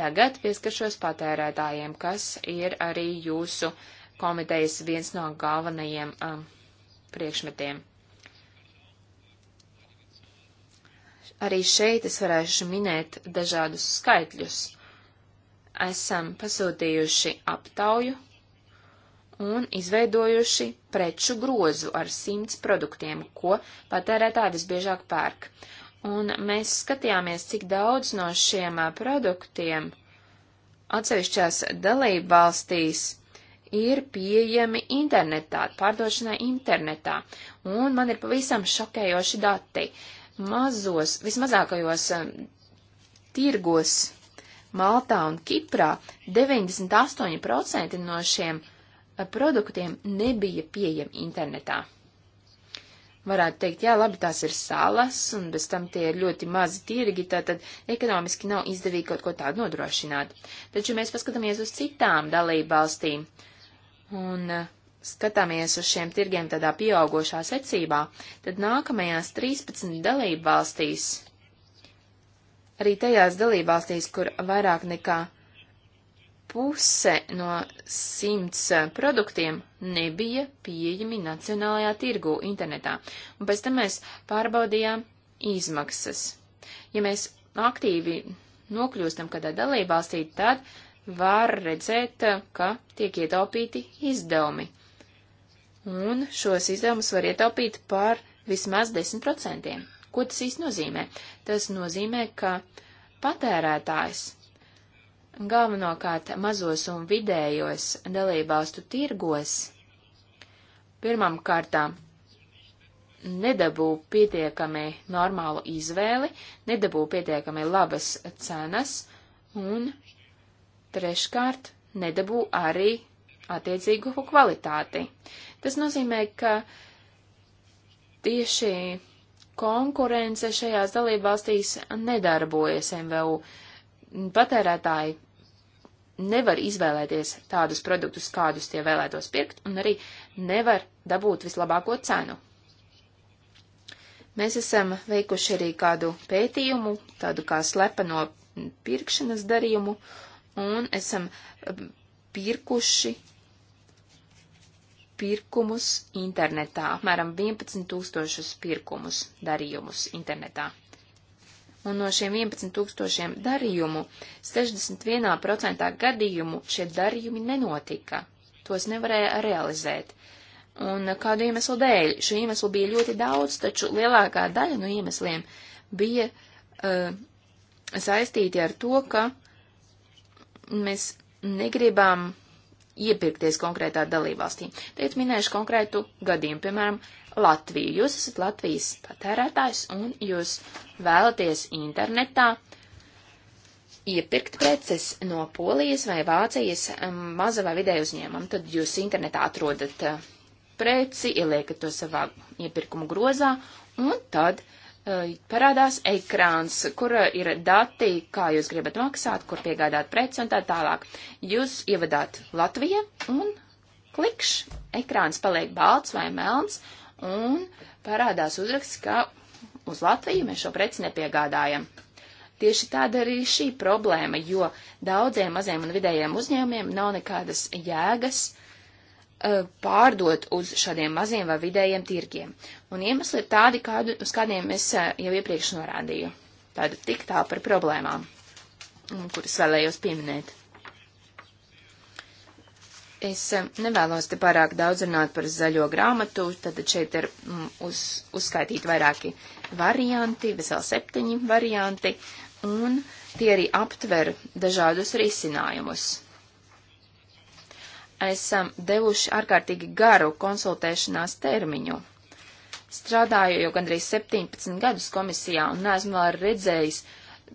Tagad pieskaršos patērētājiem, kas ir arī jūsu komitejas viens no galvenajiem um, priekšmetiem. Arī šeit es varēšu minēt dažādus skaitļus. Esam pasūtījuši aptauju un izveidojuši preču grozu ar simts produktiem, ko patērētāji visbiežāk pērk. Un mēs skatījāmies, cik daudz no šiem produktiem atsevišķās dalība valstīs ir pieejami internetā, pārdošanai internetā, un man ir pavisam šokējoši dati mazos, vismazākajos um, tirgos Maltā un Kiprā 98% no šiem uh, produktiem nebija pieejami internetā. Varētu teikt, jā, labi, tās ir salas, un bez tam tie ir ļoti mazi tirgi, tātad ekonomiski nav izdevīgi kaut ko tādu nodrošināt. Taču mēs paskatāmies uz citām dalībvalstīm, un uh, skatāmies uz šiem tirgiem tādā pieaugošā secībā, tad nākamajās 13 dalību valstīs, arī tajās dalību valstīs, kur vairāk nekā puse no simts eh, produktiem nebija pieejami nacionālajā tirgu internetā. Un pēc tam mēs pārbaudījām izmaksas. Ja mēs aktīvi nokļūstam kādā dalībvalstī, tad var redzēt, eh, ka tiek ietaupīti izdevumi un šos izdevumus var ietaupīt par vismaz 10%. Ko tas īsti nozīmē? Tas nozīmē, ka patērētājs galvenokārt mazos un vidējos dalībvalstu tirgos pirmām kārtām nedabū pietiekami normālu izvēli, nedabū pietiekami labas cenas un treškārt nedabū arī attiecīgu kvalitāti. Tas nozīmē, ka tieši konkurence šajās dalībvalstīs nedarbojas MVU. Patērētāji nevar izvēlēties tādus produktus, kādus tie vēlētos pirkt, un arī nevar dabūt vislabāko cenu. Mēs esam veikuši arī kādu pētījumu, tādu kā slepeno pirkšanas darījumu, un esam pirkuši pirkumus internetā, apmēram 11 tūkstošus pirkumus, darījumus internetā. Un no šiem 11 tūkstošiem darījumu 61% gadījumu šie darījumi nenotika. Tos nevarēja realizēt. Un kādu iemeslu dēļ? Šo iemeslu bija ļoti daudz, taču lielākā daļa no iemesliem bija uh, saistīti ar to, ka mēs negribam iepirkties konkrētā dalībvalstī. Teicu minējuši konkrētu gadījumu, piemēram, Latviju. Jūs esat Latvijas patērētājs un jūs vēlaties internetā iepirkt preces no Polijas vai Vācijas um, maza vai vidēja uzņēmuma. Tad jūs internetā atrodat uh, preci, ieliekat to savā iepirkumu grozā un tad uh, Eh, parādās ekrāns, kur eh, ir dati, kā jūs gribat maksāt, kur piegādāt preci un tā tālāk. Jūs ievadāt Latvija un klikš, ekrāns paliek balts vai melns un parādās uzraksts, ka uz Latviju mēs šo preci nepiegādājam. Tieši tāda arī šī problēma, jo daudziem maziem un vidējiem uzņēmumiem nav nekādas jēgas Eh, pārdot uz šādiem maziem vai vidējiem tirgiem. Un iemesli ir tādi, kādu, uz kādiem es eh, jau iepriekš norādīju. Tāda tik tā par problēmām, mm, kuras vēlējos pieminēt. Es eh, nevēlos te pārāk daudz runāt par zaļo grāmatu, tad šeit ir mm, uz, uzskaitīti vairāki varianti, vesel septiņi varianti, un tie arī aptver dažādus risinājumus esam devuši ārkārtīgi garu konsultēšanās termiņu. Strādāju jau gandrīz 17 gadus komisijā un neesmu vēl redzējis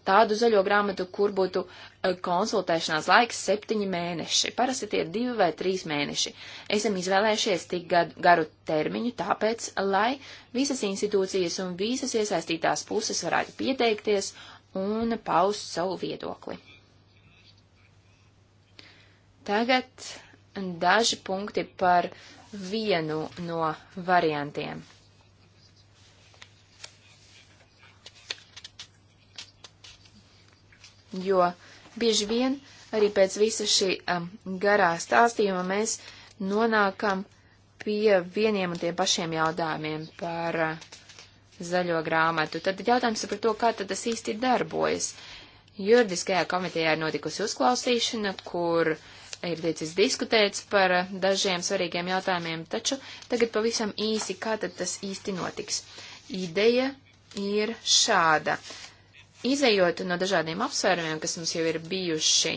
tādu zaļo grāmatu, kur būtu eh, konsultēšanās laiks septiņi mēneši. Parasti tie ir divi vai trīs mēneši. Esam izvēlējušies tik garu termiņu, tāpēc, lai visas institūcijas un visas iesaistītās puses varētu pieteikties un paust savu viedokli. Tagad daži punkti par vienu no variantiem. Jo bieži vien arī pēc visa šī um, garā stāstījuma mēs nonākam pie vieniem un tiem pašiem jautājumiem par uh, zaļo grāmatu. Tad jautājums ir par to, kā tad tas īsti darbojas. Juridiskajā komitejā ir notikusi uzklausīšana, kur uh, ir ticis diskutēts par dažiem svarīgiem jautājumiem, taču tagad pavisam īsi, kā tad tas īsti notiks. Ideja ir šāda. Izejot no dažādiem apsvērumiem, kas mums jau ir bijuši,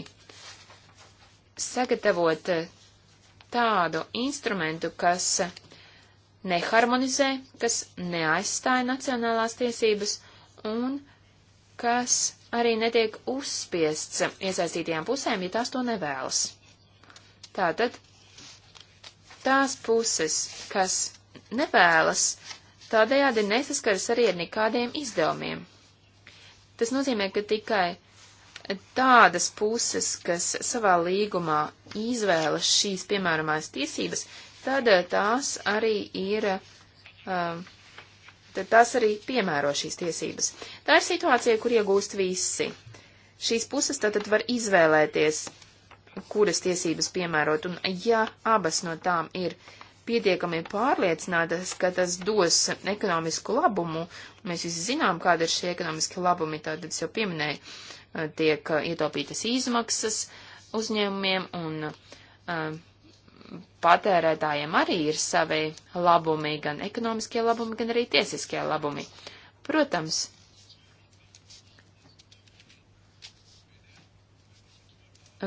sagatavot tādu instrumentu, kas neharmonizē, kas neaizstāja nacionālās tiesības un kas arī netiek uzspiests iesaistītajām pusēm, ja tās to nevēlas. Tātad tās puses, kas nevēlas, tādējādi nesaskaras arī ar nekādiem izdevumiem. Tas nozīmē, ka tikai tādas puses, kas savā līgumā izvēlas šīs piemēramās tiesības, tad eh, tās arī ir, eh, tad tās arī piemēro šīs tiesības. Tā ir situācija, kur iegūst visi. Šīs puses tātad var izvēlēties kuras tiesības piemērot, un ja abas no tām ir pietiekami pārliecinātas, ka tas dos ekonomisku labumu, mēs visi zinām, kāda ir šie ekonomiski labumi, tātad es jau pieminēju, eh, tiek eh, ietaupītas izmaksas uzņēmumiem un uh, patērētājiem arī ir savi labumi, gan ekonomiskie labumi, gan arī tiesiskie labumi. Protams,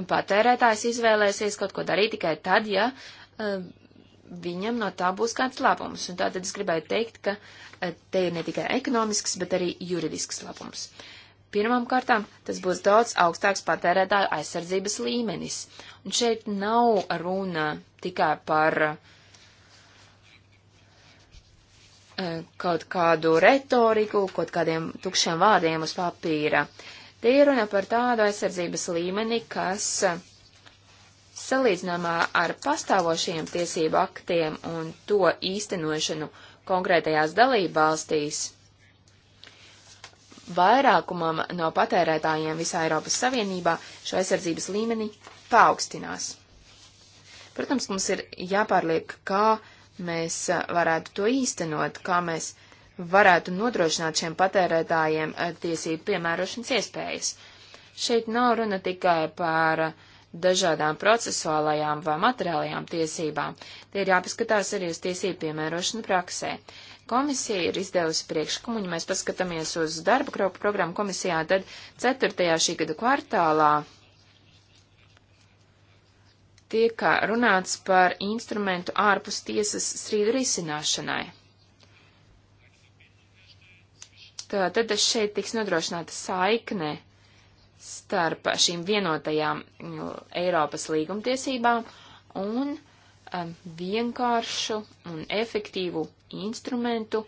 patērētājs izvēlēsies kaut ko darīt tikai tad, ja uh, viņam no tā būs kāds labums. Un tātad es gribēju teikt, ka uh, te ir ne tikai ekonomisks, bet arī juridisks labums. Pirmām kārtām tas būs daudz augstāks patērētāju aizsardzības līmenis. Un šeit nav runa tikai par uh, kaut kādu retoriku, kaut kādiem tukšiem vārdiem uz papīra. Uh, Te ir runa par tādu aizsardzības līmeni, kas salīdzināmā ar pastāvošajiem tiesību aktiem un to īstenošanu konkrētajās dalībvalstīs vairākumam no patērētājiem visā Eiropas Savienībā šo aizsardzības līmeni paaugstinās. Protams, mums ir jāpārliek, kā mēs varētu to īstenot, kā mēs varētu nodrošināt šiem patērētājiem eh, tiesību piemērošanas iespējas. Šeit nav runa tikai par dažādām procesuālajām vai materiālajām tiesībām, tie ir jāpaskatās arī uz tiesību piemērošanu praksē. Komisija ir izdevusi priekšlikumu, un ja mēs paskatāmies uz darba kropu programmu komisijā, tad 4. šī gada kvartālā tiek runāts par instrumentu ārpus tiesas strīdu risināšanai. Tā, tad šeit tiks nodrošināta saikne starp šīm vienotajām mm, Eiropas līgumtiesībām un um, vienkāršu un efektīvu instrumentu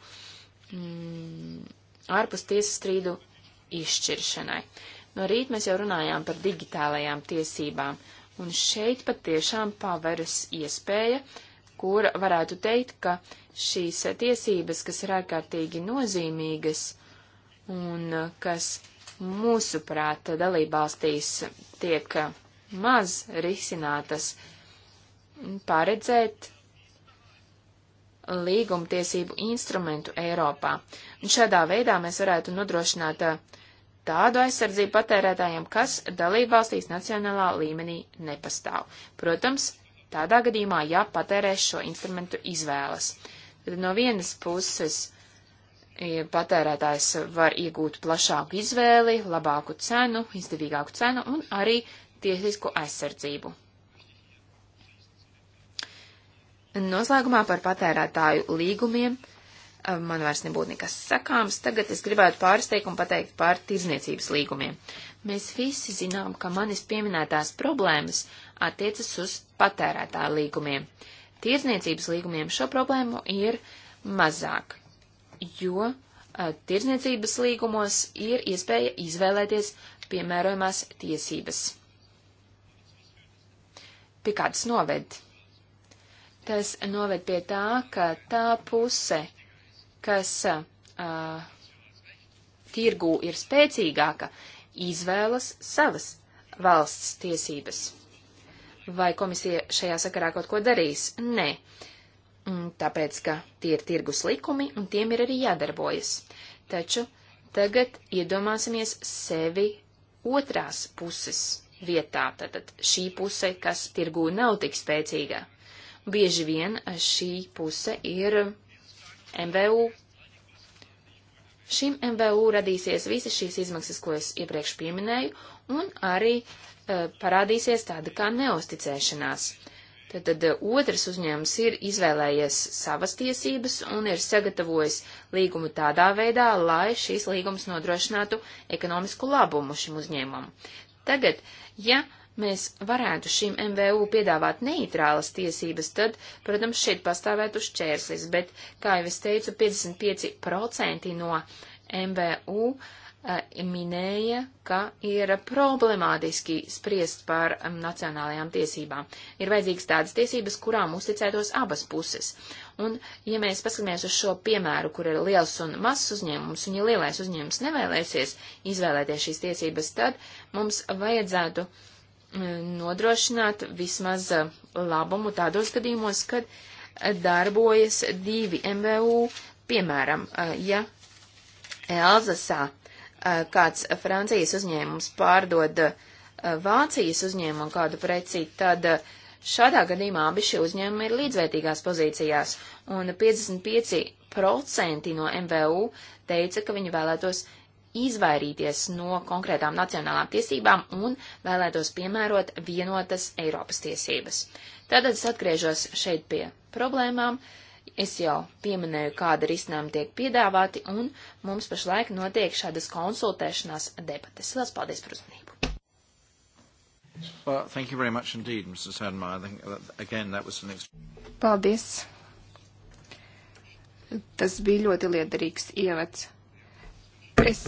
mm, ārpus tiesas strīdu izšķiršanai. No rīta mēs jau runājām par digitālajām tiesībām, un šeit patiešām paveras iespēja, kura varētu teikt, ka šīs tiesības, kas ir ārkārtīgi nozīmīgas, un eh, kas mūsuprāt dalībvalstīs tiek maz risinātas, paredzēt līgumtiesību instrumentu Eiropā. Un šādā veidā mēs varētu nodrošināt eh, tādu aizsardzību patērētājiem, kas dalībvalstīs nacionālā līmenī nepastāv. Protams, tādā gadījumā, ja patērēs šo instrumentu izvēlas. Tad no vienas puses patērētājs var iegūt plašāku izvēli, labāku cenu, izdevīgāku cenu un arī tiesisku aizsardzību. Noslēgumā par patērētāju līgumiem eh, man vairs nebūtu nekas sakāms, tagad es gribētu pāris teikumu pateikt par tirzniecības līgumiem. Mēs visi zinām, ka manis pieminētās problēmas attiecas uz patērētāju līgumiem. Tirzniecības līgumiem šo problēmu ir mazāk jo tirdzniecības līgumos ir iespēja izvēlēties piemērojumās tiesības. Pie kādas noved? Tas noved pie tā, ka tā puse, kas uh, tirgū ir spēcīgāka, izvēlas savas valsts tiesības. Vai komisija šajā sakarā kaut ko darīs? Nē. Uh, Mm, tāpēc, ka tie ir tirgus likumi un tiem ir arī jādarbojas. Taču tagad iedomāsimies sevi otrās puses vietā, tātad šī puse, kas tirgū nav tik spēcīga. Bieži vien šī puse ir MVU. Šim MVU radīsies visas šīs izmaksas, ko es iepriekš pieminēju, un arī e, parādīsies tāda kā neusticēšanās. Uh, Tad eh, otrs uzņēmums ir izvēlējies savas tiesības un ir sagatavojis līgumu tādā veidā, lai šīs līgums nodrošinātu ekonomisku labumu šim uzņēmumam. Tagad, ja mēs varētu šīm MVU piedāvāt neitrālas tiesības, tad, protams, šeit pastāvētu šķērslis, bet, kā jau es teicu, 55% no MVU uh, Eh, minēja, ka ir problemātiski spriest par nacionālajām tiesībām. Ir vajadzīgas tādas tiesības, kurām uzticētos abas puses. Un, ja mēs paskatāmies uz šo piemēru, kur ir liels un mazs uzņēmums, un ja lielais uzņēmums nevēlēsies izvēlēties šīs tiesības, tad mums vajadzētu eh, nodrošināt vismaz eh, labumu tādos gadījumos, kad darbojas divi MVU, piemēram, ja Elzasā Eh, kāds Francijas uzņēmums pārdod eh, Vācijas uzņēmumu kādu preci, tad eh, šādā gadījumā abi šie uzņēmumi ir līdzvērtīgās pozīcijās, un 55% no MVU teica, ka viņi vēlētos izvairīties no konkrētām nacionālām tiesībām un vēlētos piemērot vienotas Eiropas tiesības. Tātad es atgriežos šeit pie problēmām. Uh, Es jau pieminēju, kāda risinājuma tiek piedāvāti, un mums pašlaik notiek šādas konsultēšanās debates. Lielas paldies par uzmanību! Well, thank you very much indeed, Mrs. Hanmeyer. I think, that, again, that was an ex- Paldies. Tas bija ļoti liederīgs ievads. Es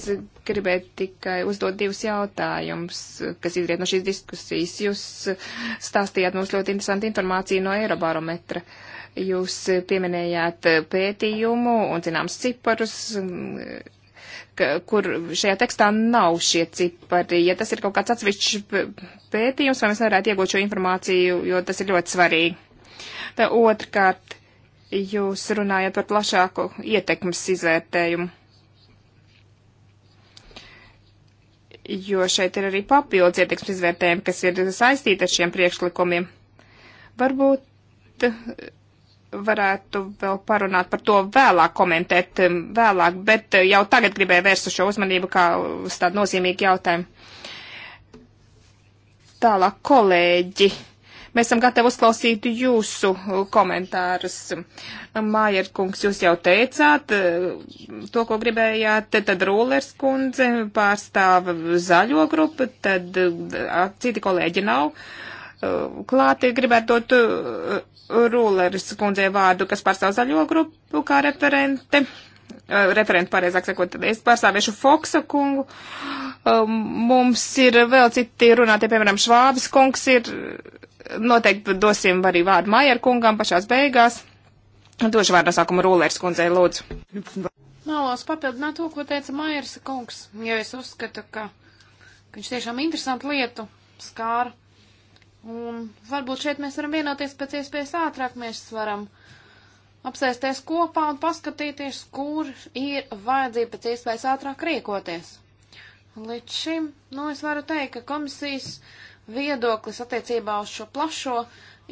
gribēju tikai uzdot divus jautājumus, kas izriet no šīs diskusijas. Jūs stāstījāt mums ļoti interesantu informāciju no Eirobarometra. Uh, Jūs pieminējāt pētījumu un zināms ciparus, mm, ka, kur šajā tekstā nav šie cipari. Ja tas ir kaut kāds atsevišķs pētījums, vai mēs nevarētu iegūt šo informāciju, jo tas ir ļoti svarīgi. Tā otrkārt, jūs runājat par plašāku ietekmes izvērtējumu. jo šeit ir arī papildus ietekmes izvērtējumi, kas ir saistīti ar šiem priekšlikumiem. Varbūt varētu vēl parunāt par to vēlāk, komentēt um, vēlāk, bet uh, jau tagad gribēju vērst uz šo uzmanību kā uz tādu nozīmīgu jautājumu. Tālāk, kolēģi. Mēs esam gatavi uzklausīt jūsu uh, komentārus. Mājer kungs, jūs jau teicāt uh, to, ko gribējāt, tad Rūlers kundze pārstāv zaļo grupu, tad citi kolēģi nav. Uh, Eh, klāt gribētu dot eh, Rūleris kundzei vārdu, kas pārstāv zaļo grupu kā referente. Eh, Referenti, pareizāk sakot, es pārstāvēšu Foksa kungu. Mums ir vēl citi runātie, piemēram, Švābis kungs ir, noteikti dosim arī vārdu Majer kungam pašās beigās. Došu vārdu sākumu Rūleris kundzei, lūdzu. Nālos papildināt to, ko teica Majers kungs, jo es uzskatu, ka, ka viņš tiešām interesantu lietu skāra Un varbūt šeit mēs varam vienoties pēc iespējas ātrāk, mēs varam apsēsties kopā un paskatīties, kur ir vajadzība pēc iespējas ātrāk rīkoties. Līdz šim, nu, es varu teikt, ka komisijas viedoklis attiecībā uz šo plašo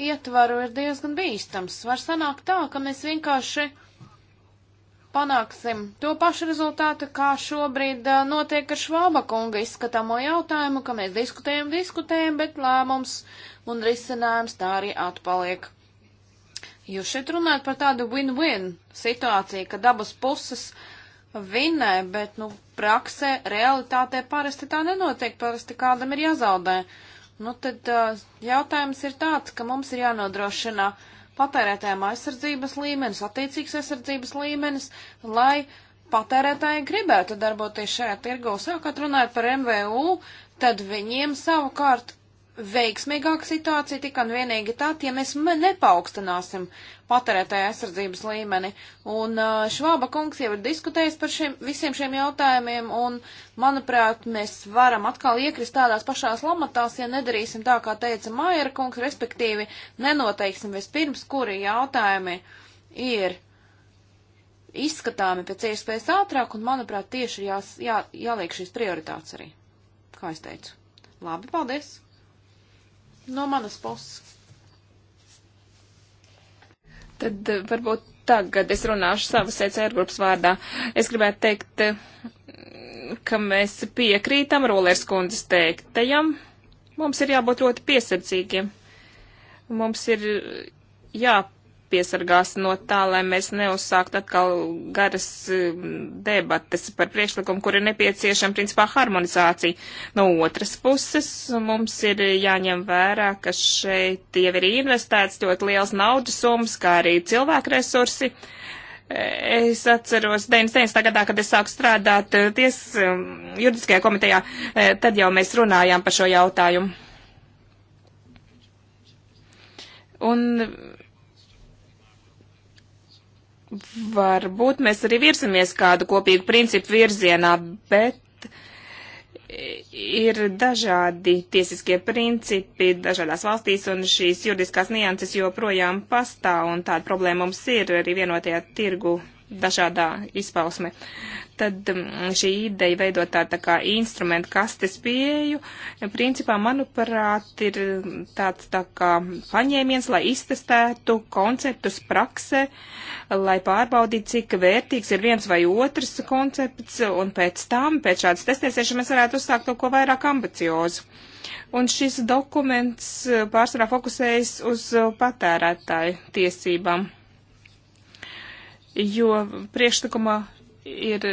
ietvaru ir diezgan bīstams. Var sanākt tā, ka mēs vienkārši panāksim to pašu rezultātu, kā šobrīd uh, notiek ar Švāba kunga izskatāmo jautājumu, ka mēs diskutējam, diskutējam, bet lēmums un risinājums tā arī atpaliek. Jūs šeit runājat par tādu win-win situāciju, ka dabas puses vinē, bet, nu, praksē, realitātē parasti tā nenotiek, parasti kādam ir jāzaudē. Nu, tad uh, jautājums ir tāds, ka mums ir jānodrošina uh, patērētājiem aizsardzības līmenis, attiecīgs aizsardzības līmenis, lai patērētāji gribētu darboties šajā tirgū. Sākot runājot par MVU, tad viņiem savukārt veiksmīgāka situācija tikai un vienīgi tad, ja mēs nepaukstināsim patērētāja aizsardzības līmeni. Un Švāba kungs jau ir diskutējis par šiem, visiem šiem jautājumiem, un, manuprāt, mēs varam atkal iekrist tādās pašās lamatās, ja nedarīsim tā, kā teica Maira kungs, respektīvi nenoteiksim vispirms, kuri jautājumi ir izskatāmi pēc iespējas ātrāk, un, manuprāt, tieši ir jā, jā, jāliek šīs prioritātes arī. Kā es teicu. Labi, paldies! no manas puses. Tad eh, varbūt tagad es runāšu savas ECR grupas vārdā. Es gribētu teikt, eh, ka mēs piekrītam Rolērs kundzes teiktajam. Mums ir jābūt ļoti piesardzīgiem. Mums ir eh, jā, piesargās no tā, lai mēs neuzsākt atkal garas um, debates par priekšlikumu, kur ir nepieciešama principā harmonizācija. No otras puses mums ir jāņem vērā, ka šeit jau ir investēts ļoti liels naudas summas, kā arī cilvēku resursi. Es atceros 99. gadā, kad es sāku strādāt uh, ties um, juridiskajā komitejā, uh, tad jau mēs runājām par šo jautājumu. Un Varbūt mēs arī virsamies kādu kopīgu principu virzienā, bet ir dažādi tiesiskie principi dažādās valstīs, un šīs juridiskās nianses joprojām pastāv, un tāda problēma mums ir arī vienotajā tirgu dažādā izpausme tad mm, šī ideja veidot tā, tā kā instrumentu kastes pieeju, principā, manuprāt, ir tāds tā kā paņēmiens, lai iztestētu konceptus praksē, lai pārbaudītu, cik vērtīgs ir viens vai otrs koncepts, un pēc tam, pēc šādas testēšanas, mēs varētu uzsākt kaut ko vairāk ambiciozu. Un šis dokuments pārsvarā fokusējas uz patērētāju tiesībām, jo priekšlikumā ir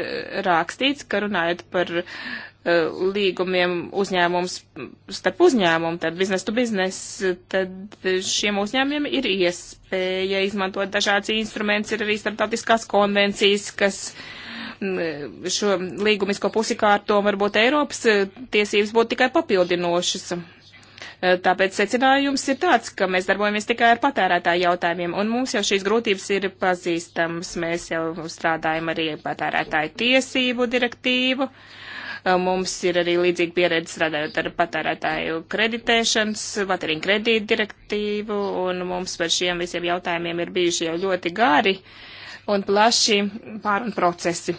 rakstīts, ka runājot par uh, līgumiem uzņēmums starp uzņēmumu, tad biznes to biznes, tad šiem uzņēmumiem ir iespēja izmantot dažādas instruments, ir arī starptautiskās konvencijas, kas mm, šo līgumisko pusi kārto, varbūt Eiropas eh, tiesības būtu tikai papildinošas Eh, tāpēc secinājums ir tāds, ka mēs darbojamies tikai ar patērētāju jautājumiem, un mums jau šīs grūtības ir pazīstamas. Mēs jau strādājam arī patērētāju tiesību direktīvu. Eh, mums ir arī līdzīga pieredze strādājot ar patērētāju kreditēšanas, patēriņu kredītu direktīvu, un mums par šiem visiem jautājumiem ir bijuši jau ļoti gari un plaši pārunu procesi.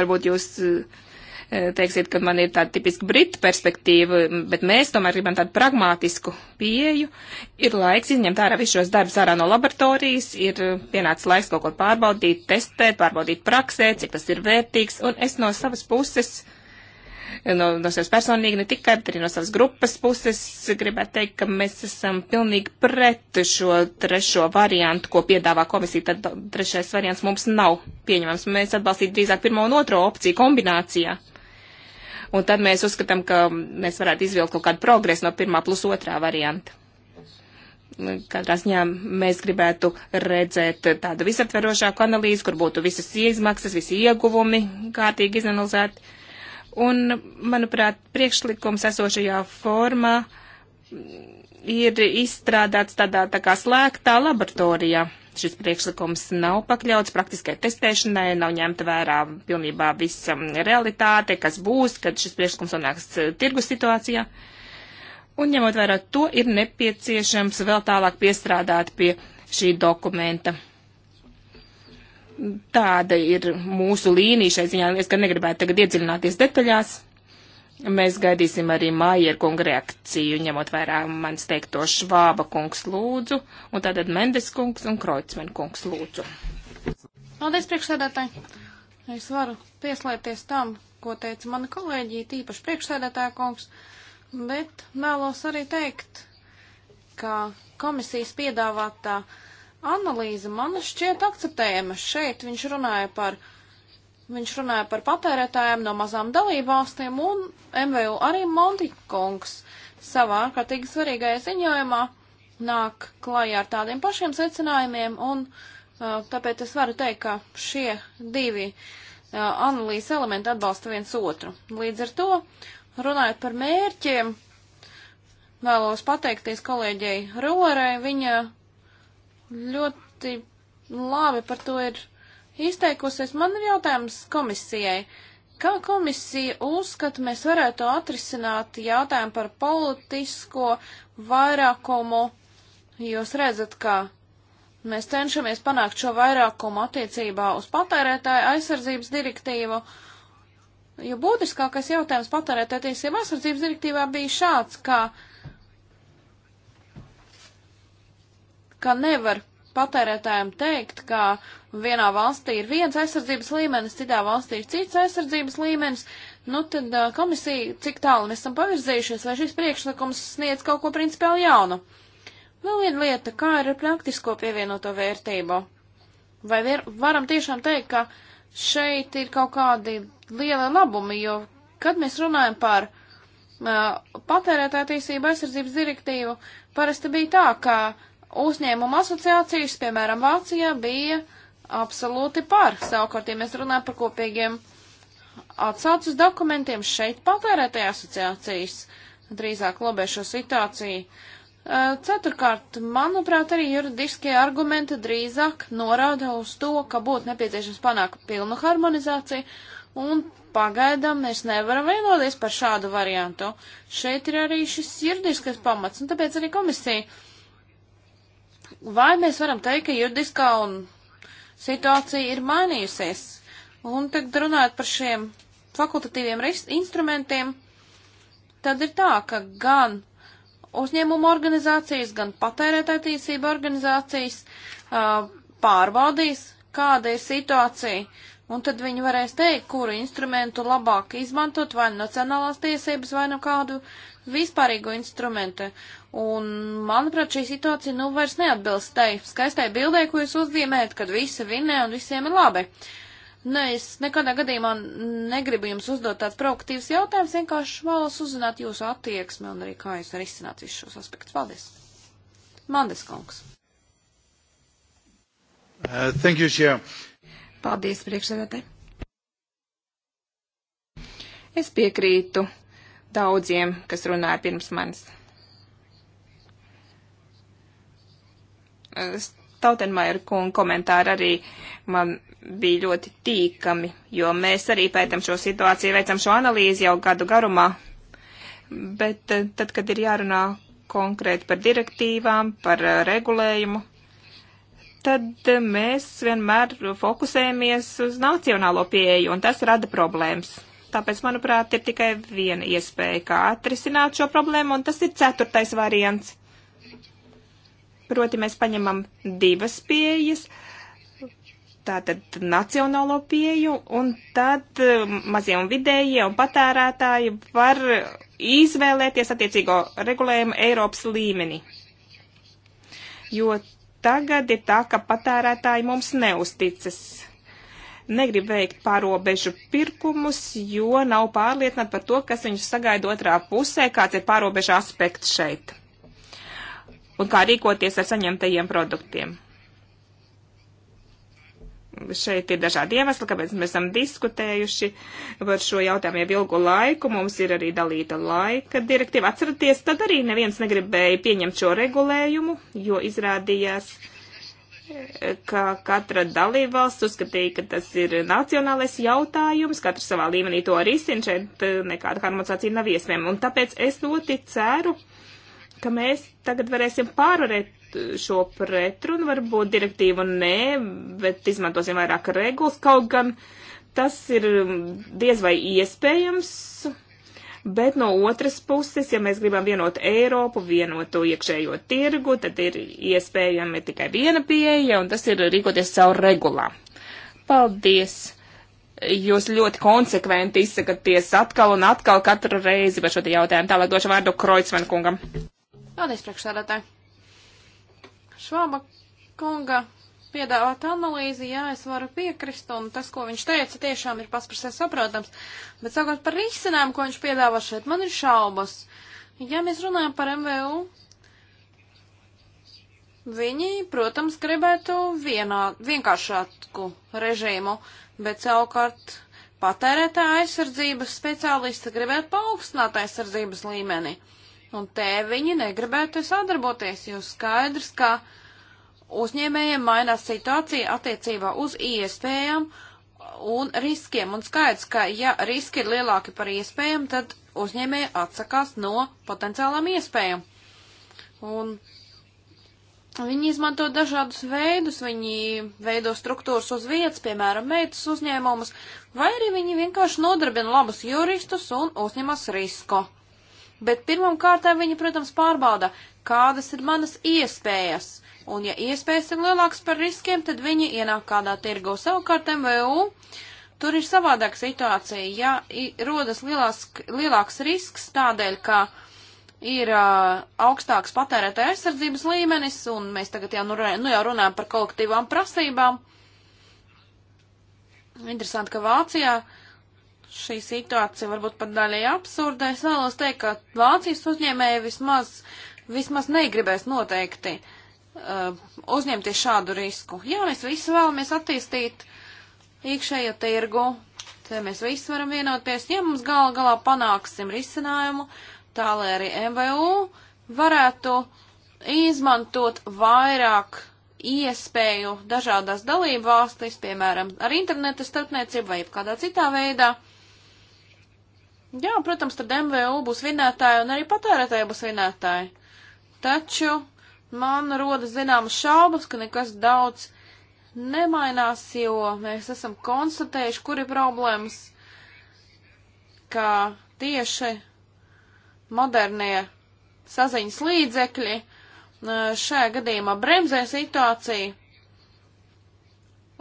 Varbūt jūs uh, Eh, teiksiet, ka man ir tāda tipiska brita perspektīva, bet mēs tomēr gribam tādu pragmātisku pieju. Ir laiks izņemt ārā visus šos darbus ārā no laboratorijas, ir eh, pienācis laiks kaut ko pārbaudīt, testēt, pārbaudīt praksē, cik tas ir vērtīgs, un es no savas puses. Eh, no, no savas personīgi, ne tikai, bet arī no savas grupas puses gribētu teikt, ka mēs esam pilnīgi pret šo trešo variantu, ko piedāvā komisija. Tad trešais variants mums nav pieņemams. Mēs atbalstītu drīzāk pirmo un otro opciju kombinācijā. Uh, un tad mēs uzskatām, ka mēs varētu izvilkt kaut kādu progresu no pirmā plus otrā varianta. Katrā ziņā mēs gribētu redzēt tādu visaptverošāku analīzi, kur būtu visas izmaksas, visi ieguvumi kārtīgi izanalizēti. Un, manuprāt, priekšlikums esošajā formā ir izstrādāts tādā tā kā slēgtā laboratorijā. Šis priekšlikums nav pakļauts praktiskai testēšanai, nav ņemta vērā pilnībā visa mm, realitāte, kas būs, kad šis priekšlikums nonāks eh, tirgus situācijā. Un ņemot vērā to, ir nepieciešams vēl tālāk piestrādāt pie šī dokumenta. Tāda ir mūsu līnija šai ziņā. Es gan negribētu tagad iedziļināties detaļās Mēs gaidīsim arī Maierkunga reakciju, ņemot vērā manis teikto Švāba kungs lūdzu, un tātad Mendes kungs un Kreutzmann kungs lūdzu. Paldies, priekšsēdētāji! Es varu pieslēgties tam, ko teica mana kolēģija, tīpaši priekšsēdētāja kungs, bet vēlos arī teikt, ka komisijas piedāvātā analīze man šķiet akceptējama. Šeit viņš runāja par Viņš runāja par patērētājiem no mazām dalībvalstīm un MVU arī Montikungs savā ārkārtīgi svarīgajā ziņojumā nāk klājā ar tādiem pašiem secinājumiem un uh, tāpēc es varu teikt, ka šie divi uh, analīzes elementi atbalsta viens otru. Līdz ar to, runājot par mērķiem, vēlos pateikties kolēģei Rorai, viņa ļoti labi par to ir izteikusies. Man ir jautājums komisijai. Kā komisija uzskata, mēs varētu atrisināt jautājumu par politisko vairākumu? Jūs redzat, ka mēs cenšamies panākt šo vairākumu attiecībā uz patērētāju aizsardzības direktīvu, jo būtiskākais jautājums patērētāju tiesību aizsardzības direktīvā bija šāds, ka, ka nevar patērētājiem teikt, ka vienā valstī ir viens aizsardzības līmenis, citā valstī ir cits aizsardzības līmenis, nu tad uh, komisija, cik tālu mēs esam pavirzījušies, vai šis priekšlikums sniedz kaut ko principiāli jaunu. Vēl viena lieta, kā ir ar praktisko pievienoto vērtību. Vai vier, varam tiešām teikt, ka šeit ir kaut kādi lieli labumi, jo kad mēs runājam par uh, patērētātiesību aizsardzības direktīvu, parasti bija tā, ka uzņēmuma asociācijas, piemēram, Vācijā, bija absolūti par. Savukārt, ja mēs runājam par kopīgiem atsaucas dokumentiem, šeit patērētāja asociācijas drīzāk lobē šo situāciju. Ceturkārt, manuprāt, arī juridiskie argumenti drīzāk norāda uz to, ka būtu nepieciešams panākt pilnu harmonizāciju, un pagaidām mēs nevaram vienoties par šādu variantu. Šeit ir arī šis juridiskais pamats, un tāpēc arī komisija Vai mēs varam teikt, ka juridiskā un situācija ir mainījusies? Un tagad runājot par šiem fakultatīviem instrumentiem, tad ir tā, ka gan uzņēmuma organizācijas, gan patērētājtīsība organizācijas uh, pārbaudīs, kāda ir situācija, un tad viņi varēs teikt, kuru instrumentu labāk izmantot, vai nacionālās tiesības, vai no nu kādu vispārīgu instrumentu. Un, manuprāt, šī situācija nu vairs neatbilst tai skaistai bildē, ko jūs uzzīmējat, kad visi vinē un visiem ir labi. Nē, es nekādā gadījumā negribu jums uzdot tāds provokatīvs jautājums, vienkārši vēlos uzzināt jūsu attieksmi un arī kā jūs arī izcināt visus šos aspektus. Paldies! Mandes kungs. Uh, thank you, Chair. Paldies, priekšsēdētāji. Es piekrītu daudziem, kas runāja pirms manis. Stautenmajer kunga komentāri arī man bija ļoti tīkami, jo mēs arī pētam šo situāciju, veicam šo analīzi jau gadu garumā. Bet eh, tad, kad ir jārunā konkrēti par direktīvām, par eh, regulējumu, tad eh, mēs vienmēr fokusējamies uz nacionālo pieeju, un tas rada problēmas. Tāpēc, manuprāt, ir tikai viena iespēja, kā atrisināt šo problēmu, un tas ir ceturtais variants Proti mēs paņemam divas pieejas tātad nacionālo pieju, un tad um, mazie un vidējie un patērētāji var izvēlēties attiecīgo regulējumu Eiropas līmenī. Jo tagad ir tā, ka patērētāji mums neusticas. Negrib veikt pārobežu pirkumus, jo nav pārliecināti par to, kas viņus sagaida otrā pusē, kāds ir pārobežu aspekts šeit un kā rīkoties ar saņemtajiem produktiem. Šeit ir dažādi iemesli, kāpēc mēs esam diskutējuši par šo jautājumu jau ilgu laiku. Mums ir arī dalīta laika direktīva. Atceraties, tad arī neviens negribēja pieņemt šo regulējumu, jo izrādījās, ka katra dalībvalsts uzskatīja, ka tas ir nacionālais jautājums, katra savā līmenī to risina, šeit eh, nekāda harmonizācija nav iespējama. Un tāpēc es ļoti ceru, ka mēs tagad varēsim pārvarēt e, šo pretrunu, varbūt direktīvu nē, bet izmantosim vairāk regulas, kaut gan tas ir diez vai iespējams. Bet no otras puses, ja mēs gribam vienot Eiropu, vienotu iekšējo tirgu, tad ir iespējami tikai viena pieeja, un tas ir rīkoties caur regulām. Paldies! Jūs ļoti konsekventi izsakaties atkal un atkal katru reizi par šo jautājumu. Tālāk došu vārdu Kreutzmann kungam. Paldies, priekšsēdētāji. Švāba kunga piedāvāt analīzi, jā, es varu piekrist, un tas, ko viņš teica, tiešām ir pats par sevi saprotams. Bet sakot par risinājumu, ko viņš piedāvā šeit, man ir šaubas. Ja mēs runājam par MVU, viņi, protams, gribētu vienā, vienkāršāku režīmu, bet savukārt patērētā aizsardzības speciālisti gribētu paaugstināt aizsardzības līmeni un tēviņi negribētu sadarboties, jo skaidrs, ka uzņēmējiem mainās situācija attiecībā uz iespējām un riskiem, un skaidrs, ka ja riski ir lielāki par iespējām, tad uzņēmēji atsakās no potenciālām iespējām. Un Viņi izmanto dažādus veidus, viņi veido struktūras uz vietas, piemēram, meitas uzņēmumus, vai arī viņi vienkārši nodarbina labus juristus un uzņemas risku. Bet pirmam kārtām viņi, protams, pārbauda, kādas ir manas iespējas. Un ja iespējas ir lielākas par riskiem, tad viņi ienāk kādā tirgu savukārt MVU. Tur ir savādāka situācija, ja rodas lielās, lielāks risks tādēļ, ka ir uh, augstāks patērētāja aizsardzības līmenis, un mēs tagad jau, nu, nu jau runājam par kolektīvām prasībām. Interesanti, ka Vācijā uh, šī situācija varbūt pat daļai absurda. Es vēlos teikt, ka Vācijas uzņēmēji vismaz, vismaz negribēs noteikti uh, uzņemties šādu risku. Jā, mēs visi vēlamies attīstīt iekšējo tirgu, te mēs visi varam vienoties, ja mums gala galā panāksim risinājumu, tā lai arī MVU varētu izmantot vairāk iespēju dažādās dalību valstīs, piemēram, ar interneta starpniecību vai kādā citā veidā. Jā, protams, tad MVU būs vinētāji un arī patērētāji būs vinētāji. Taču man rodas zināmas šaubas, ka nekas daudz nemainās, jo mēs esam konstatējuši, kur ir problēmas, ka tieši modernie saziņas līdzekļi e, šajā gadījumā bremzē situāciju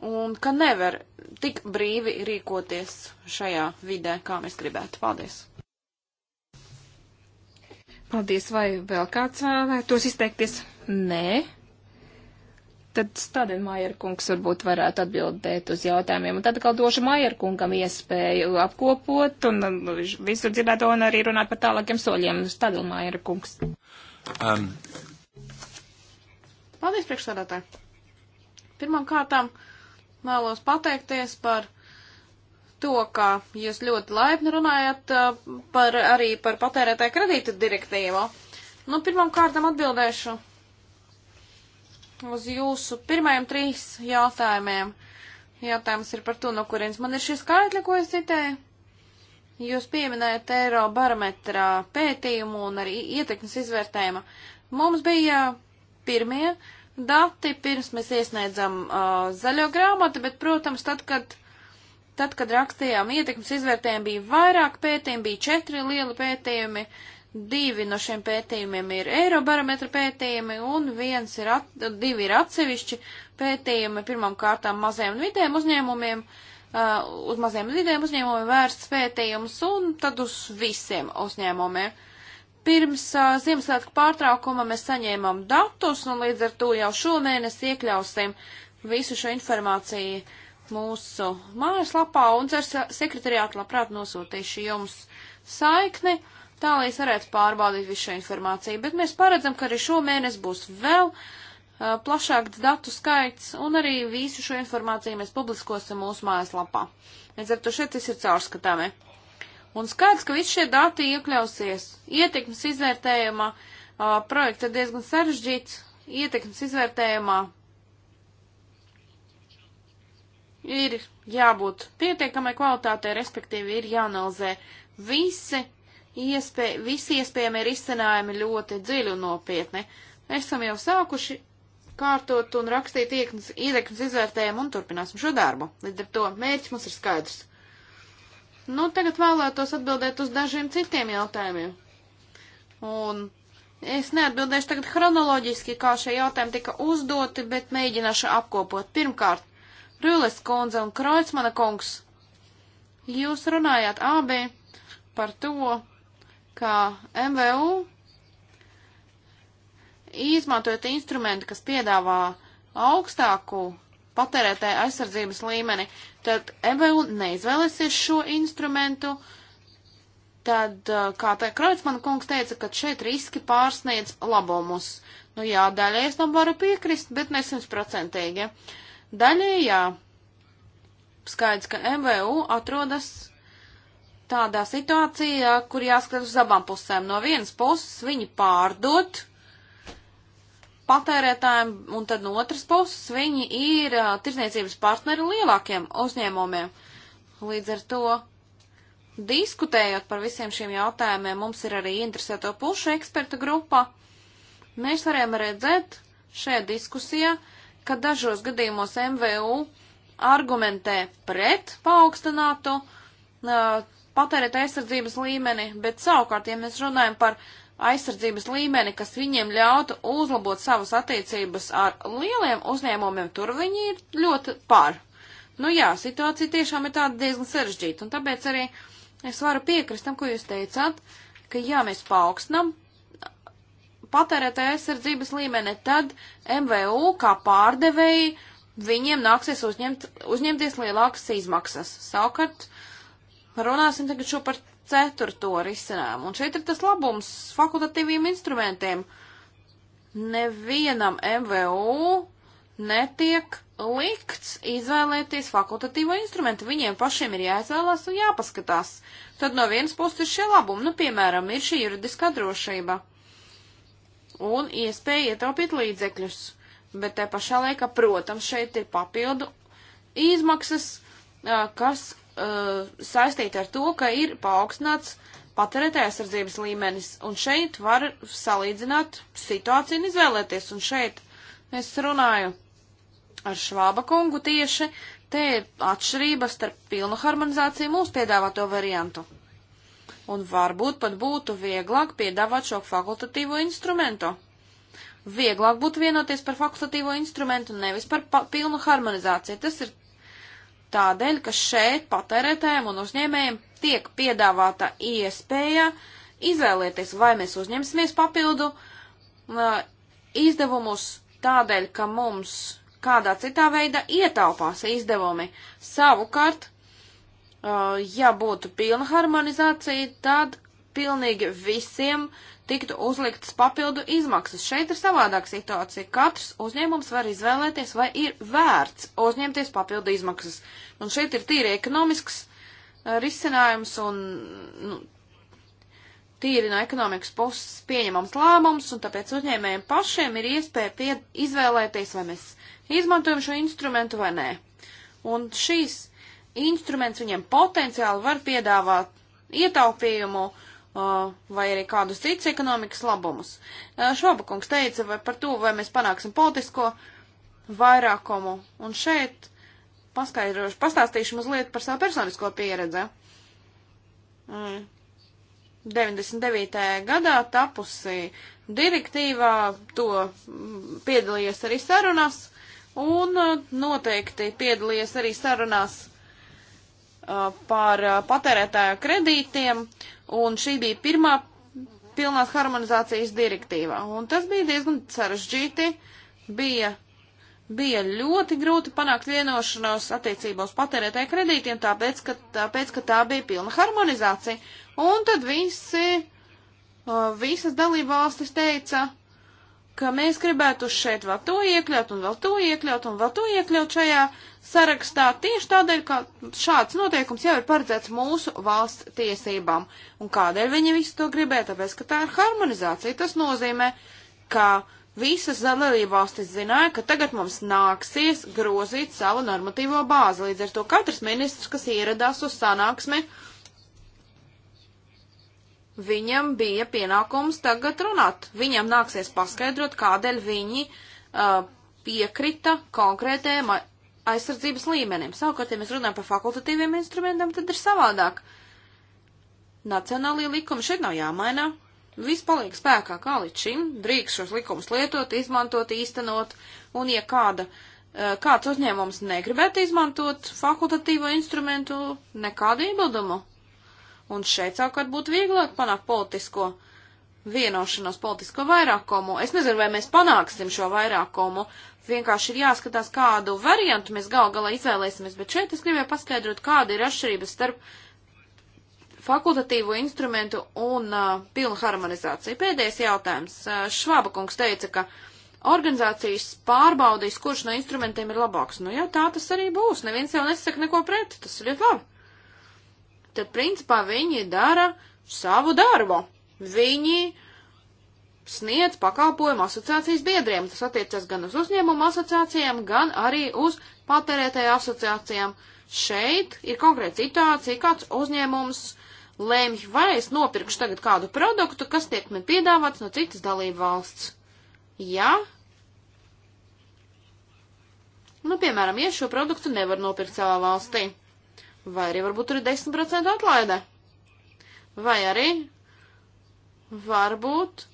un ka nevar tik brīvi rīkoties šajā vidē, kā mēs gribētu. Paldies! Paldies, vai vēl kāds vēlētos izteikties? Nē. Tad Stādien Mājerkungs varbūt varētu atbildēt uz jautājumiem, un tad atkal došu Mājerkungam iespēju apkopot un um, visu dzirdēto un arī runāt par tālākiem soļiem. Stādien Mājerkungs. Um. Paldies, priekšsādātāji. Pirmām kārtām Vēlos pateikties par to, ka jūs ļoti laipni runājat uh, par, arī par patērētāju kredīta direktīvu. Nu, pirmam kārtam atbildēšu uz jūsu pirmajiem trīs jautājumiem. Jautājums ir par to, no kurienes man ir šie skaitļi, ko es citēju. Jūs pieminējat eiro barometrā pētījumu un arī ietekmes izvērtējumu. Mums bija pirmie dati, pirms mēs iesniedzam uh, zaļo grāmatu, bet, protams, tad, kad, tad, kad rakstījām ietekmes izvērtējumu, bija vairāk pētījumu, bija četri lieli pētījumi, divi no šiem pētījumiem ir eirobarometra pētījumi un viens ir, at, divi ir atsevišķi pētījumi pirmām kārtām mazajiem un vidējiem uzņēmumiem. Uh, uz maziem un vidējiem uzņēmumiem vērsts pētījums un tad uz visiem uzņēmumiem. Pirms uh, Ziemassvētku pārtraukuma mēs saņēmām datus, un līdz ar to jau šomēnes iekļausim visu šo informāciju mūsu mājaslapā, un cer sekretariātu labprāt nosūtīšu jums saikni, tā lai es varētu pārbaudīt visu šo informāciju. Bet mēs paredzam, ka arī šomēnes būs vēl uh, plašāks datu skaits, un arī visu šo informāciju mēs publiskosim mūsu mājaslapā. Līdz ar to šeit tas ir caurskatāmi. Un skaidrs, ka visi šie dati iekļausies. Ietekmes izvērtējumā uh, projekts ir diezgan sarežģīts. Ietekmes izvērtējumā ir jābūt pietiekamai kvalitātei, respektīvi ir jāanalizē visi, iespē, visi iespējami risinājumi ļoti dziļi un nopietni. Esam jau sākuši kārtot un rakstīt ietekmes izvērtējumu un turpināsim šo darbu. Līdz ar to mērķis mums ir skaidrs. Nu, tagad vēlētos atbildēt uz dažiem citiem jautājumiem. Un es neatbildēšu tagad chronoloģiski, kā šie jautājumi tika uzdoti, bet mēģināšu apkopot. Pirmkārt, Rīles kundze un Kreutzmana kungs, jūs runājāt abi par to, ka MVU izmantojot instrumenti, kas piedāvā augstāku patērētāja aizsardzības līmeni, tad MVU e neizvēlēsies šo instrumentu, tad, kā tā Kreutzmann kungs teica, ka šeit riski pārsniedz labumus. Nu jā, daļai es tam varu piekrist, bet ne simtprocentīgi. Daļai jā. Skaidrs, ka MVU e atrodas tādā situācijā, kur jāskatās uz abām pusēm. No vienas puses viņi pārdod patērētājiem, un tad no otras puses viņi ir uh, tirzniecības partneri lielākiem uzņēmumiem. Līdz ar to, diskutējot par visiem šiem jautājumiem, mums ir arī interesēto pušu eksperta grupa. Mēs varējām redzēt šajā diskusijā, ka dažos gadījumos MVU argumentē pret paaugstinātu uh, patērēt aizsardzības līmeni, bet savukārt, ja mēs runājam par uh, aizsardzības līmeni, kas viņiem ļautu uzlabot savas attiecības ar lieliem uzņēmumiem, tur viņi ir ļoti par. Nu jā, situācija tiešām ir tāda diezgan sarežģīta, un tāpēc arī es varu piekrist tam, ko jūs teicāt, ka jā, mēs paaugstinam patērētāja aizsardzības līmeni, tad MVU kā pārdevēji viņiem nāksies uzņemt, uzņemties lielākas izmaksas. Savukārt, runāsim tagad šo par ceturto risinājumu. Un šeit ir tas labums fakultatīviem instrumentiem. Nevienam MVU netiek likts izvēlēties fakultatīvo instrumentu. Viņiem pašiem ir jāizvēlās un jāpaskatās. Tad no vienas puses ir šie labumi, nu, piemēram, ir šī juridiskā drošība un iespēja ietaupīt līdzekļus. Bet te pašā laikā, protams, šeit ir papildu izmaksas, kas uh, saistīta ar to, ka ir paaugstināts patērētāja aizsardzības līmenis, un šeit var salīdzināt situāciju un izvēlēties, un šeit es runāju ar Švāba kungu tieši, te ir atšķirības starp pilnu harmonizāciju mūsu piedāvāto variantu. Un varbūt pat būtu vieglāk piedāvāt šo fakultatīvo instrumentu. Vieglāk būtu vienoties par fakultatīvo instrumentu, nevis par pilnu harmonizāciju. Tas ir Tādēļ, ka šeit patērētājiem un uzņēmējiem tiek piedāvāta iespēja izvēlēties, vai mēs uzņemsimies papildu uh, izdevumus tādēļ, ka mums kādā citā veidā ietaupās izdevumi. Savukārt, uh, ja būtu pilna harmonizācija, tad pilnīgi visiem uh, tiktu uzliktas papildu izmaksas. Šeit ir savādāka situācija. Katrs uzņēmums var izvēlēties, vai ir vērts uzņemties papildu izmaksas. Un šeit ir tīri ekonomisks uh, risinājums un nu, tīri no ekonomikas puses pieņemams lēmums, un tāpēc uzņēmējiem pašiem ir iespēja pie, izvēlēties, vai mēs izmantojam šo instrumentu vai nē. Un šīs instruments viņiem potenciāli var piedāvāt ietaupījumu uh, vai arī kādus cits ekonomikas labumus. Šoba kungs teica vai par to, vai mēs panāksim politisko vairākumu. Un šeit paskaidrošu, pastāstīšu mazliet par savu personisko pieredzi. 99. gadā tapusi direktīvā, to piedalījies arī sarunās, un noteikti piedalījies arī sarunās par patērētāju kredītiem. Uh, Un šī bija pirmā pilnās harmonizācijas direktīva. Un tas bija diezgan sarežģīti. Bija, bija ļoti grūti panākt vienošanos attiecībā uz patērētāju kredītiem, tāpēc ka, tāpēc, ka tā bija pilna harmonizācija. Un tad visi, visas dalībvalstis teica, ka mēs gribētu šeit vēl to iekļaut un vēl to iekļaut un vēl to iekļaut šajā sarakstā tieši tādēļ, ka šāds noteikums jau ir paredzēts mūsu valsts tiesībām. Un kādēļ viņi visu to gribē? Tāpēc, ka tā ir harmonizācija. Tas nozīmē, ka visas dalība valstis zināja, ka tagad mums nāksies grozīt savu normatīvo bāzi. Līdz ar to katrs ministrs, kas ieradās uz sanāksmi, viņam bija pienākums tagad runāt. Viņam nāksies paskaidrot, kādēļ viņi uh, piekrita konkrētajai aizsardzības līmenim. Savukārt, ja mēs runājam par fakultatīviem instrumentiem, tad ir savādāk. Nacionālajie likumi šeit nav jāmaina. Viss paliek spēkā kā līdz šim. Drīkst šos likumus lietot, izmantot, īstenot, un ja kāda, eh, kāds uzņēmums negribētu izmantot fakultatīvo instrumentu, nekādu iebildumu. Un šeit savukārt būtu vieglāk panākt politisko vienošanos, politisko vairākumu. Es nezinu, vai mēs panāksim šo vairākumu, vienkārši ir jāskatās, kādu variantu mēs gal galā izvēlēsimies, bet šeit es gribēju paskaidrot, kāda ir atšķirība starp fakultatīvo instrumentu un uh, pilnu harmonizāciju. Pēdējais jautājums. Uh, Švaba kungs teica, ka organizācijas pārbaudīs, kurš no instrumentiem ir labāks. Nu jā, tā tas arī būs. Neviens jau nesaka neko pret, tas ir ļoti labi. Tad, principā, viņi dara savu darbu. Viņi uh, sniedz pakalpojumu asociācijas biedriem. Tas attiecas gan uz uzņēmumu asociācijām, gan arī uz patērētāju asociācijām. Šeit ir konkrēta situācija, kāds uzņēmums lēmj, vai es nopirkšu tagad kādu produktu, kas tiek man piedāvāts no citas dalību valsts. Ja? Nu, piemēram, ja šo produktu nevar nopirkt savā valstī, vai arī varbūt tur ir 10% atlaide, vai arī varbūt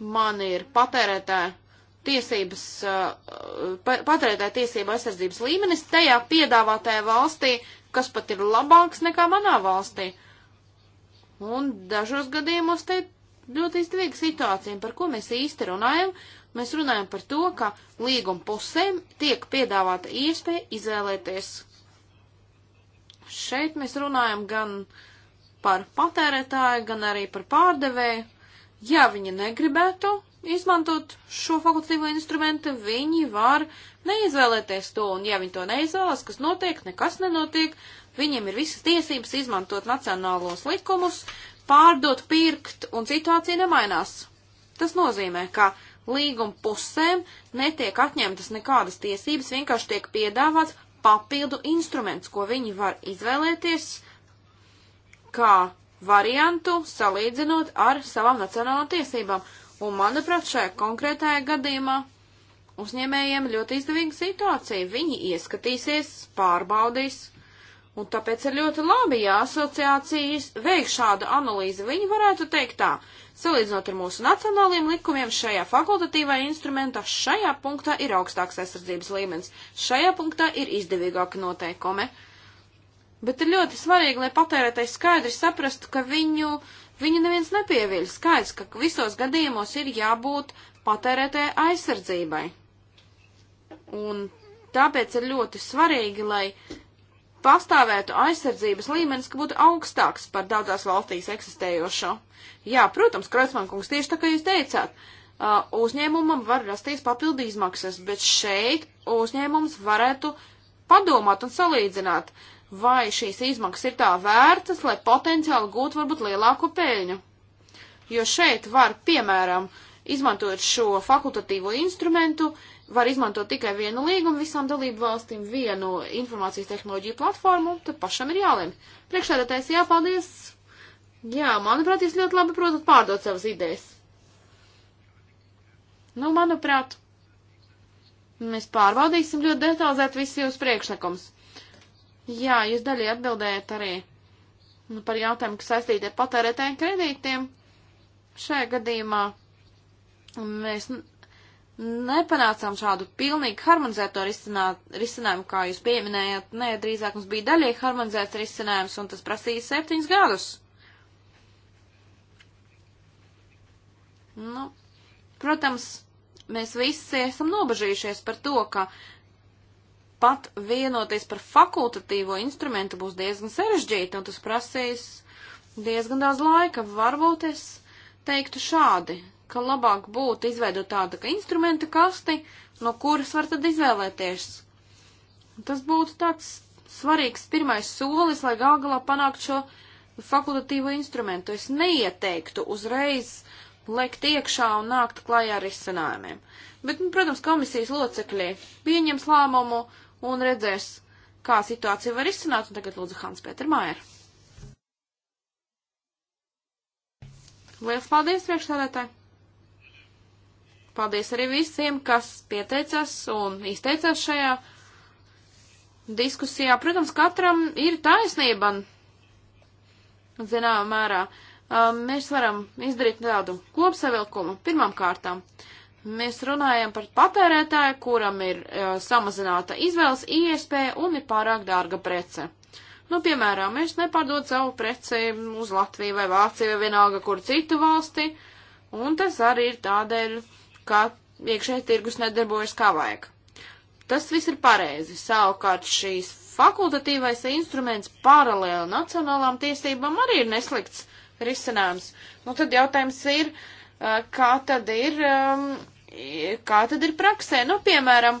man ir patērētāja tiesības, uh, patērētāja tiesība aizsardzības līmenis tajā piedāvātajā valstī, kas pat ir labāks nekā manā valstī. Un dažos gadījumos te ļoti izdevīga situācija, par ko mēs īsti runājam. Mēs runājam par to, ka līguma pusēm tiek piedāvāta iespēja izvēlēties. Šeit mēs runājam gan par patērētāju, gan arī par pārdevēju ja viņi negribētu izmantot šo fakultatīvo instrumentu, viņi var neizvēlēties to, un ja viņi to neizvēlas, kas notiek, nekas nenotiek, viņiem ir visas tiesības izmantot nacionālos likumus, pārdot, pirkt, un situācija nemainās. Tas nozīmē, ka līguma pusēm netiek atņemtas nekādas tiesības, vienkārši tiek piedāvāts papildu instruments, ko viņi var izvēlēties, kā variantu, salīdzinot ar savām nacionālām tiesībām. Un, manuprāt, šajā konkrētajā gadījumā uzņēmējiem ļoti izdevīga situācija. Viņi ieskatīsies, pārbaudīs, un tāpēc ir ļoti labi, ja asociācijas veik šādu analīzi. Viņi varētu teikt tā, Salīdzinot ar mūsu nacionālajiem likumiem, šajā fakultatīvajā instrumentā šajā punktā ir augstāks aizsardzības līmenis, šajā punktā ir izdevīgāki noteikumi. Bet ir ļoti svarīgi, lai patērētais skaidri saprastu, ka viņu, viņu neviens nepieviļ. Skaidrs, ka visos gadījumos ir jābūt patērētāja aizsardzībai. Un tāpēc ir ļoti svarīgi, lai pastāvētu aizsardzības līmenis, ka būtu augstāks par daudzās valstīs eksistējošo. Jā, protams, Kreisman kungs, tieši tā kā jūs teicāt, uzņēmumam var rasties papildu izmaksas, bet šeit uzņēmums varētu padomāt un salīdzināt vai šīs izmaksas ir tā vērtas, lai potenciāli gūtu varbūt lielāku peļņu. Jo šeit var, piemēram, izmantojot šo fakultatīvo instrumentu, var izmantot tikai vienu līgumu visām dalību valstīm, vienu informācijas tehnoloģiju platformu, tad pašam ir jālem. Priekšsēdētājs jāpaldies. Jā, manuprāt, jūs ļoti labi protat pārdot savas idejas. Nu, manuprāt, mēs pārbaudīsim ļoti detalizēt visus jūsu priekšlikumus. Jā, jūs daļai atbildējat arī nu, par jautājumu, kas saistīti ar patērētājiem kredītiem. Šajā gadījumā mēs nepanācām šādu pilnīgi harmonizēto risinājumu, kā jūs pieminējāt. Nē, drīzāk mums bija daļai harmonizēts risinājums, un tas prasīja septiņus gadus. Nu, protams, mēs visi esam nobežījušies par to, ka pat vienoties par fakultatīvo instrumentu būs diezgan sarežģīti, un tas prasīs diezgan daudz laika. Varbūt es teiktu šādi, ka labāk būtu izveidot tādu ka instrumenta kasti, no kuras var tad izvēlēties. Tas būtu tāds svarīgs pirmais solis, lai gal galā panāktu šo fakultatīvo instrumentu. Es neieteiktu uzreiz lekt iekšā un nākt klajā ar izcinājumiem. Bet, nu, protams, komisijas locekļi pieņems lēmumu un redzēs, kā situācija var izcināt. Un tagad lūdzu Hans Pēter Mājer. Liels paldies, priekšstādētāji! Paldies arī visiem, kas pieteicās un izteicās šajā diskusijā. Protams, katram ir taisnība, zināmā mērā. Um, mēs varam izdarīt tādu kopsavilkumu pirmām kārtām. Uh, Mēs runājam par patērētāju, kuram ir uh, samazināta izvēles iespēja un ir pārāk dārga prece. Nu, piemēram, es nepārdodu savu preci uz Latviju vai Vāciju vai vienalga kur citu valsti, un tas arī ir tādēļ, ka iekšēji tirgus nedarbojas kā vajag. Tas viss ir pareizi. Savukārt šīs fakultatīvais instruments paralēli nacionālām tiesībām arī ir neslikts risinājums. Nu, tad jautājums ir, uh, kā tad ir um, E, kā tad ir praksē? Nu, piemēram,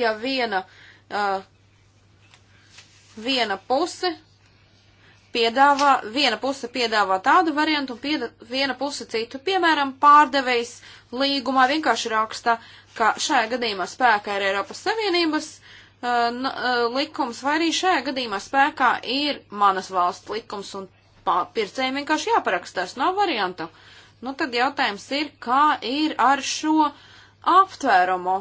ja viena, uh, viena puse piedāvā, viena puse piedāvā tādu variantu un pieda, viena puse citu, piemēram, pārdevējs līgumā vienkārši raksta, ka šajā gadījumā spēkā ir Eiropas Savienības uh, uh, likums, vai arī šajā gadījumā spēkā ir manas valsts likums, un pār, pircējiem vienkārši jāparakstās, nav variantu. Uh, Nu, tad jautājums ir, kā ir ar šo aptvērumu?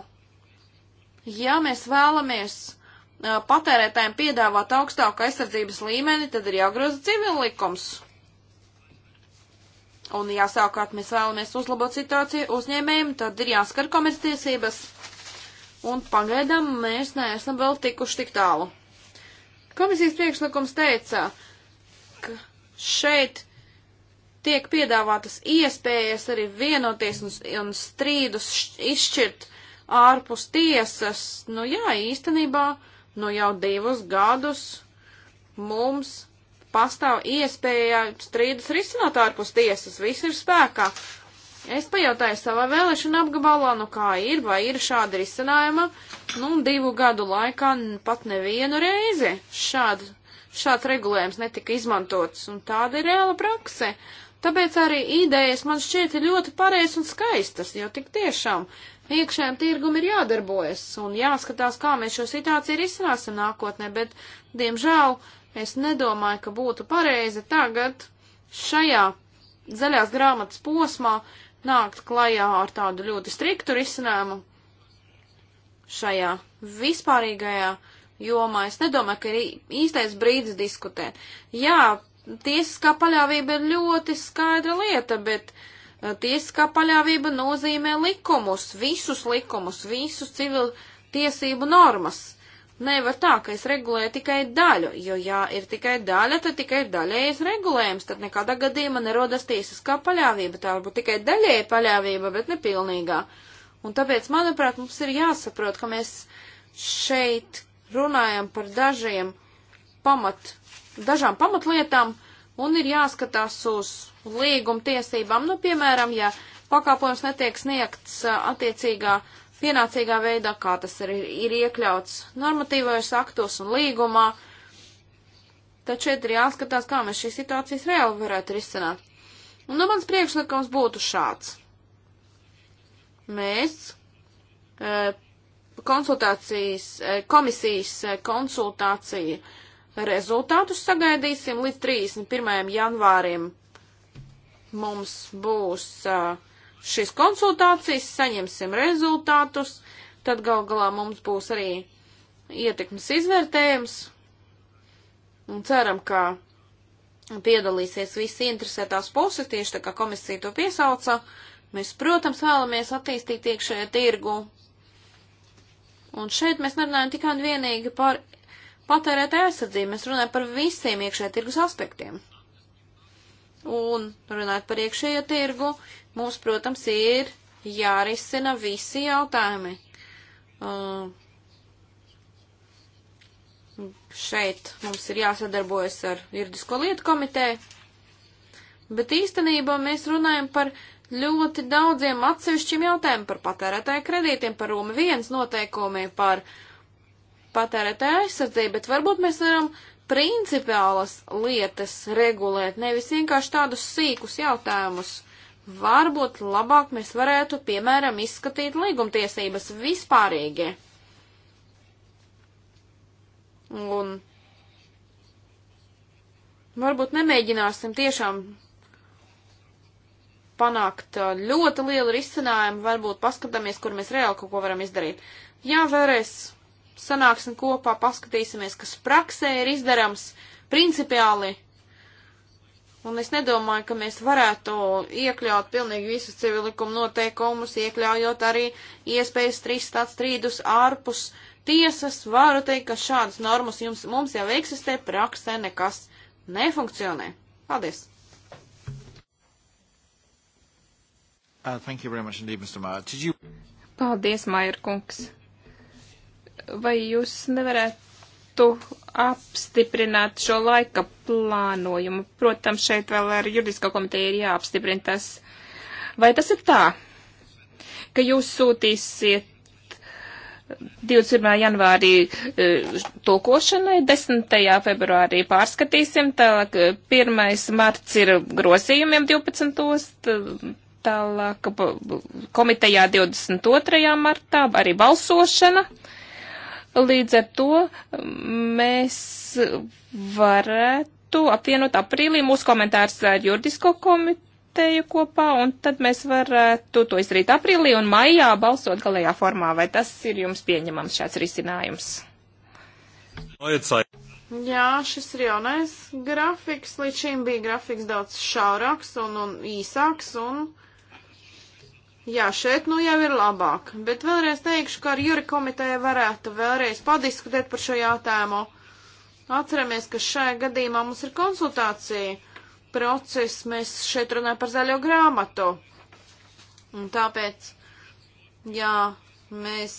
Ja mēs vēlamies uh, patērētājiem piedāvāt augstāku aizsardzības līmeni, tad ir jāgroza civillikums. Un jāsākāt mēs vēlamies uzlabot situāciju uzņēmējiem, tad ir jāskar komerctiesības. Un pagaidām mēs neesam vēl tikuši tik tālu. Komisijas priekšlikums teica, ka šeit tiek piedāvātas iespējas arī vienoties un, un strīdus izšķirt ārpus tiesas. Nu jā, īstenībā, nu jau divus gadus mums pastāv iespēja strīdus risināt ārpus tiesas, viss ir spēkā. Es pajautāju savā vēlēšana apgabalā, nu kā ir, vai ir šāda risinājuma, nu divu gadu laikā pat nevienu reizi šādu šāds regulējums netika izmantots, un tāda ir reāla prakse. Tāpēc arī idejas man šķiet ir ļoti pareizas un skaistas, jo tik tiešām iekšējiem tirgum ir jādarbojas un jāskatās, kā mēs šo situāciju risināsim nākotnē, bet, diemžēl, es nedomāju, ka būtu pareizi tagad šajā zaļās grāmatas posmā nākt klajā ar tādu ļoti striktu risinājumu šajā vispārīgajā jomā. Es nedomāju, ka ir īstais brīdis diskutēt. Jā, tiesiskā paļāvība ir ļoti skaidra lieta, bet eh, tiesiskā paļāvība nozīmē likumus, visus likumus, visus civil tiesību normas. Nevar tā, ka es regulēju tikai daļu, jo ja ir tikai daļa, tad tikai ir daļējais regulējums, tad nekādā gadījumā nerodas tiesiskā paļāvība. Tā varbūt tikai daļēja paļāvība, bet nepilnīgā. Un tāpēc, manuprāt, mums ir jāsaprot, ka mēs šeit runājam par dažiem pamat dažām pamatlietām un ir jāskatās uz līguma tiesībām. Nu, piemēram, ja pakāpojums netiek sniegts attiecīgā pienācīgā veidā, kā tas ir, ir iekļauts normatīvajos aktos un līgumā, tad šeit ir jāskatās, kā mēs šīs situācijas reāli varētu risināt. Un nu, mans priekšlikums būtu šāds. Mēs e, konsultācijas, e, komisijas e, konsultāciju e, Rezultātus sagaidīsim līdz 31. janvārim. Mums būs šīs konsultācijas, saņemsim rezultātus, tad gal galā mums būs arī ietekmes izvērtējums. Un ceram, ka piedalīsies visi interesētās puses, tieši tā kā komisija to piesauca. Mēs, protams, vēlamies attīstīt iekšējā tirgu. Un šeit mēs nerunājam tikai un vienīgi par patērētāja aizsardzību. Mēs runājam par visiem iekšējā tirgus aspektiem. Un runājot par iekšējo tirgu, mums, protams, ir jārisina visi jautājumi. Uh, šeit mums ir jāsadarbojas ar juridisko lietu komiteju, bet īstenībā mēs runājam par ļoti daudziem atsevišķiem jautājumiem, par patērētāju kredītiem, par Roma viens noteikumiem, par uh, patērētāja aizsardzība, bet varbūt mēs varam principiālas lietas regulēt, nevis vienkārši tādus sīkus jautājumus. Varbūt labāk mēs varētu, piemēram, izskatīt līgumtiesības vispārīgi. Un varbūt nemēģināsim tiešām panākt uh, ļoti lielu risinājumu, varbūt paskatāmies, kur mēs reāli kaut ko varam izdarīt. Jā, vēlreiz sanāksmi kopā, paskatīsimies, kas praksē ir izdarams principiāli. Un es nedomāju, ka mēs varētu iekļaut pilnīgi visus civilikuma noteikumus, iekļaujot arī iespējas trīsstāt strīdus ārpus tiesas. Varu teikt, ka šādas normas jums, mums jau eksistē, praksē nekas nefunkcionē. Paldies! Uh, thank you very much indeed, Mr. Meyer. Did you... Paldies, Mairkungs vai jūs nevarētu apstiprināt šo laika plānojumu? Protams, šeit vēl ar juridisko komiteju ir jāapstiprina tas. Vai tas ir tā, ka jūs sūtīsiet 21. janvārī e, tulkošanai, 10. februārī pārskatīsim, tālāk 1. E, marts ir grozījumiem 12. tālāk komitejā 22. martā arī balsošana. Līdz ar to mēs varētu apvienot aprīlī mūsu komentārus ar juridisko komiteju kopā, un tad mēs varētu to izdarīt aprīlī un maijā balsot galējā formā. Vai tas ir jums pieņemams šāds risinājums? Jā, šis ir jaunais grafiks. Līdz šim bija grafiks daudz šaurāks un, un īsāks, un Jā, šeit nu jau ir labāk, bet vēlreiz teikšu, ka ar Juri komiteja varētu vēlreiz padiskutēt par šo jautājumu. Atceramies, ka šajā gadījumā mums ir konsultācija process, mēs šeit runājam par zaļo grāmatu. Un tāpēc, jā, mēs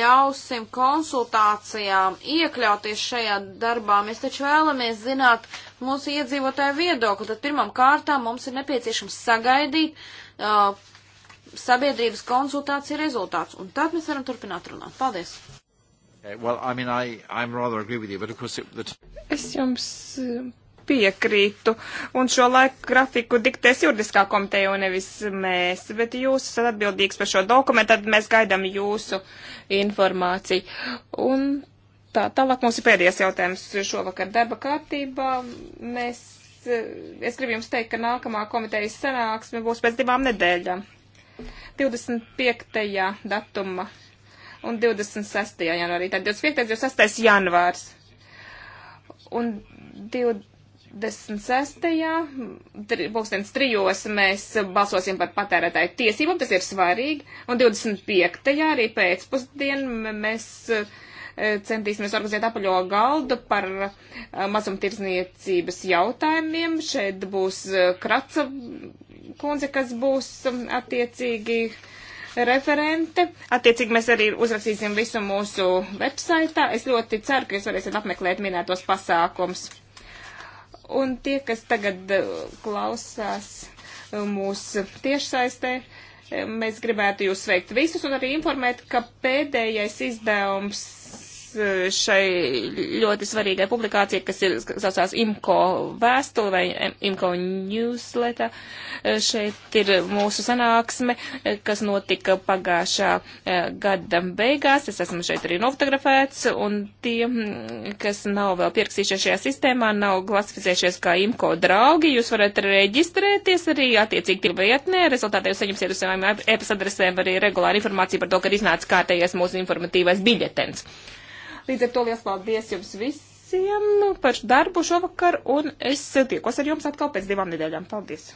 ļausim konsultācijām iekļauties šajā darbā. Mēs taču vēlamies zināt mūsu iedzīvotāju viedokli. Tad pirmam kārtām mums ir nepieciešams sagaidīt uh, sabiedrības konsultācija rezultāts. Un tad mēs varam turpināt runāt. Paldies! Well, I mean, I, you, it... Es jums uh, piekrītu, un šo laiku grafiku diktēs juridiskā komiteja un nevis mēs, bet jūs esat atbildīgs par šo dokumentu, tad mēs gaidām jūsu informāciju. Un tā, tālāk mums ir pēdējais jautājums šovakar darba kārtībā. Mēs, uh, es gribu jums teikt, ka nākamā komitejas sanāksme būs pēc divām nedēļām. 25. datuma un 26. janvārī. Tad 25. un 26. janvārs. Un 26. pulkstens trijos mēs balsosim par patērētāju tiesībām, tas ir svarīgi. Un 25. arī pēcpusdien mēs e, centīsimies organizēt apaļo galdu par e, mazumtirdzniecības jautājumiem. Šeit būs e, Kraca kundze, kas būs um, attiecīgi referente. Attiecīgi mēs arī uzrakstīsim visu mūsu websaitā. Es ļoti ceru, ka jūs varēsiet apmeklēt minētos pasākums. Un tie, kas tagad uh, klausās uh, mūs tiešsaistē, uh, mēs gribētu jūs sveikt visus un arī informēt, ka pēdējais izdevums šai ļoti svarīgai publikācijai, kas ir saucās IMCO vēstule vai IMCO newsletter. Eh, šeit ir mūsu sanāksme, eh, kas notika pagājušā eh, gada beigās. Es esmu šeit arī nofotografēts, un tie, mm, kas nav vēl pierakstījušies šajā sistēmā, nav klasificējušies kā IMCO draugi, jūs varat reģistrēties arī attiecīgi tīri vietnē. Rezultātā jūs saņemsiet uz savām e-pasta adresēm arī regulāru informāciju par to, kad iznāca kārtējies mūsu informatīvais biļetens. Līdz ar to liels paldies jums visiem par darbu šovakar, un es tiekos ar jums atkal pēc divām nedēļām. Paldies!